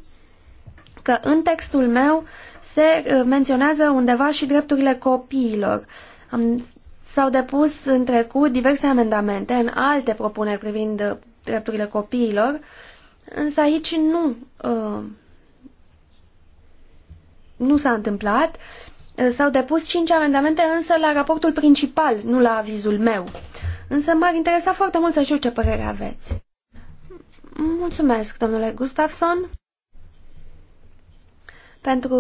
că în textul meu se uh, menționează undeva și drepturile copiilor. Am S-au depus în trecut diverse amendamente în alte propuneri privind uh, drepturile copiilor, însă aici nu, uh, nu s-a întâmplat. Uh, s-au depus cinci amendamente, însă la raportul principal, nu la avizul meu. Însă m-ar interesa foarte mult să știu ce părere aveți. Mulțumesc, domnule Gustafson, pentru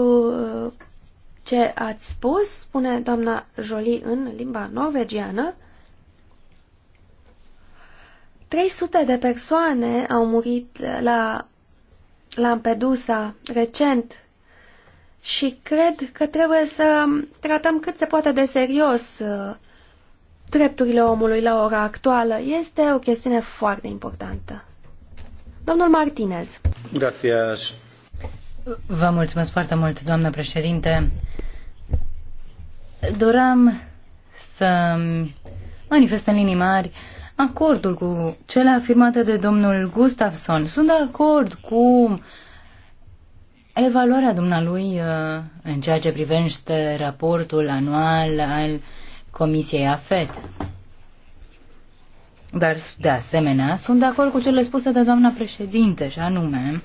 ce ați spus, spune doamna Jolie în limba norvegiană, 300 de persoane au murit la Lampedusa recent și cred că trebuie să tratăm cât se poate de serios uh, drepturile omului la ora actuală. Este o chestiune foarte importantă. Domnul Martinez. Gracias. Vă mulțumesc foarte mult, doamnă președinte. Doream să manifest în linii mari acordul cu cele afirmate de domnul Gustafsson. Sunt de acord cu evaluarea dumnealui uh, în ceea ce privește raportul anual al Comisiei AFET. Dar, de asemenea, sunt de acord cu cele spuse de doamna președinte, și anume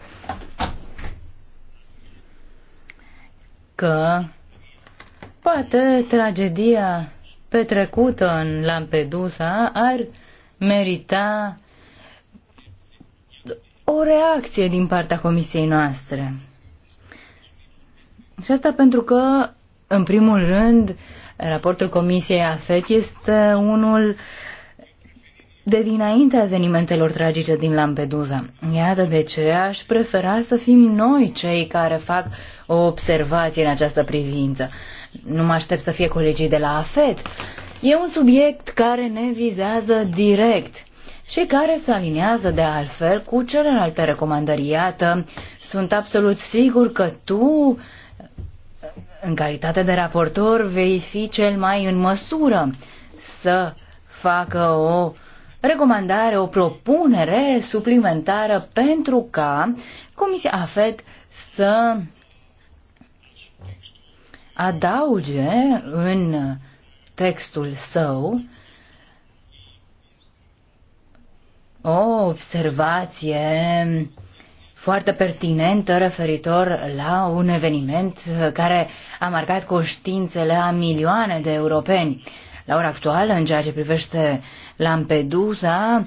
că poate tragedia petrecută în Lampedusa ar merita o reacție din partea comisiei noastre. Și asta pentru că, în primul rând, raportul comisiei AFET este unul de dinainte evenimentelor tragice din Lampedusa. Iată de ce aș prefera să fim noi cei care fac o observație în această privință. Nu mă aștept să fie colegii de la AFET. E un subiect care ne vizează direct și care se aliniază de altfel cu celelalte recomandări. Iată, sunt absolut sigur că tu, în calitate de raportor, vei fi cel mai în măsură să facă o recomandare, o propunere suplimentară pentru ca Comisia AFET să adauge în textul său o observație foarte pertinentă referitor la un eveniment care a marcat conștiințele a milioane de europeni. La ora actuală, în ceea ce privește Lampedusa,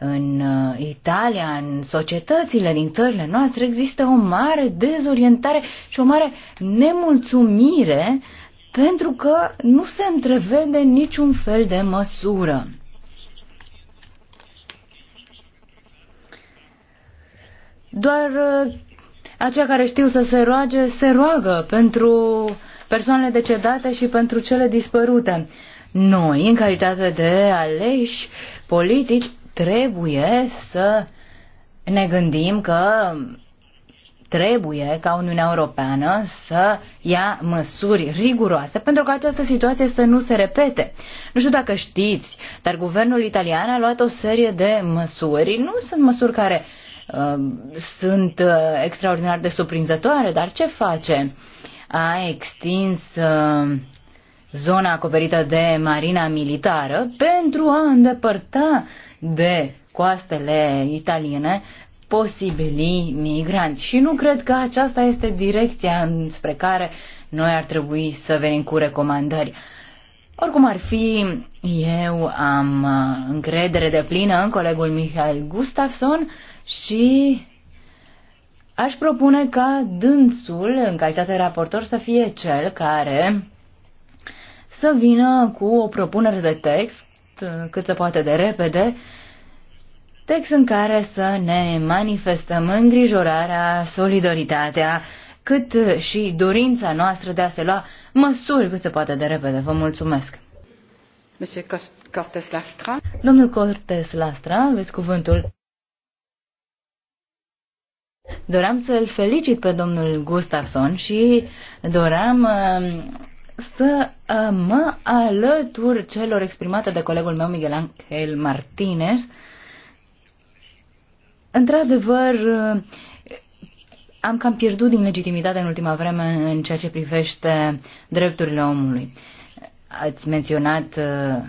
în uh, Italia, în societățile din țările noastre, există o mare dezorientare și o mare nemulțumire pentru că nu se întrevede niciun fel de măsură. Doar uh, aceia care știu să se roage, se roagă pentru persoanele decedate și pentru cele dispărute. Noi, în calitate de aleși politici, trebuie să ne gândim că trebuie ca Uniunea Europeană să ia măsuri riguroase pentru ca această situație să nu se repete. Nu știu dacă știți, dar guvernul italian a luat o serie de măsuri. Nu sunt măsuri care uh, sunt uh, extraordinar de surprinzătoare, dar ce face? A extins uh, zona acoperită de marina militară pentru a îndepărta de coastele italiene posibili migranți. Și nu cred că aceasta este direcția spre care noi ar trebui să venim cu recomandări. Oricum ar fi, eu am uh, încredere de plină în colegul Michael Gustafson și aș propune ca dânsul, în calitate de raportor, să fie cel care să vină cu o propunere de text uh, cât se poate de repede, text în care să ne manifestăm îngrijorarea, solidaritatea, cât și dorința noastră de a se lua măsuri cât se poate de repede. Vă mulțumesc! Cortes Lastra. Domnul Cortes Lastra, aveți cuvântul. Doream să-l felicit pe domnul Gustafson și doream uh, să uh, mă alătur celor exprimate de colegul meu Miguel Angel Martinez. Într-adevăr, uh, am cam pierdut din legitimitate în ultima vreme în ceea ce privește drepturile omului. Ați menționat uh,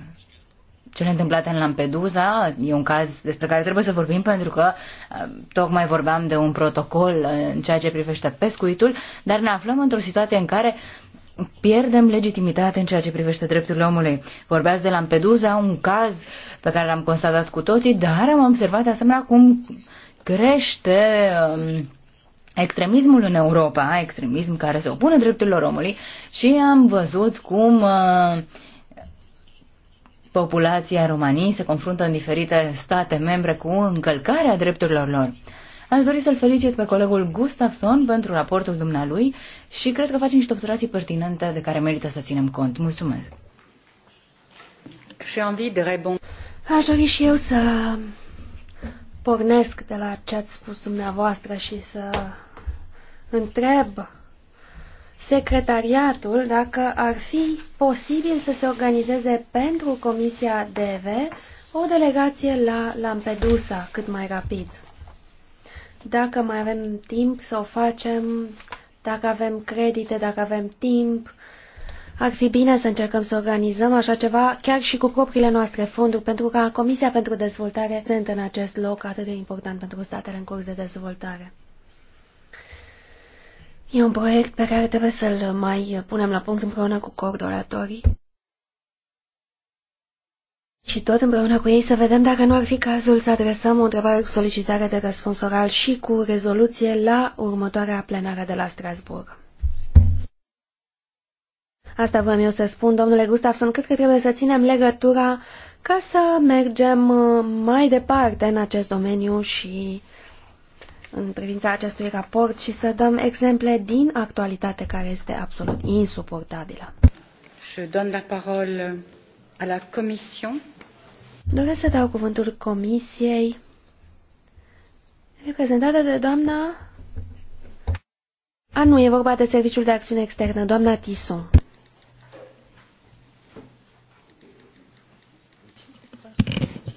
cele întâmplate în Lampedusa, e un caz despre care trebuie să vorbim pentru că tocmai vorbeam de un protocol în ceea ce privește pescuitul, dar ne aflăm într-o situație în care pierdem legitimitate în ceea ce privește drepturile omului. Vorbeați de Lampedusa, un caz pe care l-am constatat cu toții, dar am observat de asemenea cum crește um, extremismul în Europa, extremism care se opune drepturilor omului și am văzut cum uh, populația României se confruntă în diferite state membre cu încălcarea drepturilor lor. Aș dori să-l felicit pe colegul Gustafson pentru raportul dumnealui și cred că face niște observații pertinente de care merită să ținem cont. Mulțumesc! Aș dori și eu să pornesc de la ce ați spus dumneavoastră și să întreb secretariatul dacă ar fi posibil să se organizeze pentru Comisia DV o delegație la Lampedusa cât mai rapid dacă mai avem timp să o facem, dacă avem credite, dacă avem timp, ar fi bine să încercăm să organizăm așa ceva chiar și cu propriile noastre fonduri, pentru ca Comisia pentru Dezvoltare sunt în acest loc atât de important pentru statele în curs de dezvoltare. E un proiect pe care trebuie să-l mai punem la punct împreună cu coordonatorii. Și tot împreună cu ei să vedem dacă nu ar fi cazul să adresăm o întrebare cu solicitare de răspuns oral și cu rezoluție la următoarea plenară de la Strasburg. Asta vreau eu să spun, domnule Gustafson, cred că trebuie să ținem legătura ca să mergem uh, mai departe în acest domeniu și în privința acestui raport și să dăm exemple din actualitate care este absolut insuportabilă. Je donne la parole à la Commission. Doresc să dau cuvântul comisiei reprezentată de doamna... A, nu, e vorba de Serviciul de Acțiune Externă, doamna Tison.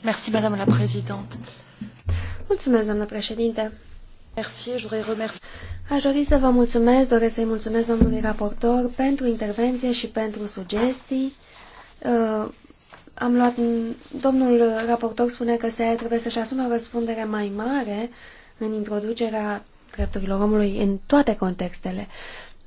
Merci, madame la présidente. Mulțumesc, doamnă președinte. Aș dori să vă mulțumesc, doresc să-i mulțumesc domnului raportor pentru intervenție și pentru sugestii. Uh, am luat, domnul raportor spune că se trebuie să-și asume o răspundere mai mare în introducerea drepturilor omului în toate contextele.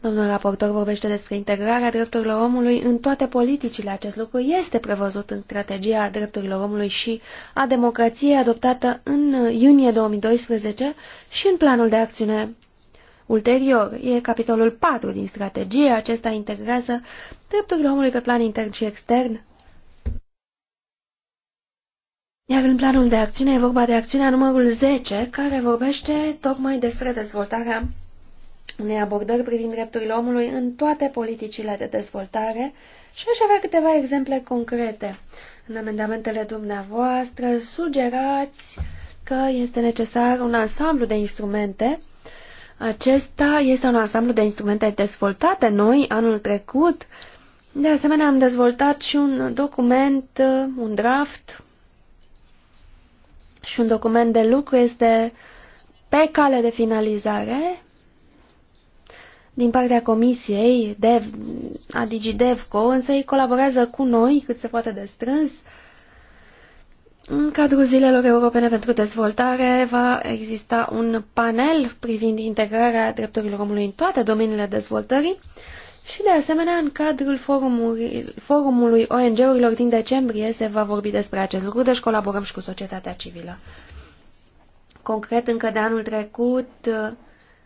Domnul raportor vorbește despre integrarea drepturilor omului în toate politicile. Acest lucru este prevăzut în strategia drepturilor omului și a democrației adoptată în iunie 2012 și în planul de acțiune ulterior. E capitolul 4 din strategie. Acesta integrează drepturile omului pe plan intern și extern, iar în planul de acțiune e vorba de acțiunea numărul 10, care vorbește tocmai despre dezvoltarea unei abordări privind drepturile omului în toate politicile de dezvoltare și aș avea câteva exemple concrete. În amendamentele dumneavoastră sugerați că este necesar un ansamblu de instrumente. Acesta este un ansamblu de instrumente dezvoltate noi anul trecut. De asemenea, am dezvoltat și un document, un draft și un document de lucru este pe cale de finalizare din partea Comisiei Dev, a DigiDevco, însă ei colaborează cu noi cât se poate de strâns. În cadrul Zilelor Europene pentru Dezvoltare va exista un panel privind integrarea drepturilor omului în toate domeniile dezvoltării și de asemenea, în cadrul forumului, forumului ONG-urilor din decembrie se va vorbi despre acest lucru, deci colaborăm și cu societatea civilă. Concret, încă de anul trecut,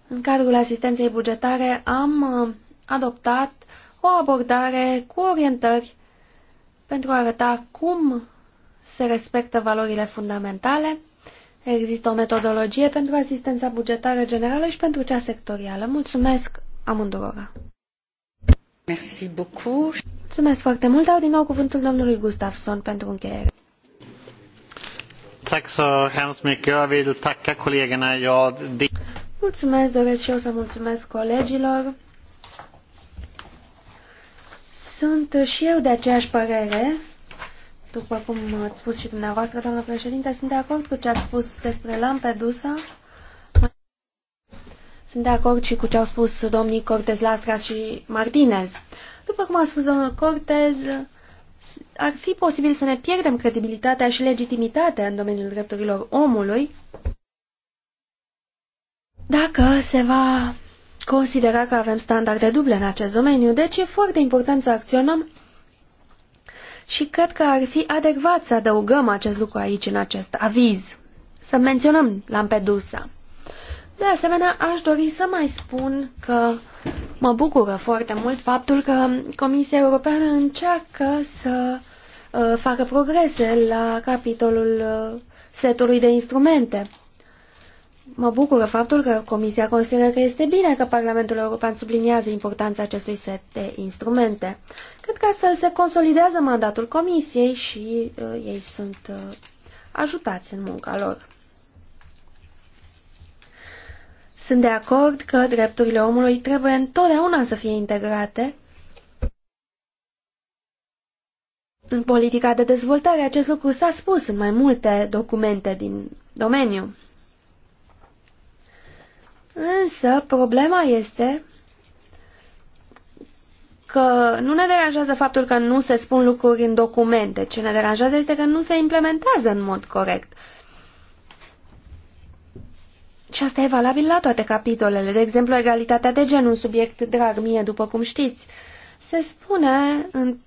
în cadrul asistenței bugetare, am uh, adoptat o abordare cu orientări pentru a arăta cum se respectă valorile fundamentale. Există o metodologie pentru asistența bugetară generală și pentru cea sectorială. Mulțumesc amândurora! Merci beaucoup. Mulțumesc foarte mult. Dau din nou cuvântul domnului Gustafsson pentru încheiere. Tack så hemskt mycket. Jag vill tacka kollegorna. Jag... Mulțumesc, doresc și eu să mulțumesc colegilor. Sunt și eu de aceeași părere, după cum ați spus și dumneavoastră, doamnă președinte, sunt de acord cu ce ați spus despre Lampedusa. Sunt de acord și cu ce au spus domnii Cortez Lastra și Martinez. După cum a spus domnul Cortez, ar fi posibil să ne pierdem credibilitatea și legitimitatea în domeniul drepturilor omului dacă se va considera că avem standarde duble în acest domeniu, deci e foarte important să acționăm și cred că ar fi adecvat să adăugăm acest lucru aici, în acest aviz, să menționăm Lampedusa. De asemenea, aș dori să mai spun că mă bucură foarte mult faptul că Comisia Europeană încearcă să uh, facă progrese la capitolul uh, setului de instrumente. Mă bucură faptul că Comisia consideră că este bine că Parlamentul European subliniază importanța acestui set de instrumente. Cred că astfel se consolidează mandatul Comisiei și uh, ei sunt uh, ajutați în munca lor. Sunt de acord că drepturile omului trebuie întotdeauna să fie integrate în politica de dezvoltare. Acest lucru s-a spus în mai multe documente din domeniu. Însă, problema este că nu ne deranjează faptul că nu se spun lucruri în documente. Ce ne deranjează este că nu se implementează în mod corect. Uh, și asta e valabil la toate capitolele. De exemplu, egalitatea de gen, un subiect drag mie, după cum știți. Se spune, în...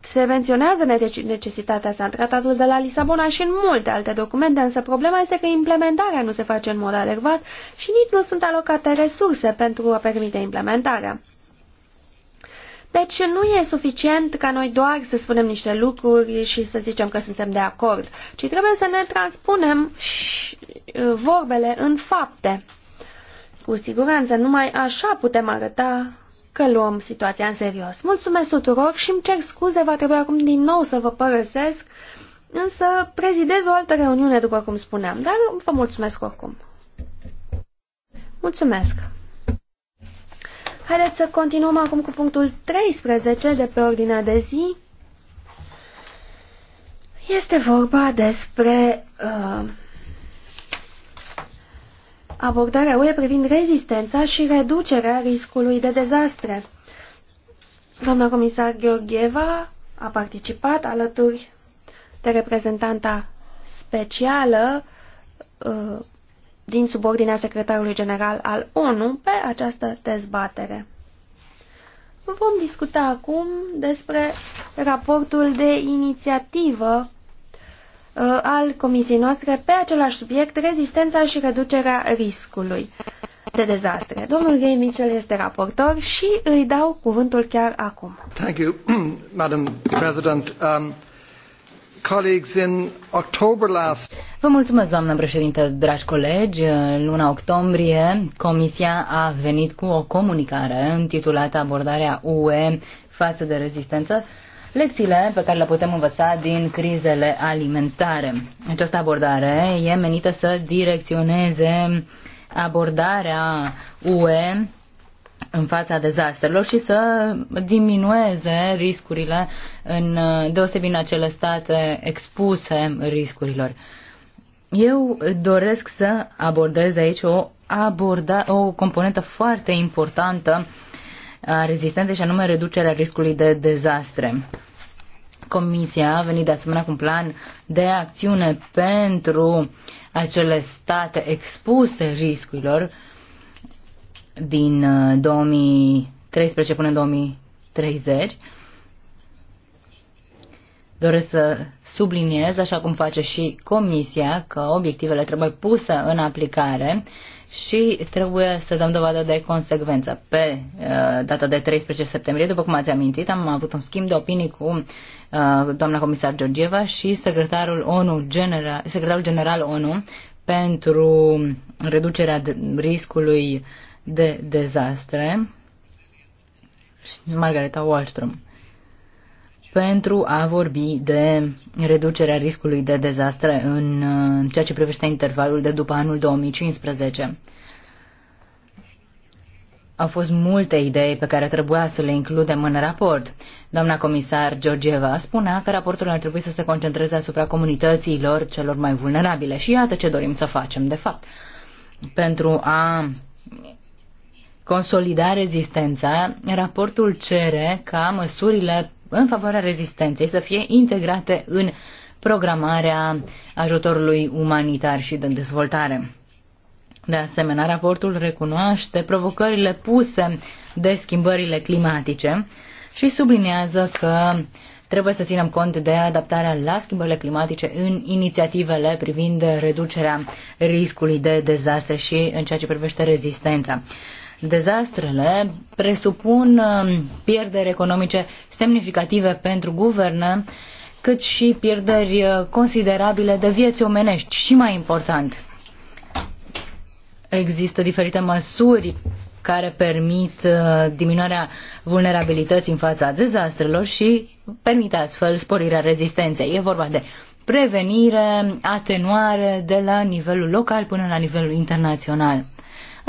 se menționează necesitatea sa în tratatul de la Lisabona și în multe alte documente, însă problema este că implementarea nu se face în mod adecvat și nici nu sunt alocate resurse pentru a permite implementarea. Deci nu e suficient ca noi doar să spunem niște lucruri și să zicem că suntem de acord, ci trebuie să ne transpunem vorbele în fapte. Cu siguranță numai așa putem arăta că luăm situația în serios. Mulțumesc tuturor și îmi cer scuze, va trebui acum din nou să vă părăsesc, însă prezidez o altă reuniune, după cum spuneam, dar vă mulțumesc oricum. Mulțumesc! Haideți să continuăm acum cu punctul 13 de pe ordinea de zi. Este vorba despre uh, abordarea UE privind rezistența și reducerea riscului de dezastre. Doamna comisar Gheorgheva a participat alături de reprezentanta specială uh, din subordinea secretarului general al ONU pe această dezbatere. Vom discuta acum despre raportul de inițiativă uh, al comisiei noastre pe același subiect, rezistența și reducerea riscului de dezastre. Domnul Gay Mitchell este raportor și îi dau cuvântul chiar acum. Thank you, Madam President. Um... Vă mulțumesc, doamnă președinte, dragi colegi. În luna octombrie, Comisia a venit cu o comunicare intitulată Abordarea UE față de rezistență lecțiile pe care le putem învăța din crizele alimentare. Această abordare e menită să direcționeze abordarea UE în fața dezastrelor și să diminueze riscurile în deosebit în acele state expuse riscurilor. Eu doresc să abordez aici o, aborda, o componentă foarte importantă a rezistenței și anume reducerea riscului de dezastre. Comisia a venit de asemenea cu un plan de acțiune pentru acele state expuse riscurilor din 2013 uh, până în 2030. Doresc să subliniez, așa cum face și Comisia, că obiectivele trebuie puse în aplicare și trebuie să dăm dovadă de consecvență. Pe uh, data de 13 septembrie, după cum ați amintit, am avut un schimb de opinii cu uh, doamna comisar Georgieva și secretarul, ONU general, secretarul general ONU pentru reducerea riscului uh, de dezastre, Margareta Wallström, pentru a vorbi de reducerea riscului de dezastre în ceea ce privește intervalul de după anul 2015. Au fost multe idei pe care trebuia să le includem în raport. Doamna comisar Georgieva spunea că raportul ar trebui să se concentreze asupra comunităților celor mai vulnerabile și iată ce dorim să facem, de fapt. Pentru a consolida rezistența, raportul cere ca măsurile în favoarea rezistenței să fie integrate în programarea ajutorului umanitar și de dezvoltare. De asemenea, raportul recunoaște provocările puse de schimbările climatice și sublinează că trebuie să ținem cont de adaptarea la schimbările climatice în inițiativele privind reducerea riscului de dezastre și în ceea ce privește rezistența. Dezastrele presupun uh, pierderi economice semnificative pentru guverne, cât și pierderi uh, considerabile de vieți omenești și mai important. Există diferite măsuri care permit uh, diminuarea vulnerabilității în fața dezastrelor și permit astfel sporirea rezistenței. E vorba de prevenire, atenuare de la nivelul local până la nivelul internațional.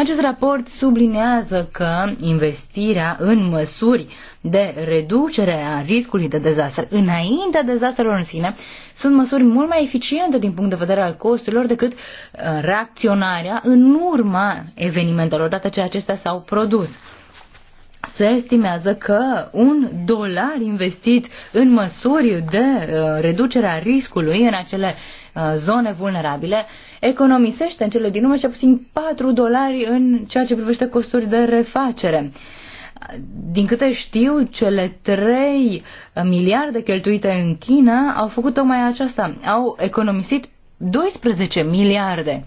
Acest raport sublinează că investirea în măsuri de reducere a riscului de dezastre înaintea dezastrelor în sine sunt măsuri mult mai eficiente din punct de vedere al costurilor decât uh, reacționarea în urma evenimentelor, odată ce acestea s-au produs. Se estimează că un dolar investit în măsuri de uh, reducere a riscului în acele Uh, zone vulnerabile, economisește în cele din urmă cel puțin 4 dolari în ceea ce privește costuri de refacere. Din câte știu, cele 3 miliarde cheltuite în China au făcut tocmai aceasta. Au economisit 12 miliarde.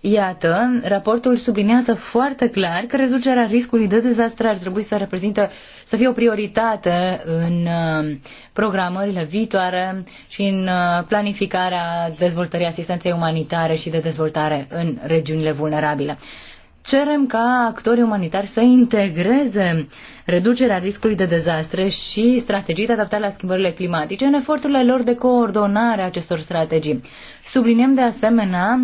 Iată, raportul subliniază foarte clar că reducerea riscului de dezastre ar trebui să reprezintă, să fie o prioritate în uh, programările viitoare și în uh, planificarea dezvoltării asistenței umanitare și de dezvoltare în regiunile vulnerabile. Cerem ca actorii umanitari să integreze reducerea riscului de dezastre și strategii de adaptare la schimbările climatice în eforturile lor de coordonare a acestor strategii. Subliniem de asemenea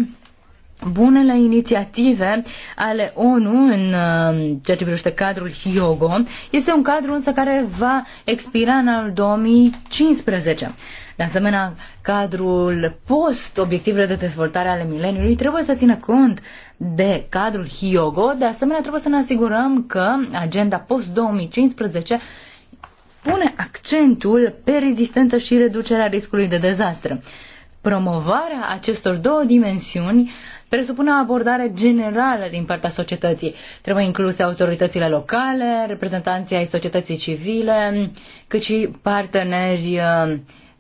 bunele inițiative ale ONU în uh, ceea ce privește cadrul Hyogo. Este un cadru însă care va expira în anul 2015. De asemenea, cadrul post-obiectivele de dezvoltare ale mileniului trebuie să țină cont de cadrul Hyogo. De asemenea, trebuie să ne asigurăm că agenda post-2015 pune accentul pe rezistență și reducerea riscului de dezastre. Promovarea acestor două dimensiuni presupune o abordare generală din partea societății. Trebuie incluse autoritățile locale, reprezentanții ai societății civile, cât și parteneri uh,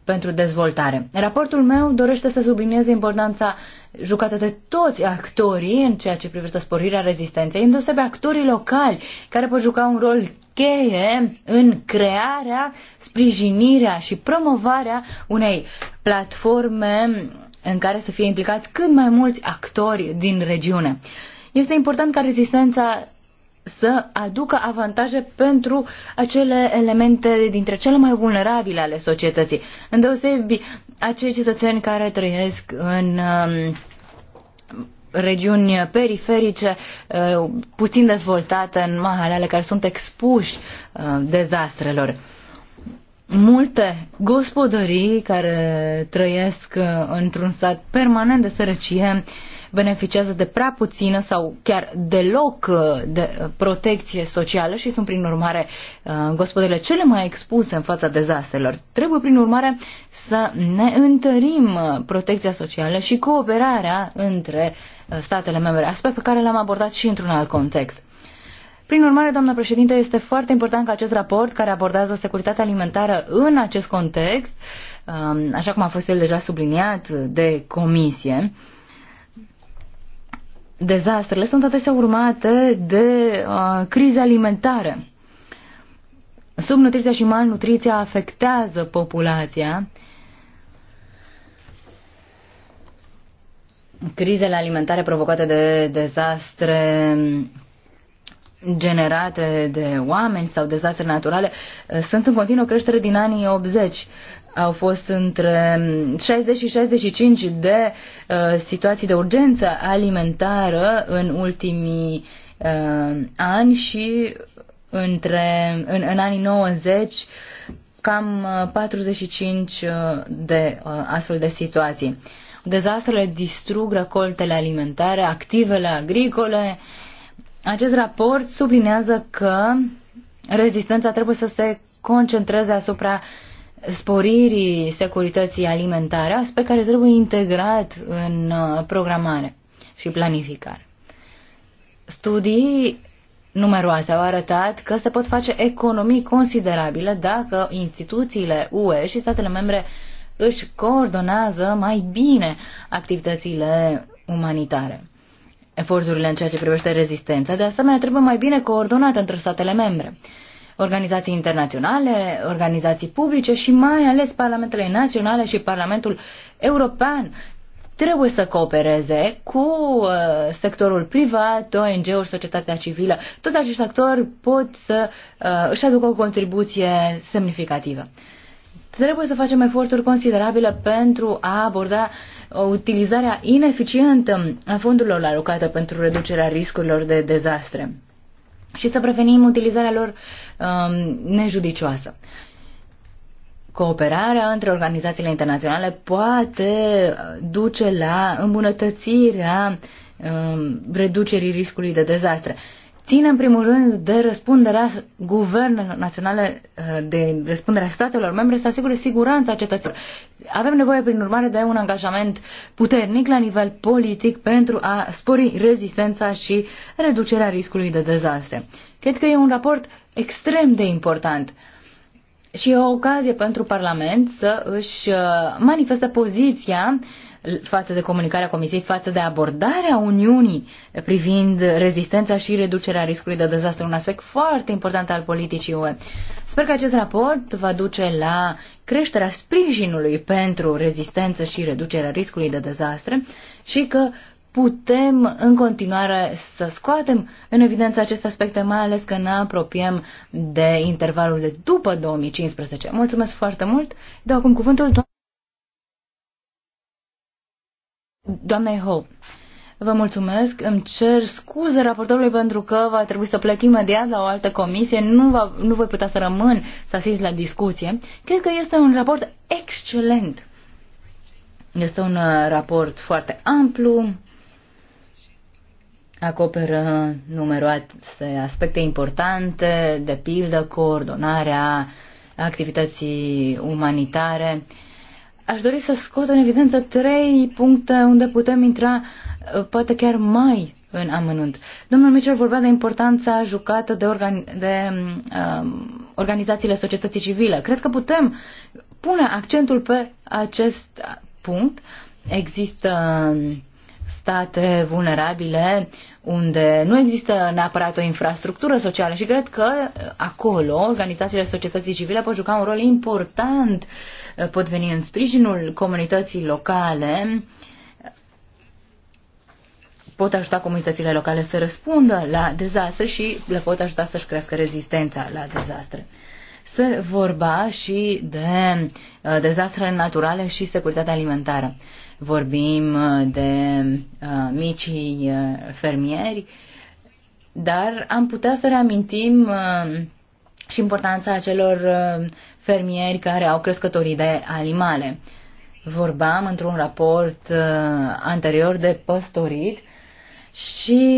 pentru dezvoltare. Raportul meu dorește să sublinieze importanța jucată de toți actorii în ceea ce privește sporirea rezistenței, îndeosebi actorii locali care pot juca un rol cheie în crearea, sprijinirea și promovarea unei platforme în care să fie implicați cât mai mulți actori din regiune. Este important ca rezistența să aducă avantaje pentru acele elemente dintre cele mai vulnerabile ale societății. Îndeosebi acei cetățeni care trăiesc în um, regiuni periferice, uh, puțin dezvoltate, în mahalele care sunt expuși uh, dezastrelor multe gospodării care trăiesc uh, într-un stat permanent de sărăcie beneficiază de prea puțină sau chiar deloc uh, de uh, protecție socială și sunt prin urmare gospodările cele mai expuse în fața dezastrelor. Trebuie prin urmare să ne întărim protecția socială și cooperarea între statele membre, aspect pe care l-am abordat și într-un alt context. Prin urmare, doamnă președinte, este foarte important ca acest raport care abordează securitatea alimentară în acest context, um, așa cum a fost el deja subliniat de comisie, dezastrele sunt adesea urmate de uh, crize alimentare. Subnutriția și malnutriția afectează populația. Crizele alimentare provocate de dezastre generate de oameni sau dezastre naturale uh, sunt în continuă creștere din anii 80. Au fost între 60 și 65 de uh, situații de urgență alimentară în ultimii uh, ani și între, în, în anii 90 cam 45 uh, uh, de uh, astfel de situații. Dezastrele distrug recoltele alimentare, activele agricole, uh, acest raport sublinează că rezistența trebuie să se concentreze asupra sporirii securității alimentare, aspect care trebuie integrat în uh, programare și planificare. Studii numeroase au arătat că se pot face economii considerabile dacă instituțiile UE și statele membre își coordonează mai bine activitățile umanitare eforturile în ceea ce privește rezistența, de asemenea trebuie mai bine coordonate între statele membre. Organizații internaționale, organizații publice și mai ales parlamentele naționale și Parlamentul European trebuie să coopereze cu uh, sectorul privat, ONG-uri, societatea civilă. Toți acești actori pot să uh, își aducă o contribuție semnificativă. Trebuie să facem eforturi considerabile pentru a aborda utilizarea ineficientă a fondurilor alocate pentru reducerea riscurilor de dezastre și să prevenim utilizarea lor um, nejudicioasă. Cooperarea între organizațiile internaționale poate duce la îmbunătățirea um, reducerii riscului de dezastre. Ține în primul rând de răspunderea guvernelor naționale, uh, de răspunderea statelor membre să asigure siguranța cetățenilor. Avem nevoie, prin urmare, de un angajament puternic la nivel politic pentru a spori rezistența și reducerea riscului de dezastre. Cred că e un raport extrem de important și e o ocazie pentru Parlament să își uh, manifeste poziția uh, față de comunicarea Comisiei, față de abordarea Uniunii privind rezistența și reducerea riscului de dezastru, un aspect foarte important al politicii UE. Sper că acest raport va duce la creșterea sprijinului pentru rezistență și reducerea riscului de dezastre și că putem în continuare să scoatem în evidență aceste aspecte, mai ales că ne apropiem de intervalul de după 2015. Mulțumesc foarte mult. Dau acum cuvântul Doamne Hope, vă mulțumesc. Îmi cer scuze raportorului pentru că va trebui să plec imediat la o altă comisie. Nu, va, nu voi putea să rămân să asist la discuție. Cred că este un raport excelent. Este un uh, raport foarte amplu, acoperă numeroase aspecte importante, de pildă coordonarea activității umanitare aș dori să scot în evidență trei puncte unde putem intra uh, poate chiar mai în amănunt. Domnul Mitchell vorbea de importanța jucată de, organi- de um, uh, organizațiile societății civile. Cred că putem pune accentul pe acest punct. Există um, state vulnerabile unde nu există neapărat o infrastructură socială și cred că uh, acolo organizațiile societății civile pot juca un rol important, uh, pot veni în sprijinul comunității locale, pot ajuta comunitățile locale să răspundă la dezastre și le pot ajuta să-și crească rezistența la dezastre se vorba și de uh, dezastre naturale și securitatea alimentară vorbim uh, de uh, micii uh, fermieri, dar am putea să reamintim și importanța acelor fermieri care au crescătorii de animale. Vorbeam într-un raport anterior de păstorit și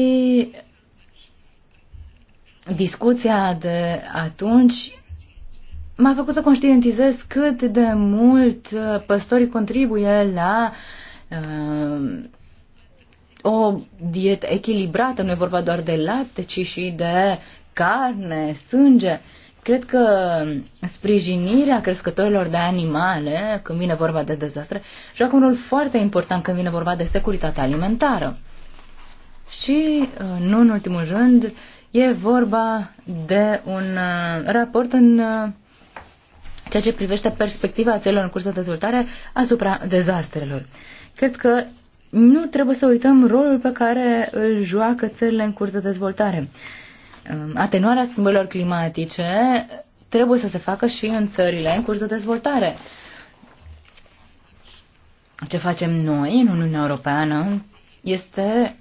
discuția de atunci m-a făcut să conștientizez cât de mult uh, păstorii contribuie la uh, o dietă echilibrată. Nu e vorba doar de lapte, ci și de carne, sânge. Cred că sprijinirea crescătorilor de animale, când vine vorba de dezastre, joacă un rol foarte important când vine vorba de securitatea alimentară. Și, uh, nu în ultimul rând, e vorba de un uh, raport în ceea ce privește perspectiva țărilor în curs de dezvoltare asupra dezastrelor. Cred că nu trebuie să uităm rolul pe care îl joacă țările în curs de dezvoltare. Atenuarea schimbărilor climatice trebuie să se facă și în țările în curs de dezvoltare. Ce facem noi în Uniunea Europeană este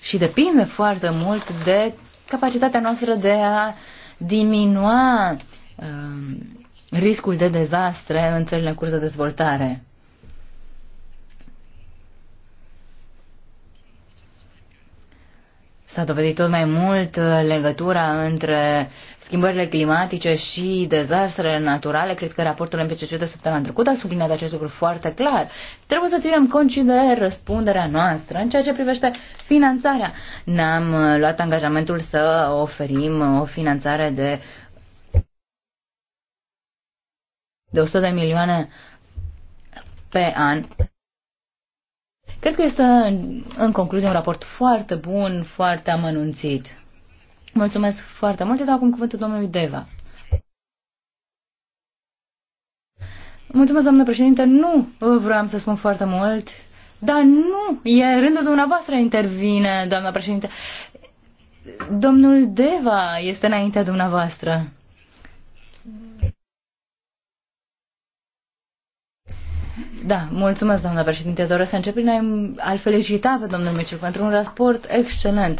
și depinde foarte mult de capacitatea noastră de a diminua um, riscul de dezastre în țările în curs de dezvoltare. S-a dovedit tot mai mult uh, legătura între schimbările climatice și dezastrele naturale. Cred că raportul MPCC de săptămâna trecută a subliniat acest lucru foarte clar. Trebuie să ținem cont și de răspunderea noastră în ceea ce privește finanțarea. Ne-am uh, luat angajamentul să oferim uh, o finanțare de de 100 de milioane pe an. Cred că este, în concluzie, un raport foarte bun, foarte amănunțit. Mulțumesc foarte mult. Dau acum cuvântul domnului Deva. Mulțumesc, doamnă președinte. Nu vreau să spun foarte mult, dar nu, e rândul dumneavoastră intervine, doamna președinte. Domnul Deva este înaintea dumneavoastră. Da, mulțumesc, doamna președinte. Doresc să încep prin a al felicita pe domnul Miciu pentru un raport excelent.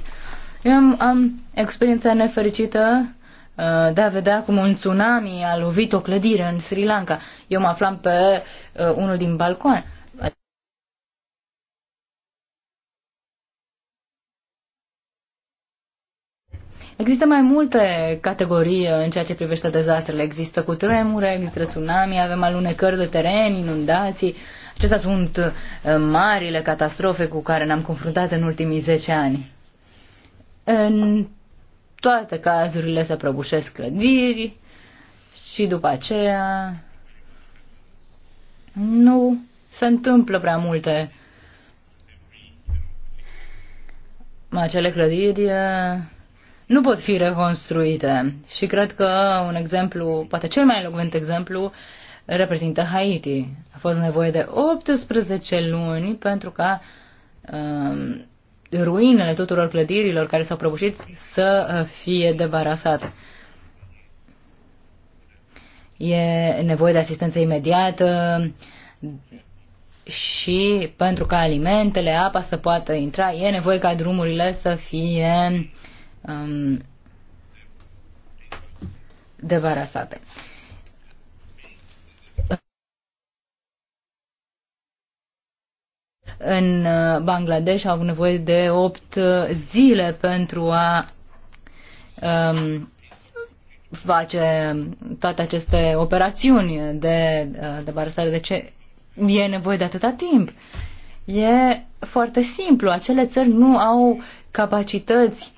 Eu am, am experiența nefericită uh, de a vedea cum un tsunami a lovit o clădire în Sri Lanka. Eu mă aflam pe uh, unul din balcon. Există mai multe categorii uh, în ceea ce privește dezastrele. Există cu tremure, există tsunami, avem alunecări de teren, inundații. Acestea sunt uh, marile catastrofe cu care ne-am confruntat în ultimii 10 ani. În toate cazurile se prăbușesc clădiri și după aceea nu se întâmplă prea multe. Acele clădiri uh, nu pot fi reconstruite. Și cred că un exemplu, poate cel mai elogvent exemplu, reprezintă Haiti. A fost nevoie de 18 luni pentru ca um, ruinele tuturor clădirilor care s-au prăbușit să uh, fie debarasate. E nevoie de asistență imediată și pentru ca alimentele, apa să poată intra, e nevoie ca drumurile să fie um, debarasate. În uh, Bangladesh au nevoie de 8 zile pentru a um, face toate aceste operațiuni de uh, debarasare. De ce e nevoie de atâta timp? E foarte simplu. Acele țări nu au capacități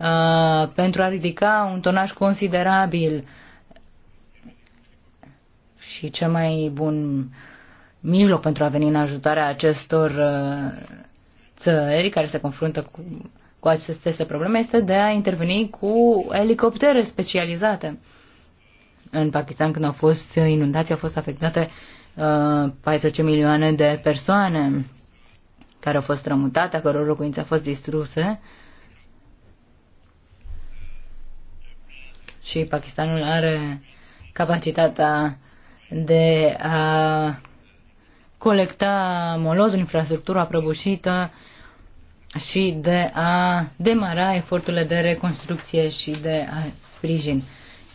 Uh, pentru a ridica un tonaj considerabil. Și cel mai bun mijloc pentru a veni în ajutarea acestor uh, țări care se confruntă cu, cu aceste probleme este de a interveni cu elicoptere specializate. În Pakistan, când au fost inundații, au fost afectate uh, 14 milioane de persoane care au fost rămutate, a căror locuințe au fost distruse și Pakistanul are capacitatea de a colecta molozul, infrastructura prăbușită și de a demara eforturile de reconstrucție și de a sprijin.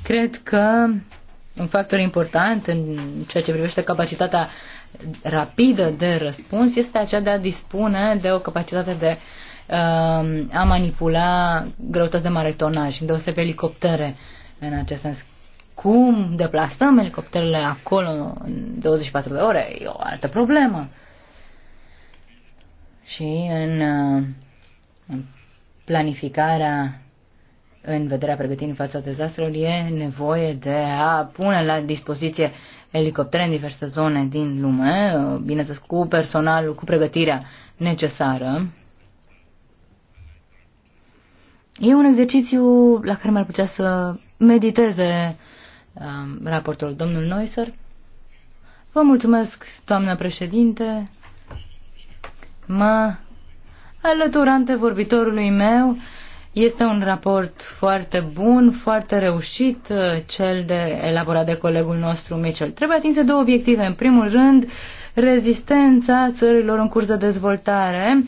Cred că un factor important în ceea ce privește capacitatea rapidă de răspuns este aceea de a dispune de o capacitate de uh, a manipula greutăți de mare tonaj, deosebit elicoptere. Uh, în acest sens. Cum deplasăm elicopterele acolo în 24 de ore e o altă problemă. Și în, uh, în planificarea în vederea pregătirii în fața dezastrelor e nevoie de a pune la dispoziție elicoptere în diverse zone din lume, bineînțeles cu personalul, cu pregătirea necesară. E un exercițiu la care m ar putea să mediteze um, raportul domnul Neusser. Vă mulțumesc, doamna președinte. Mă alătur vorbitorului meu. Este un raport foarte bun, foarte reușit, uh, cel de elaborat de colegul nostru Mitchell. Trebuie atinse două obiective. În primul rând, rezistența țărilor în curs de dezvoltare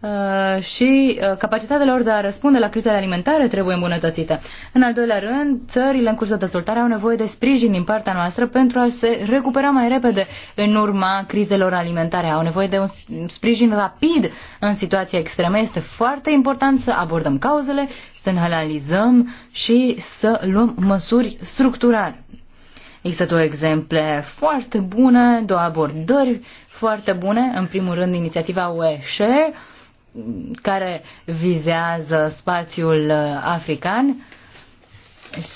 Uh, și uh, capacitatea lor de a răspunde la crizele alimentare trebuie îmbunătățită. În al doilea rând, țările în curs de dezvoltare au nevoie de sprijin din partea noastră pentru a se recupera mai repede în urma crizelor alimentare. Au nevoie de un sprijin rapid în situații extreme. Este foarte important să abordăm cauzele, să ne analizăm și să luăm măsuri structurale. Există două exemple foarte bune, două abordări foarte bune. În primul rând, inițiativa UE Share, care vizează spațiul uh, african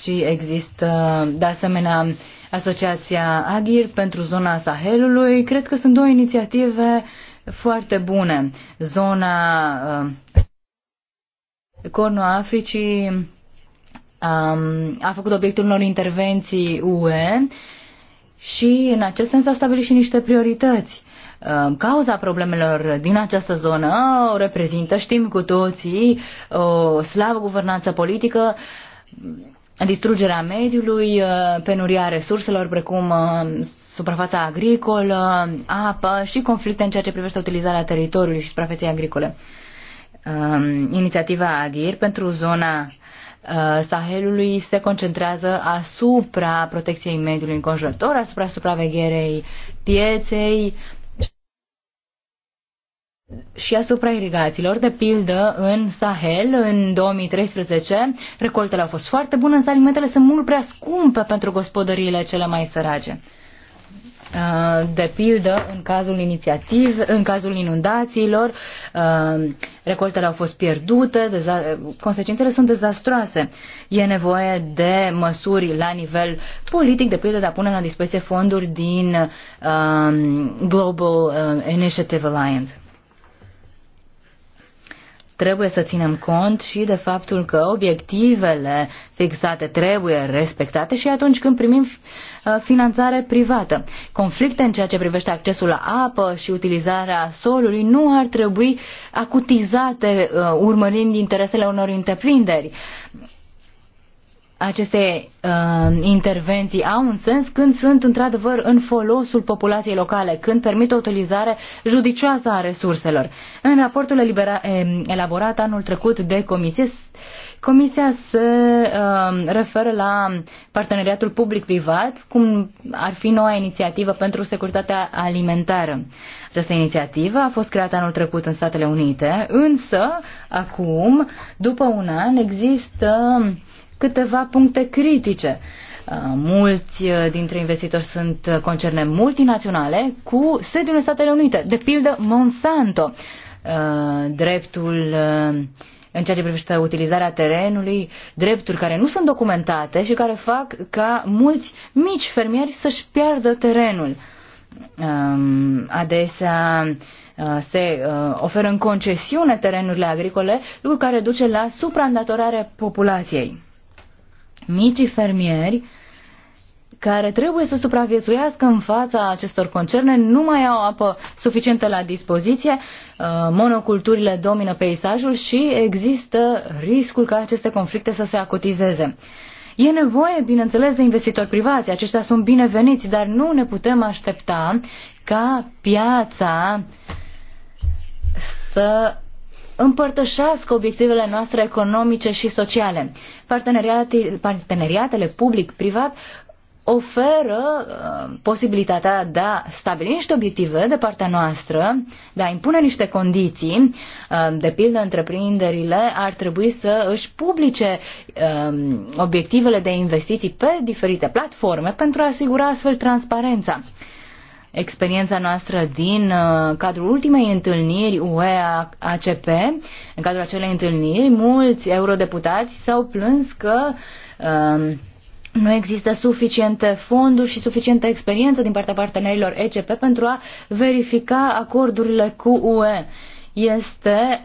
și există uh, de asemenea Asociația Agir pentru zona Sahelului. Cred că sunt două inițiative foarte bune. Zona uh, Cornul Africii um, a făcut obiectul unor intervenții UE și în acest sens a stabilit și niște priorități. Cauza problemelor din această zonă o reprezintă, știm cu toții, o slavă guvernanță politică, distrugerea mediului, uh, penuria resurselor precum uh, suprafața agricolă, apă și conflicte în ceea ce privește utilizarea teritoriului și suprafeței agricole. Um, inițiativa AGIR pentru zona uh, Sahelului se concentrează asupra protecției mediului înconjurător, asupra supravegherei pieței, și asupra irigațiilor. De pildă, în Sahel, în 2013, recoltele au fost foarte bune, însă alimentele sunt mult prea scumpe pentru gospodăriile cele mai sărace. Uh, de pildă, în cazul inițiativ, în cazul inundațiilor, uh, recoltele au fost pierdute, consecințele sunt dezastroase. E nevoie de măsuri la nivel politic, de pildă, de a pune la dispoziție fonduri din uh, Global Initiative Alliance. Trebuie să ținem cont și de faptul că obiectivele fixate trebuie respectate și atunci când primim uh, finanțare privată. Conflicte în ceea ce privește accesul la apă și utilizarea solului nu ar trebui acutizate uh, urmărind interesele unor întreprinderi aceste uh, intervenții au un sens când sunt într-adevăr în folosul populației locale, când permit o utilizare judicioasă a resurselor. În raportul elibera, eh, elaborat anul trecut de comisie, comisia se uh, referă la parteneriatul public-privat, cum ar fi noua inițiativă pentru securitatea alimentară. Această inițiativă a fost creată anul trecut în Statele Unite, însă acum, după un an, există uh, câteva puncte critice. Uh, mulți uh, dintre investitori sunt uh, concerne multinaționale cu sediul în Statele Unite, de pildă Monsanto. Dreptul în ceea ce privește utilizarea terenului, drepturi care nu sunt documentate și care fac ca mulți mici fermieri să-și piardă terenul. Um, adesea se oferă în concesiune terenurile agricole, lucru care duce la supraîndatorare populației micii fermieri care trebuie să supraviețuiască în fața acestor concerne, nu mai au apă suficientă la dispoziție, uh, monoculturile domină peisajul și există riscul ca aceste conflicte să se acutizeze. E nevoie, bineînțeles, de investitori privați, aceștia sunt bineveniți, dar nu ne putem aștepta ca piața să împărtășească obiectivele noastre economice și sociale. Parteneriatele public-privat oferă uh, posibilitatea de a stabili niște obiective de partea noastră, de a impune niște condiții. Uh, de pildă, întreprinderile ar trebui să își publice um, obiectivele de investiții pe diferite platforme pentru a asigura astfel transparența experiența noastră din uh, cadrul ultimei întâlniri UE-ACP, în cadrul acelei întâlniri, mulți eurodeputați s-au plâns că um, nu există suficiente fonduri și suficientă experiență din partea partenerilor ECP pentru a verifica acordurile cu UE. Este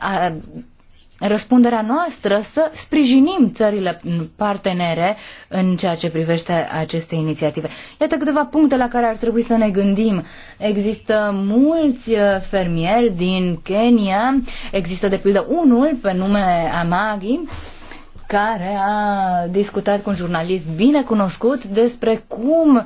răspunderea noastră să sprijinim țările partenere în ceea ce privește aceste inițiative. Iată câteva puncte la care ar trebui să ne gândim. Există mulți uh, fermieri din Kenya, există de pildă unul pe nume Amagi, care a discutat cu un jurnalist bine cunoscut despre cum uh,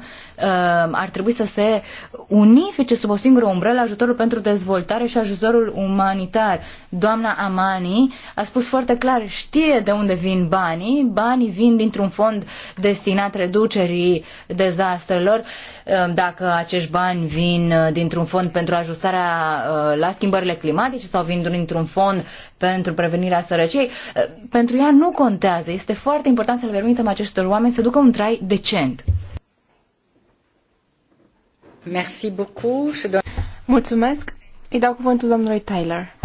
ar trebui să se unifice sub o singură umbrelă ajutorul pentru dezvoltare și ajutorul umanitar. Doamna Amani a spus foarte clar, știe de unde vin banii, banii vin dintr-un fond destinat reducerii dezastrelor. Uh, dacă acești bani vin uh, dintr-un fond pentru ajustarea uh, la schimbările climatice sau vin dintr-un fond pentru prevenirea sărăciei, eh, pentru ea nu contează. Este foarte important să le permitem acestor oameni să ducă un trai decent. Merci beaucoup. Mulțumesc. Îi dau cuvântul domnului Tyler.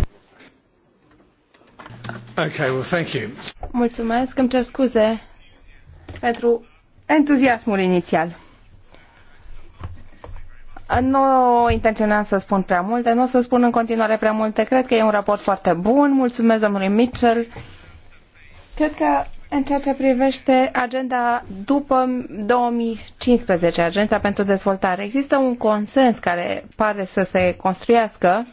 Okay, well, thank you. Mulțumesc. Îmi cer scuze pentru entuziasmul inițial. Nu intenționam să spun prea multe, nu o să spun în continuare prea multe. Cred că e un raport foarte bun. Mulțumesc domnului Mitchell. Cred că în ceea ce privește agenda după 2015, agenda pentru dezvoltare, există un consens care pare să se construiască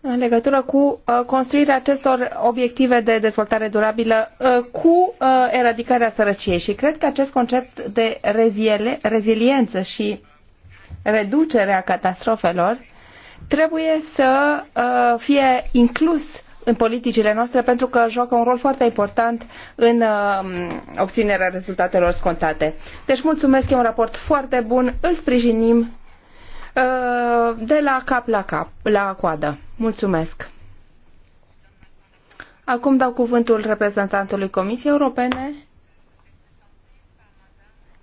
în legătură cu uh, construirea acestor obiective de dezvoltare durabilă uh, cu uh, eradicarea sărăciei. Și cred că acest concept de reziliență și reducerea catastrofelor trebuie să uh, fie inclus în politicile noastre pentru că joacă un rol foarte important în uh, obținerea rezultatelor scontate. Deci mulțumesc, e un raport foarte bun, îl sprijinim uh, de la cap la cap, la coadă. Mulțumesc. Acum dau cuvântul reprezentantului Comisiei Europene,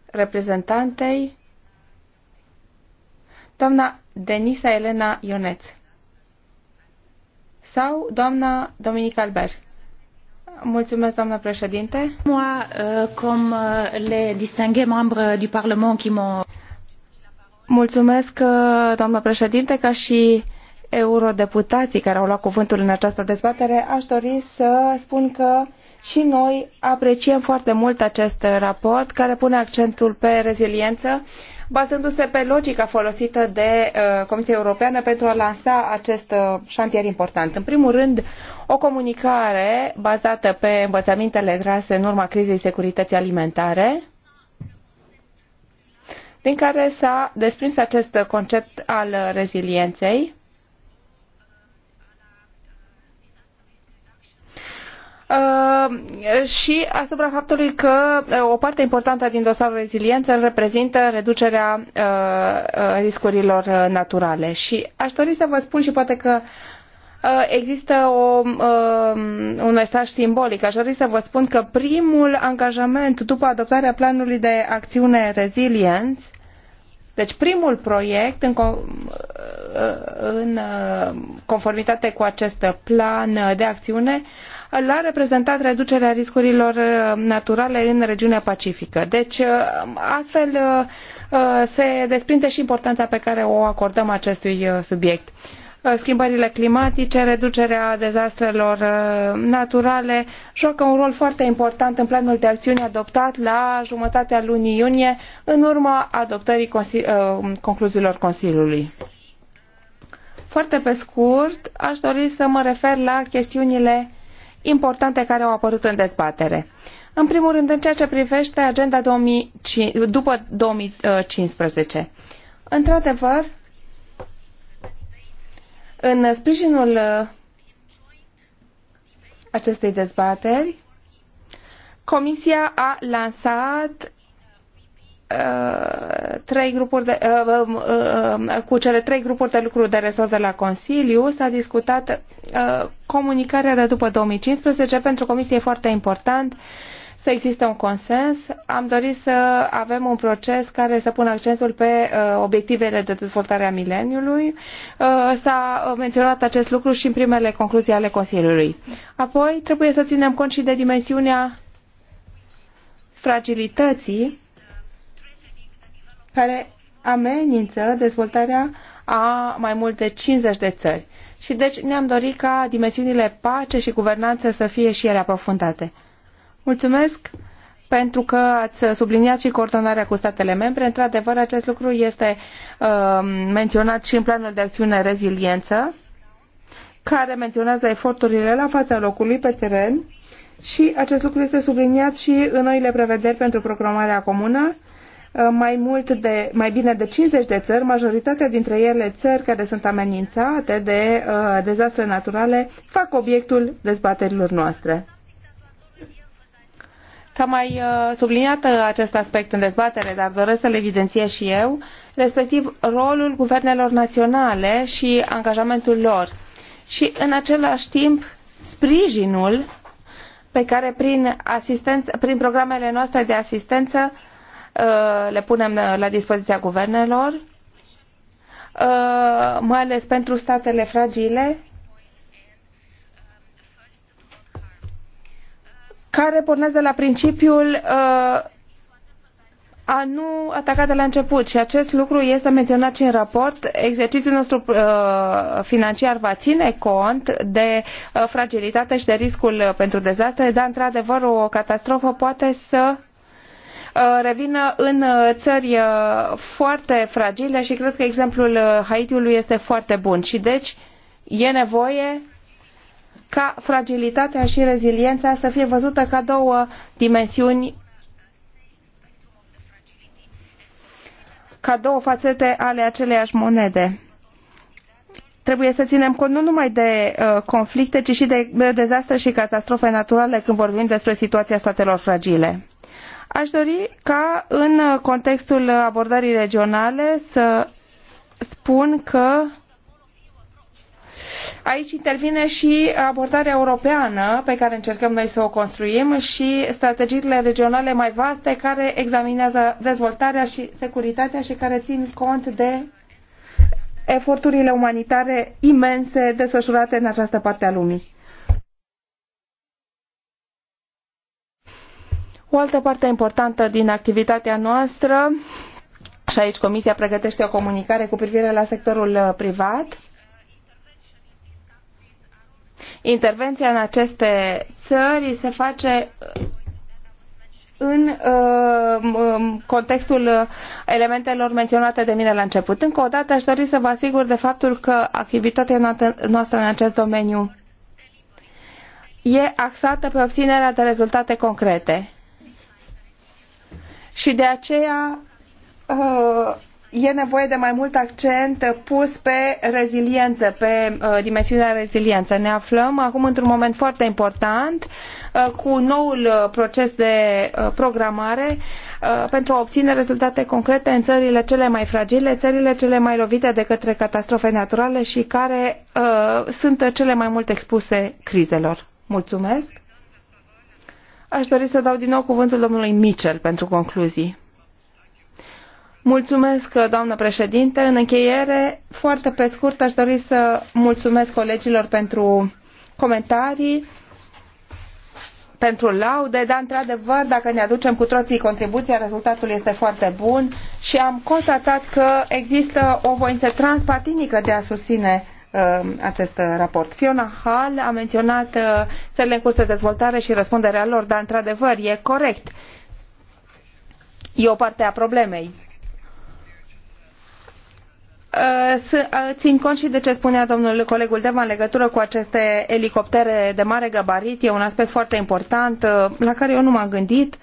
reprezentantei doamna Denisa Elena Ioneț sau doamna Dominica Albert. Mulțumesc, doamna președinte. Moi, euh, cum euh, le distingue membre du Parlement qui m'ont... Mulțumesc, uh, doamna președinte, ca și eurodeputații care au luat cuvântul în această dezbatere, aș dori să spun că și noi apreciem foarte mult acest raport care pune accentul pe reziliență, bazându-se pe logica folosită de uh, Comisia Europeană pentru a lansa acest uh, șantier important. În primul rând, o comunicare bazată pe învățămintele trase în urma crizei securității alimentare, din care s-a desprins acest concept al rezilienței, Uh, și asupra faptului că uh, o parte importantă din dosarul reziliență îl reprezintă reducerea uh, riscurilor naturale. Și aș dori să vă spun și poate că există o, un mesaj simbolic. Aș dori să vă spun că primul angajament după adoptarea planului de acțiune reziliență deci primul proiect în, în conformitate cu acest plan de acțiune l-a reprezentat reducerea riscurilor uh, naturale în regiunea Pacifică. Deci, uh, astfel uh, se desprinde și importanța pe care o acordăm acestui subiect schimbările climatice, reducerea dezastrelor naturale joacă un rol foarte important în planul de acțiune adoptat la jumătatea lunii iunie în urma adoptării concluziilor Consiliului. Foarte pe scurt, aș dori să mă refer la chestiunile importante care au apărut în dezbatere. În primul rând, în ceea ce privește agenda 2005, după 2015. Într-adevăr, în sprijinul uh, acestei dezbateri, Comisia a lansat Uh, trei grupuri de, uh, um, uh, um, cu cele trei grupuri de lucru de resort de la Consiliu s-a discutat comunicarea de după 2015 pentru Comisie foarte important să existe un consens. Am dorit să avem un proces care să pună accentul pe uh, obiectivele de dezvoltare a mileniului. Uh, s-a menționat acest lucru și în primele concluzii ale Consiliului. Apoi trebuie să ținem cont și de dimensiunea fragilității care amenință dezvoltarea a mai mult de 50 de țări. Și deci ne-am dorit ca dimensiunile pace și guvernanță să fie și ele aprofundate. Mulțumesc pentru că ați subliniat și coordonarea cu statele membre. Într-adevăr, acest lucru este uh, menționat și în planul de acțiune reziliență, care menționează eforturile la fața locului pe teren și acest lucru este subliniat și în noile prevederi pentru programarea comună Uh, mai, mult de, mai bine de 50 de țări, majoritatea dintre ele țări care sunt amenințate de uh, dezastre naturale, fac obiectul dezbaterilor noastre. S-a mai uh, subliniat uh, acest aspect în dezbatere, dar doresc să-l evidențiez și eu, respectiv rolul guvernelor naționale și angajamentul lor și în același timp sprijinul pe care prin, asistență, prin programele noastre de asistență Uh, le punem uh, la dispoziția guvernelor, uh, mai ales pentru statele fragile, care pornesc de la principiul a nu ataca de la început și acest lucru este menționat și în raport. Exercițiul nostru financiar va ține cont de fragilitate și de riscul pentru dezastre, dar într-adevăr o catastrofă poate să Uh, revină în uh, țări uh, foarte fragile și cred că exemplul Haitiului este foarte bun. Și deci e nevoie ca fragilitatea și reziliența să fie văzută ca două dimensiuni ca două fațete ale aceleiași monede. Trebuie să ținem cont nu numai de uh, conflicte, ci și de dezastre și catastrofe naturale când vorbim despre situația statelor fragile. Aș dori ca în contextul abordării regionale să spun că aici intervine și abordarea europeană pe care încercăm noi să o construim și strategiile regionale mai vaste care examinează dezvoltarea și securitatea și care țin cont de eforturile umanitare imense desfășurate în această parte a lumii. O altă parte importantă din activitatea noastră, și aici Comisia pregătește o comunicare cu privire la sectorul uh, privat, intervenția în aceste țări se face uh, în uh, contextul uh, elementelor menționate de mine la început. Încă o dată aș dori să vă asigur de faptul că activitatea noastră în acest domeniu e axată pe obținerea de rezultate concrete și de aceea uh, e nevoie de mai mult accent pus pe reziliență, pe uh, dimensiunea reziliență. Ne aflăm acum într-un moment foarte important uh, cu noul proces de programare pentru a obține rezultate concrete în țările cele mai fragile, țările cele mai lovite de către catastrofe naturale și care sunt cele mai mult expuse crizelor. Mulțumesc! Aș dori să dau din nou cuvântul domnului Mitchell pentru concluzii. Mulțumesc, doamnă președinte. În încheiere, foarte pe scurt, aș dori să mulțumesc colegilor pentru comentarii, pentru laude, dar într-adevăr, dacă ne aducem cu toții contribuția, rezultatul este foarte bun și am constatat că există o voință transpartinică de a susține Um, acest raport. Fiona Hall a menționat uh, țările în curs de dezvoltare și răspunderea lor, dar într-adevăr e corect. E o parte a problemei. Uh, uh, țin cont și de ce spunea domnul colegul Deva în legătură cu aceste elicoptere de mare gabarit. E un aspect foarte important la care eu nu m-am gândit. Uh,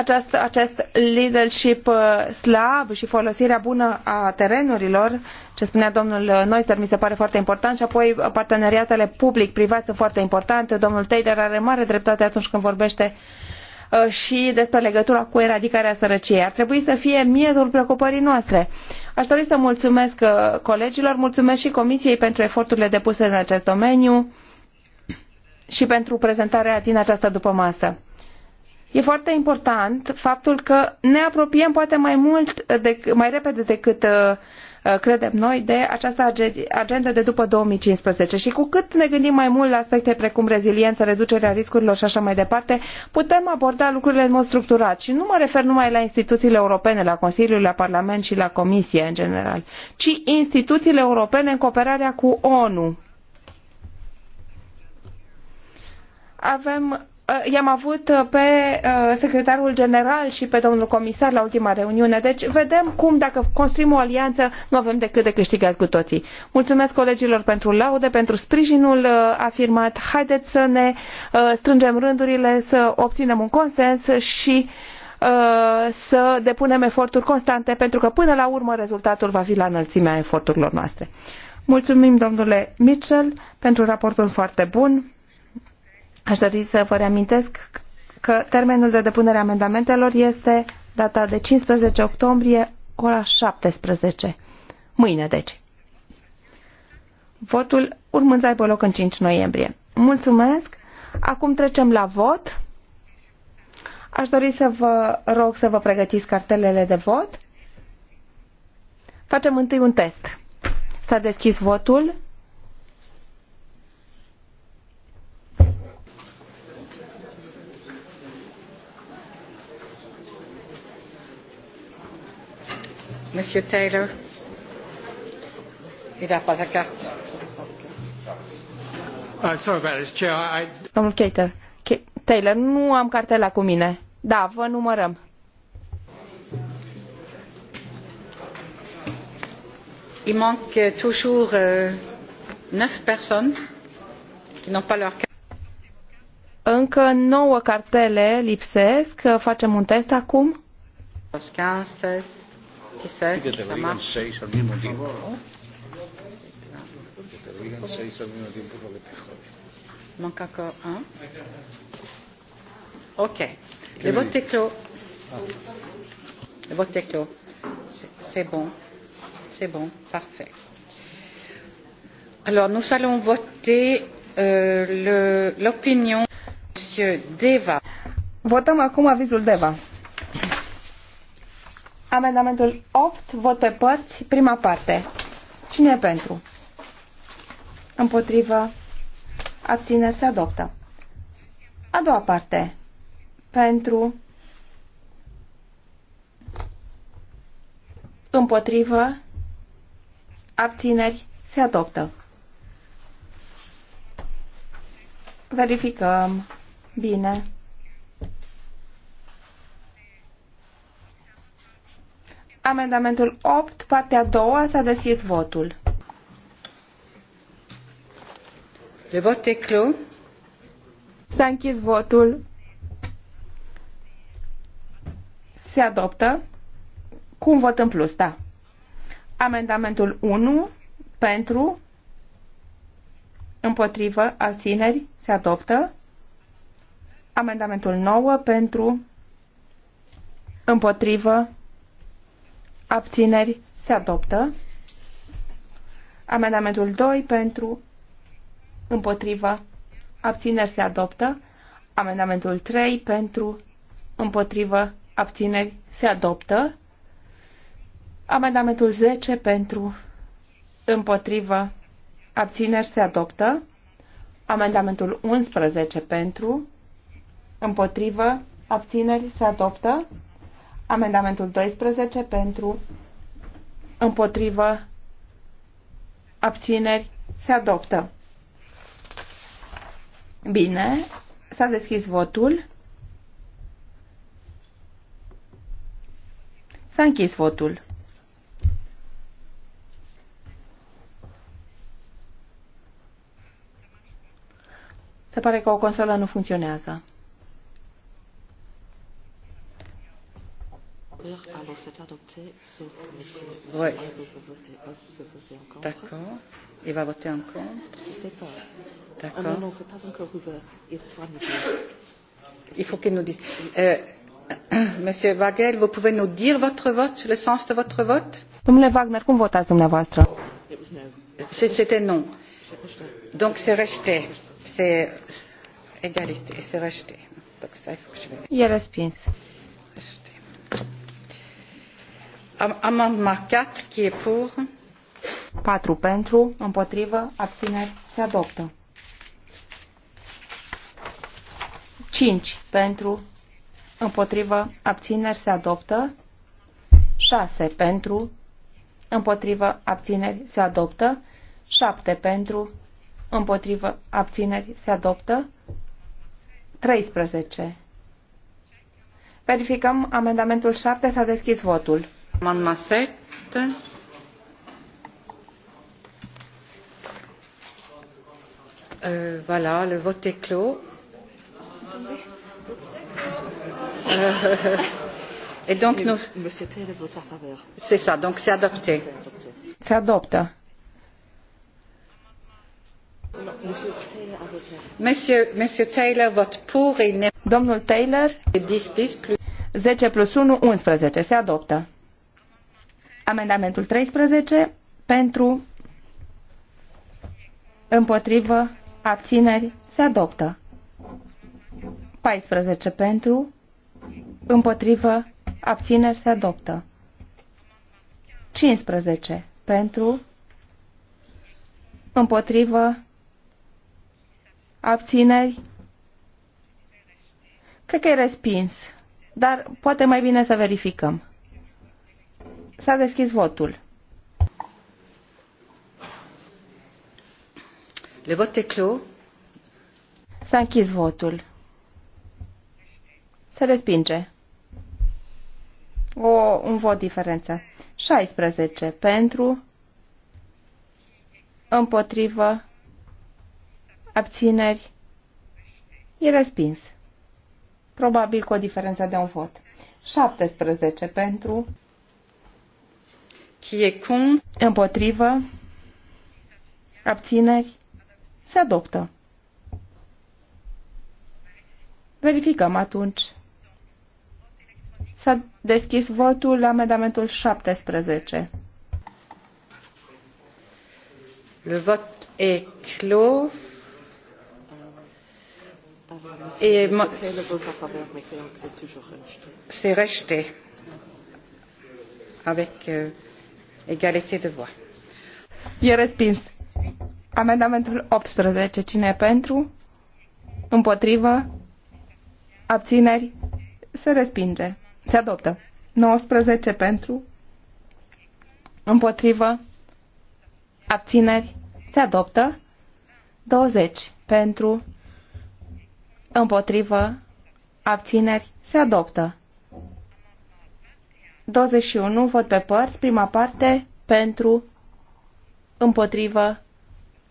Aceast, acest leadership uh, slab și folosirea bună a terenurilor, ce spunea domnul Noiser, mi se pare foarte important și apoi uh, parteneriatele public-privat sunt foarte importante. Domnul Taylor are mare dreptate atunci când vorbește uh, și despre legătura cu eradicarea sărăciei. Ar trebui să fie miezul preocupării noastre. Aș dori să mulțumesc colegilor, mulțumesc și Comisiei pentru eforturile depuse în acest domeniu și pentru prezentarea din această dupămasă. E foarte important faptul că ne apropiem poate mai mult, de, mai repede decât uh, uh, credem noi, de această agendă de după 2015. Și cu cât ne gândim mai mult la aspecte precum reziliență, reducerea riscurilor și așa mai departe, putem aborda lucrurile în mod structurat. Și nu mă refer numai la instituțiile europene, la Consiliul, la Parlament și la Comisie în general, ci instituțiile europene în cooperarea cu ONU. Avem Uh, i-am avut uh, pe uh, secretarul general și pe domnul comisar la ultima reuniune. Deci vedem cum dacă construim o alianță nu avem decât de câștigat cu toții. Mulțumesc colegilor pentru laude, pentru sprijinul afirmat. Haideți să ne strângem rândurile, să obținem un consens și să depunem eforturi constante pentru că până la urmă rezultatul va fi la înălțimea eforturilor noastre. Mulțumim domnule Mitchell pentru raportul foarte bun Aș dori să vă reamintesc că termenul de depunere a amendamentelor este data de 15 octombrie, ora 17. Mâine, deci. Votul urmând să aibă loc în 5 noiembrie. Mulțumesc! Acum trecem la vot. Aș dori să vă rog să vă pregătiți cartelele de vot. Facem întâi un test. S-a deschis votul. Monsieur Taylor Il n'a pas la carte. Uh, sorry about this, Chair. I... Domnul Cater. Taylor, nu am cartela cu mine. Da, vă numărăm. Il manque toujours euh, 9 personnes qui n'ont pas leur carte. Încă 9 cartele lipsesc. Facem un test acum. 15, 16. Manque encore un. Ok. Le vote est clos. Le vote est clos. C'est bon. C'est bon. Parfait. Alors, nous allons voter euh, l'opinion de M. Deva. Votăm acum avizul Deva. Amendamentul 8, vot pe părți, prima parte. Cine e pentru? Împotrivă. Abțineri se adoptă. A doua parte. Pentru. Împotrivă. Abțineri se adoptă. Verificăm. Bine. Amendamentul 8, partea a doua, s-a deschis votul. Le vot e clos. S-a închis votul. Se adoptă. Cu un vot în plus, da. Amendamentul 1 pentru, împotrivă, al țineri se adoptă. Amendamentul 9 pentru, împotrivă, abțineri, se adoptă. Amendamentul 2 pentru, împotrivă, abțineri, se adoptă. Amendamentul 3 pentru, împotrivă, abțineri, se adoptă. Amendamentul 10 pentru, împotrivă, abțineri, se adoptă. Amendamentul 11 pentru, împotrivă, abțineri, se adoptă. Amendamentul 12 pentru împotrivă abțineri se adoptă. Bine, s-a deschis votul. S-a închis votul. Se pare că o consolă nu funcționează. Alors c'est adopté, sauf que Monsieur ouais. peut voter, peut voter en contre. D'accord. Il va voter en contre. Je ne sais pas. D'accord. Ah non, non, c'est pas encore ouvert. Il faudra nous dire. Il faut qu'il nous dise. Euh, Monsieur Wagel, vous pouvez nous dire votre vote, le sens de votre vote Domnule Wagner, comment cum votați dumneavoastră C'était non. Donc c'est rejeté. C'est égalité, c'est rejeté. Donc ça, il faut que je vais... Il E respins. Rejeté. Amendement 4, qui est pour? patru pentru, împotrivă, abțineri, se adoptă. 5 pentru, împotrivă, abțineri, se adoptă. 6 pentru, împotrivă, abțineri, se adoptă. 7 pentru, împotrivă, abțineri, se adoptă. 13. Verificăm amendamentul 7, s-a deschis votul. Man euh, voilà, le vote est clos. Euh, et donc C'est ça, donc c'est adopté. Monsieur, Monsieur Taylor vote pour et Domnul Taylor. 10 plus 1, 11. Se adoptă. Amendamentul 13 pentru împotrivă abțineri se adoptă. 14 pentru împotrivă abțineri se adoptă. 15 pentru împotrivă abțineri Cred că e respins, dar poate mai bine să verificăm. S-a deschis votul. Le vot est clos. S-a închis votul. Se respinge. O, un vot diferență. 16 pentru, împotrivă, abțineri, e respins. Probabil cu o diferență de un vot. 17 pentru, Qui est contre? Împotrivă. Abțineri. Se adoptă. Verificăm atunci. S-a deschis votul la amendamentul 17. Le vot est clos. Et c'est rejeté avec euh, egalité de voix. E respins. Amendamentul 18. Cine e pentru? Împotrivă? Abțineri? Se respinge. Se adoptă. 19 pentru? Împotrivă? Abțineri? Se adoptă. 20 pentru? Împotrivă? Abțineri? Se adoptă. 21, vot pe părți, prima parte, pentru, împotrivă,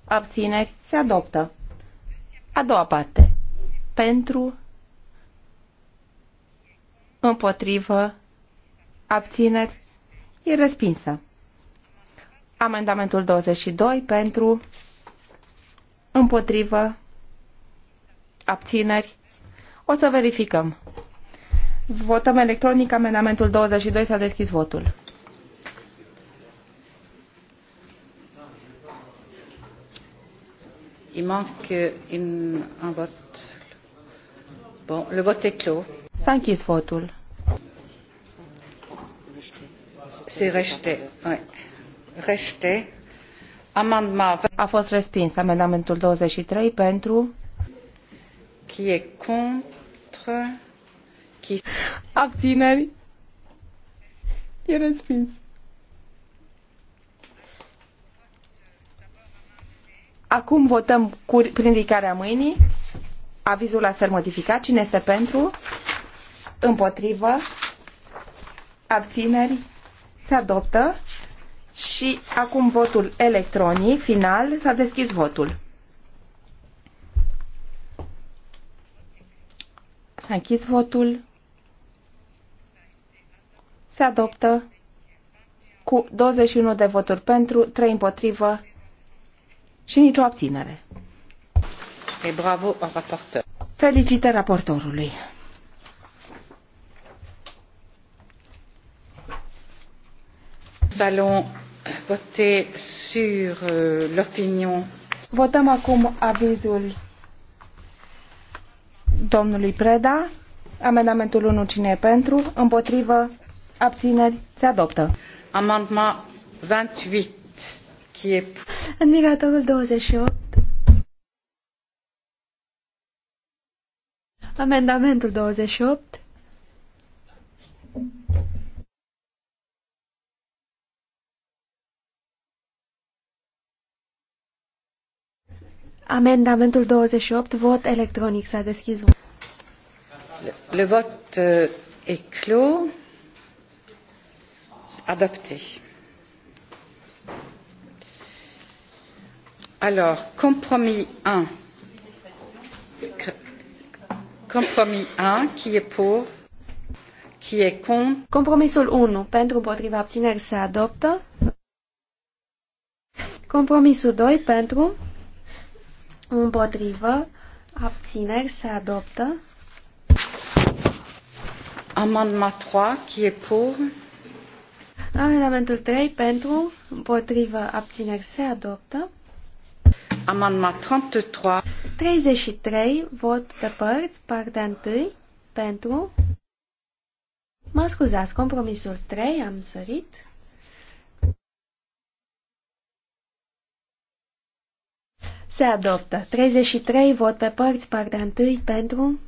abțineri, se adoptă. A doua parte, pentru, împotrivă, abțineri, e respinsă. Amendamentul 22, pentru, împotrivă, abțineri, o să verificăm. Votăm electronic amendamentul 22. S-a deschis votul. Il manque une, un vot. Bon, le vote est clos. S-a închis votul. C'est rejeté. Ouais. Rejeté. Amendement. A fost respins amendamentul 23 pentru. Qui est contre? Abțineri. E respins. Acum votăm cu, ridicarea mâinii. Avizul a ser modificat. Cine este pentru? Împotrivă? Abțineri? Se adoptă. Și acum votul electronic final. S-a deschis votul. S-a închis votul se adoptă cu 21 de voturi pentru, 3 împotrivă și nicio abținere. E bravo, raportor. Felicitări raportorului. Salon allons sur euh, l'opinion. Votăm acum avizul domnului Preda. Amendamentul 1 cine e pentru? Împotrivă? Abțineri. Se adoptă. Amendment 28. Qui est... Admiratorul 28. Amendamentul 28. Amendamentul 28, vot electronic, s-a deschis. Le, le vot uh, est clos adopté. alors compromis un compromis un qui est pour qui est contre compromisul 1 pentru împotriva abțineri se adoptă compromisul 2 pentru împotriva abțineri se adoptă amendement 3 qui est pour Amendamentul 3 pentru, împotrivă, abțineri se adoptă. Amendament 33. 33, vot pe părți, partea 1, pentru. Mă scuzați, compromisul 3, am sărit. Se adoptă. 33, vot pe părți, partea 1, pentru.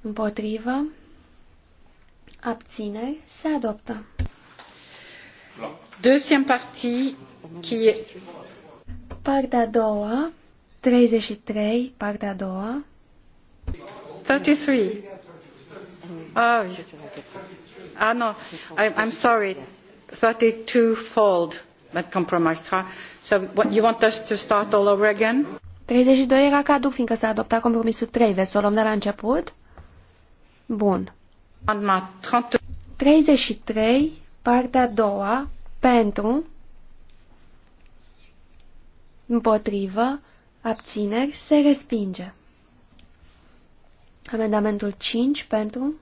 Împotrivă. Abțineri se adoptă. Deuxième partie, qui e... Partea a doua, 33, partea a doua. 33. Ah, oh. ah non, I, I'm sorry, 32 fold, but compromised, compromise. So what, you want us to start all over again? 32 era caduc, fiindcă s-a adoptat compromisul 3. Veți să o luăm de la început? Bun. 33 Partea a doua, pentru, împotrivă, abțineri, se respinge. Amendamentul 5 pentru,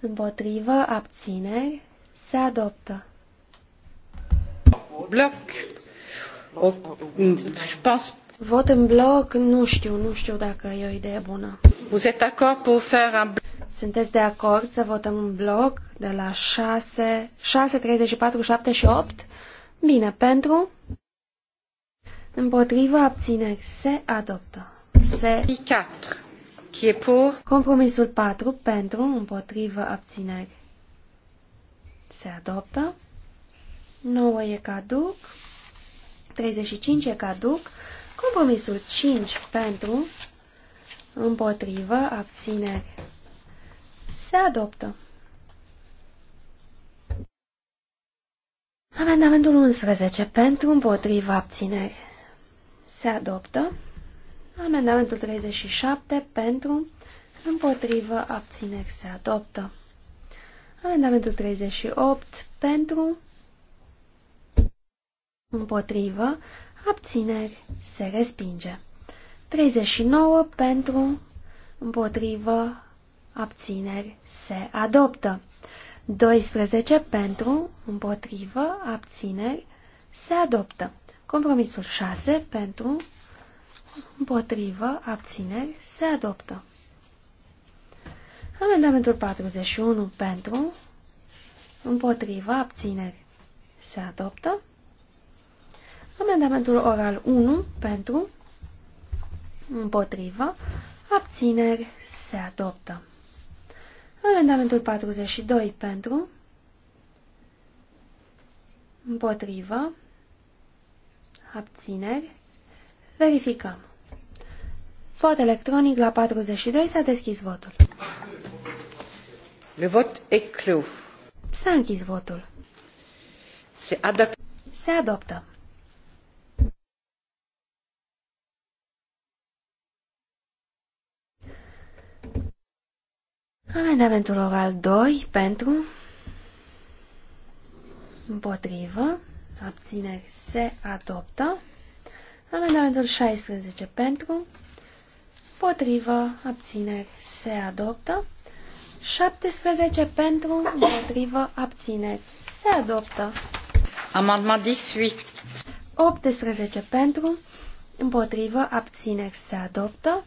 împotrivă, abțineri, se adoptă. Bloc. O, pas. Vot în bloc, nu știu, nu știu dacă e o idee bună. Vous êtes d'accord pour faire un bloc? Sunteți de acord să votăm un bloc de la 6, 6, 34, 7 și 8? Bine, pentru? Împotriva abțineri se adoptă. Se... 4. Qui est pour? Compromisul 4 pentru, împotrivă abțineri se adoptă. 9 e caduc. 35 e caduc. Compromisul 5 pentru, împotrivă abțineri se adoptă. Amendamentul 11. Pentru împotriva abțineri. Se adoptă. Amendamentul 37. Pentru împotriva abțineri. Se adoptă. Amendamentul 38. Pentru împotrivă abțineri. Se respinge. 39. Pentru împotrivă abțineri, se adoptă. 12 pentru, împotrivă, abțineri, se adoptă. Compromisul 6 pentru, împotrivă, abțineri, se adoptă. Amendamentul 41 pentru, împotrivă, abțineri, se adoptă. Amendamentul oral 1 pentru, împotrivă, abțineri, se adoptă. Amendamentul 42 pentru, împotrivă, abțineri, verificăm. Vot electronic la 42 s-a deschis votul. Le vot e clou. S-a închis votul. Se adoptă. Se adoptă. Amendamentul oral 2 pentru împotrivă, abțineri se adoptă. Amendamentul 16 pentru împotrivă, abțineri se adoptă. 17 pentru împotrivă, abțineri se adoptă. Amendament 18. 18 pentru împotrivă, abțineri se adoptă.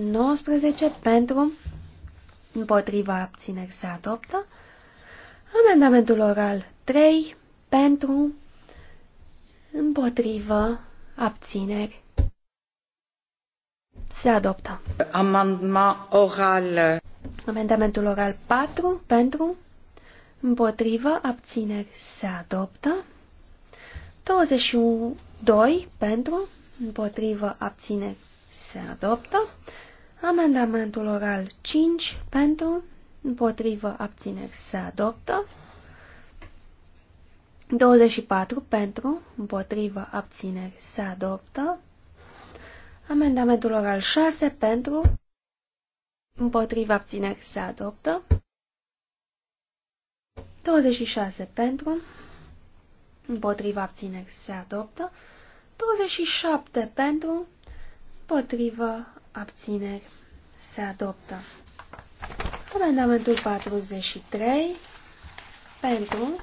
19 pentru Împotriva abțineri se adoptă. Amendamentul oral 3 pentru împotriva abțineri se adoptă. Amendament oral. Amendamentul oral 4 pentru împotriva abțineri se adoptă. 22 pentru împotriva abțineri se adoptă. Amendamentul oral 5 pentru, împotrivă, abțineri se adoptă. 24 pentru, împotrivă, abțineri se adoptă. Amendamentul oral 6 pentru, împotrivă, abțineri se adoptă. 26 pentru, împotriva abțineri se adoptă, 27 pentru, împotriva abțineri, se adoptă. Amendamentul 43 pentru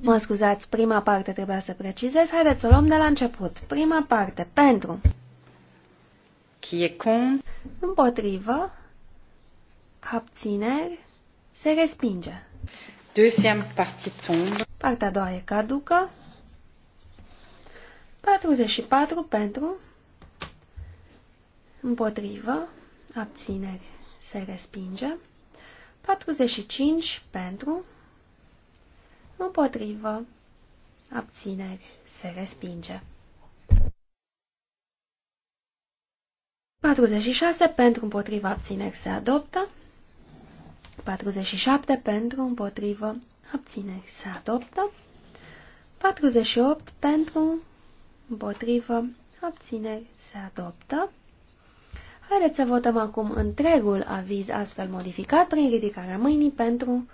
Mă scuzați, prima parte trebuia să precizez. Haideți să o luăm de la început. Prima parte, pentru. Qui est con? Împotrivă. Abțineri. Se respinge. Deuxième partie tombe. Partea a doua e caducă. 44 pentru, împotrivă, abțineri, se respinge. 45 pentru, împotrivă, abțineri, se respinge. 46 pentru împotrivă, abțineri se adoptă. 47 pentru împotrivă abțineri se adoptă. 48 pentru împotrivă, abțineri, se adoptă. Haideți să votăm acum întregul aviz astfel modificat prin ridicarea mâinii pentru,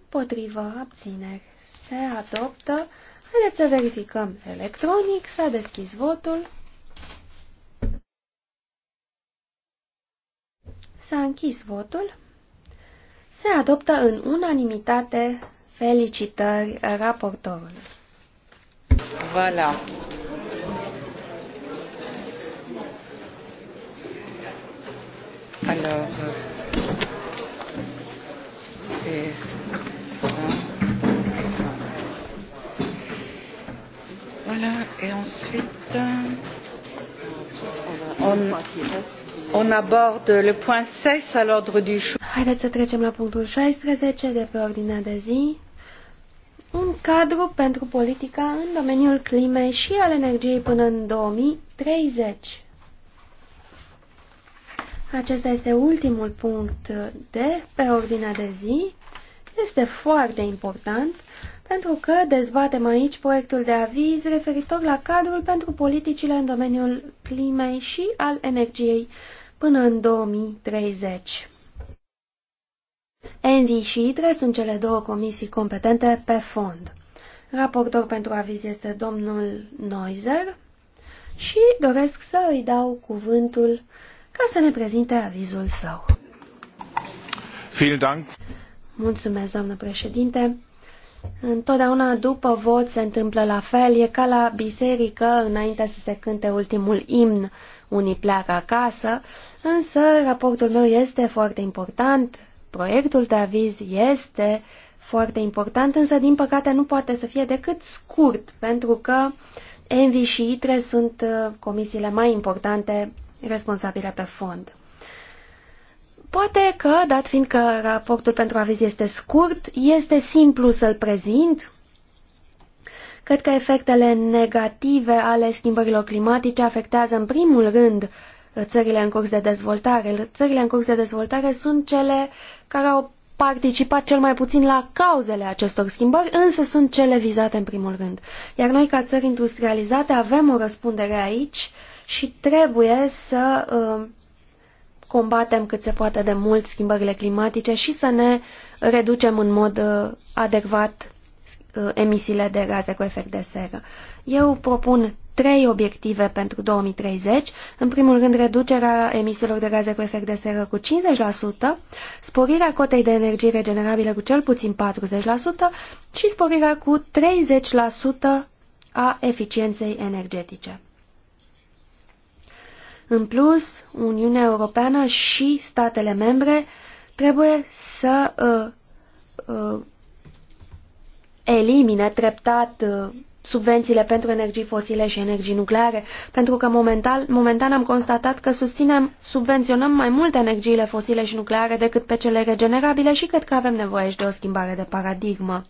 împotrivă, abțineri, se adoptă. Haideți să verificăm electronic, s-a deschis votul. S-a închis votul. Se adoptă în unanimitate felicitări raportorului. Voilà. Alors, c'est Voilà, et ensuite, euh, on, on aborde le point 16 à l'ordre du jour. Haideți să trecem la punctul 16 de pe ordinea de zi. Un cadru pentru politica în domeniul climei și al energiei până în 2030. Acesta este ultimul punct de pe ordinea de zi. Este foarte important pentru că dezbatem aici proiectul de aviz referitor la cadrul pentru politicile în domeniul climei și al energiei până în 2030. Envi și ITRE sunt cele două comisii competente pe fond. Raportor pentru aviz este domnul Noizer și doresc să îi dau cuvântul ca să ne prezinte avizul său. Mulțumesc, doamnă președinte. Întotdeauna după vot se întâmplă la fel, e ca la biserică înainte să se cânte ultimul imn. Unii pleacă acasă, însă raportul meu este foarte important, proiectul de aviz este foarte important, însă din păcate nu poate să fie decât scurt, pentru că Envi și ITRE sunt uh, comisiile mai importante responsabile pe fond. Poate că, dat fiind că raportul pentru aviz este scurt, este simplu să-l prezint. Cred că efectele negative ale schimbărilor climatice afectează în primul rând țările în curs de dezvoltare. Țările în curs de dezvoltare sunt cele care au participat cel mai puțin la cauzele acestor schimbări, însă sunt cele vizate în primul rând. Iar noi, ca țări industrializate, avem o răspundere aici uh, și trebuie să uh, combatem cât se poate de mult schimbările climatice și să ne reducem în mod uh, adecvat uh, emisiile de gaze cu efect de seră. Eu propun trei obiective pentru 2030. În primul rând, reducerea emisiilor de gaze cu efect de seră cu 50%, sporirea cotei de energie regenerabile cu cel puțin 40% și sporirea cu 30% a eficienței energetice. În plus, Uniunea Europeană și statele membre trebuie să uh, uh, elimine treptat uh, subvențiile pentru energii fosile și energii nucleare, pentru că momentan, momentan am constatat că susținem, subvenționăm mai mult energiile fosile și nucleare decât pe cele regenerabile și cred că avem nevoie și de o schimbare de paradigmă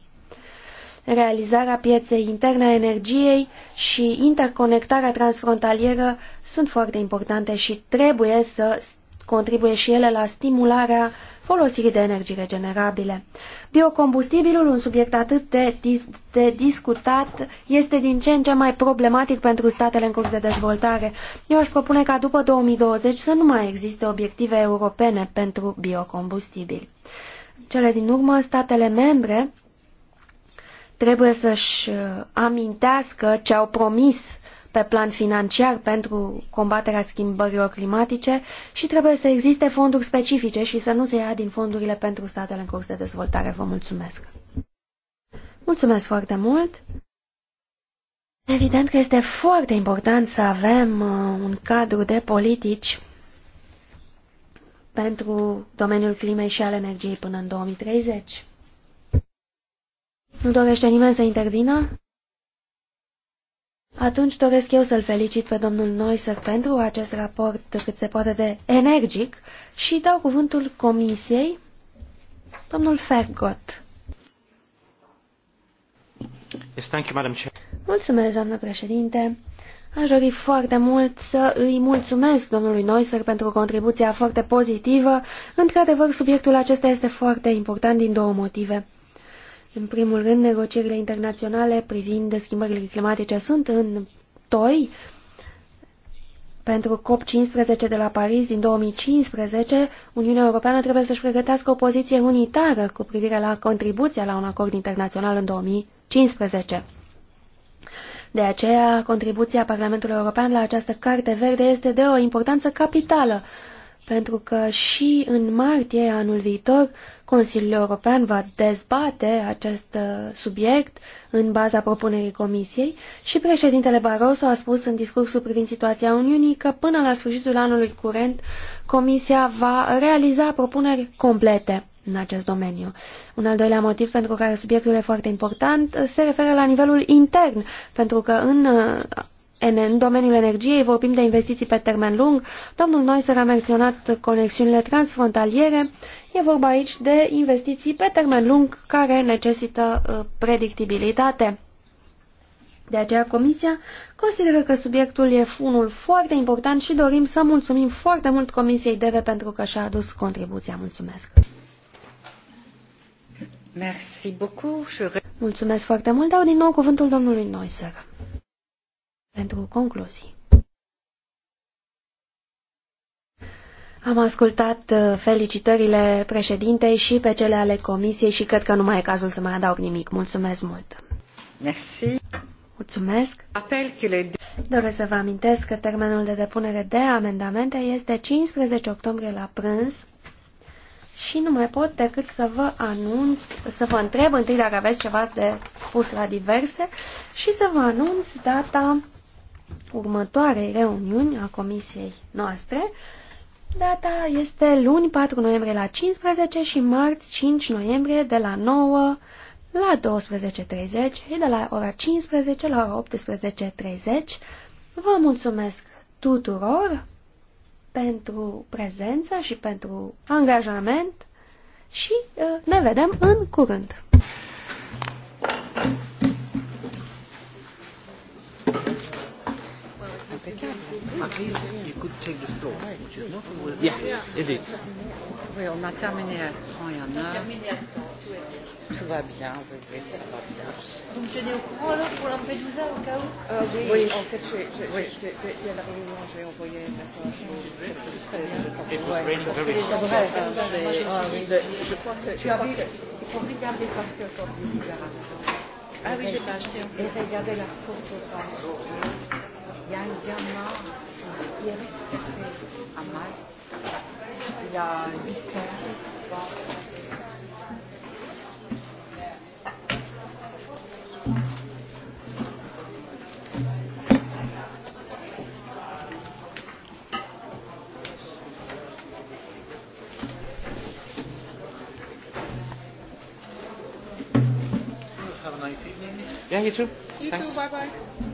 realizarea pieței interne a energiei și interconectarea transfrontalieră sunt foarte importante și trebuie să contribuie și ele la stimularea folosirii de energii regenerabile. Biocombustibilul, un subiect atât de, dis de discutat, este din ce în ce mai problematic pentru statele în curs de dezvoltare. Eu aș propune ca după 2020 să nu mai existe obiective europene pentru biocombustibili. Cele din urmă, statele membre trebuie să-și uh, amintească ce au promis pe plan financiar pentru combaterea schimbărilor climatice și trebuie să existe fonduri specifice și să nu se ia din fondurile pentru statele în curs de dezvoltare. Vă mulțumesc! Mulțumesc foarte mult! Evident că este foarte important să avem uh, un cadru de politici pentru domeniul climei și al energiei până în 2030. Nu dorește nimeni să intervină? Atunci doresc eu să-l felicit pe domnul Noiser pentru acest raport cât se poate de energic și dau cuvântul comisiei, domnul Fergot. Yes, thank you, Madam Chair. Mulțumesc, doamnă președinte. Aș dori foarte mult să îi mulțumesc domnului Noiser pentru contribuția foarte pozitivă. Într-adevăr, subiectul acesta este foarte important din două motive. În primul rând, negocierile internaționale privind schimbările climatice sunt în toi pentru COP15 de la Paris din 2015, Uniunea Europeană trebuie să-și pregătească o poziție unitară cu privire la contribuția la un acord internațional în 2015. De aceea, contribuția Parlamentului European la această carte verde este de o importanță capitală, pentru că și în martie anul viitor Consiliul European va dezbate acest uh, subiect în baza propunerii Comisiei și președintele Barroso a spus în discursul privind situația Uniunii că până la sfârșitul anului curent Comisia va realiza propuneri complete în acest domeniu. Un al doilea motiv pentru care subiectul e foarte important se referă la nivelul intern, pentru că în uh, în, în domeniul energiei vorbim de investiții pe termen lung. Domnul Neusser a menționat conexiunile transfrontaliere. E vorba aici de investiții pe termen lung care necesită uh, predictibilitate. De aceea Comisia consideră că subiectul e unul foarte important și dorim să mulțumim foarte mult Comisiei DEVE pentru că și-a adus contribuția. Mulțumesc! Merci beaucoup. Mulțumesc foarte mult. Dau din nou cuvântul domnului Neusser pentru concluzii. Am ascultat uh, felicitările președintei și pe cele ale comisiei și cred că nu mai e cazul să mai adaug nimic. Mulțumesc mult! Merci. Mulțumesc! le Doresc să vă amintesc că termenul de depunere de amendamente este 15 octombrie la prânz și nu mai pot decât să vă anunț, să vă întreb întâi dacă aveți ceva de spus la diverse și să vă anunț data următoarei reuniuni a comisiei noastre. Data este luni 4 noiembrie la 15 și marți 5 noiembrie de la 9 la 12.30 și de la ora 15 la ora 18.30. Vă mulțumesc tuturor pentru prezență și pentru angajament și uh, ne vedem în curând. impeccable. At least you could take the floor, which is not always... Yeah, indeed. Oui, on a terminé à temps et en heure. Tout va bien, oui, oui, ça va bien. Vous me tenez au courant alors pour Lampedusa au cas où euh, oui, oui, en fait, il y a la réunion, j'ai envoyé un message. It was raining very hard. Ah, je crois que... Tu as vu Il faut regarder par cœur comme libération. Ah oui, j'ai pas acheté. Et regarder la photographie. Il y a un gamin qui est à Il a 8 ans, je Yeah, you too. You Thanks. too. Bye bye.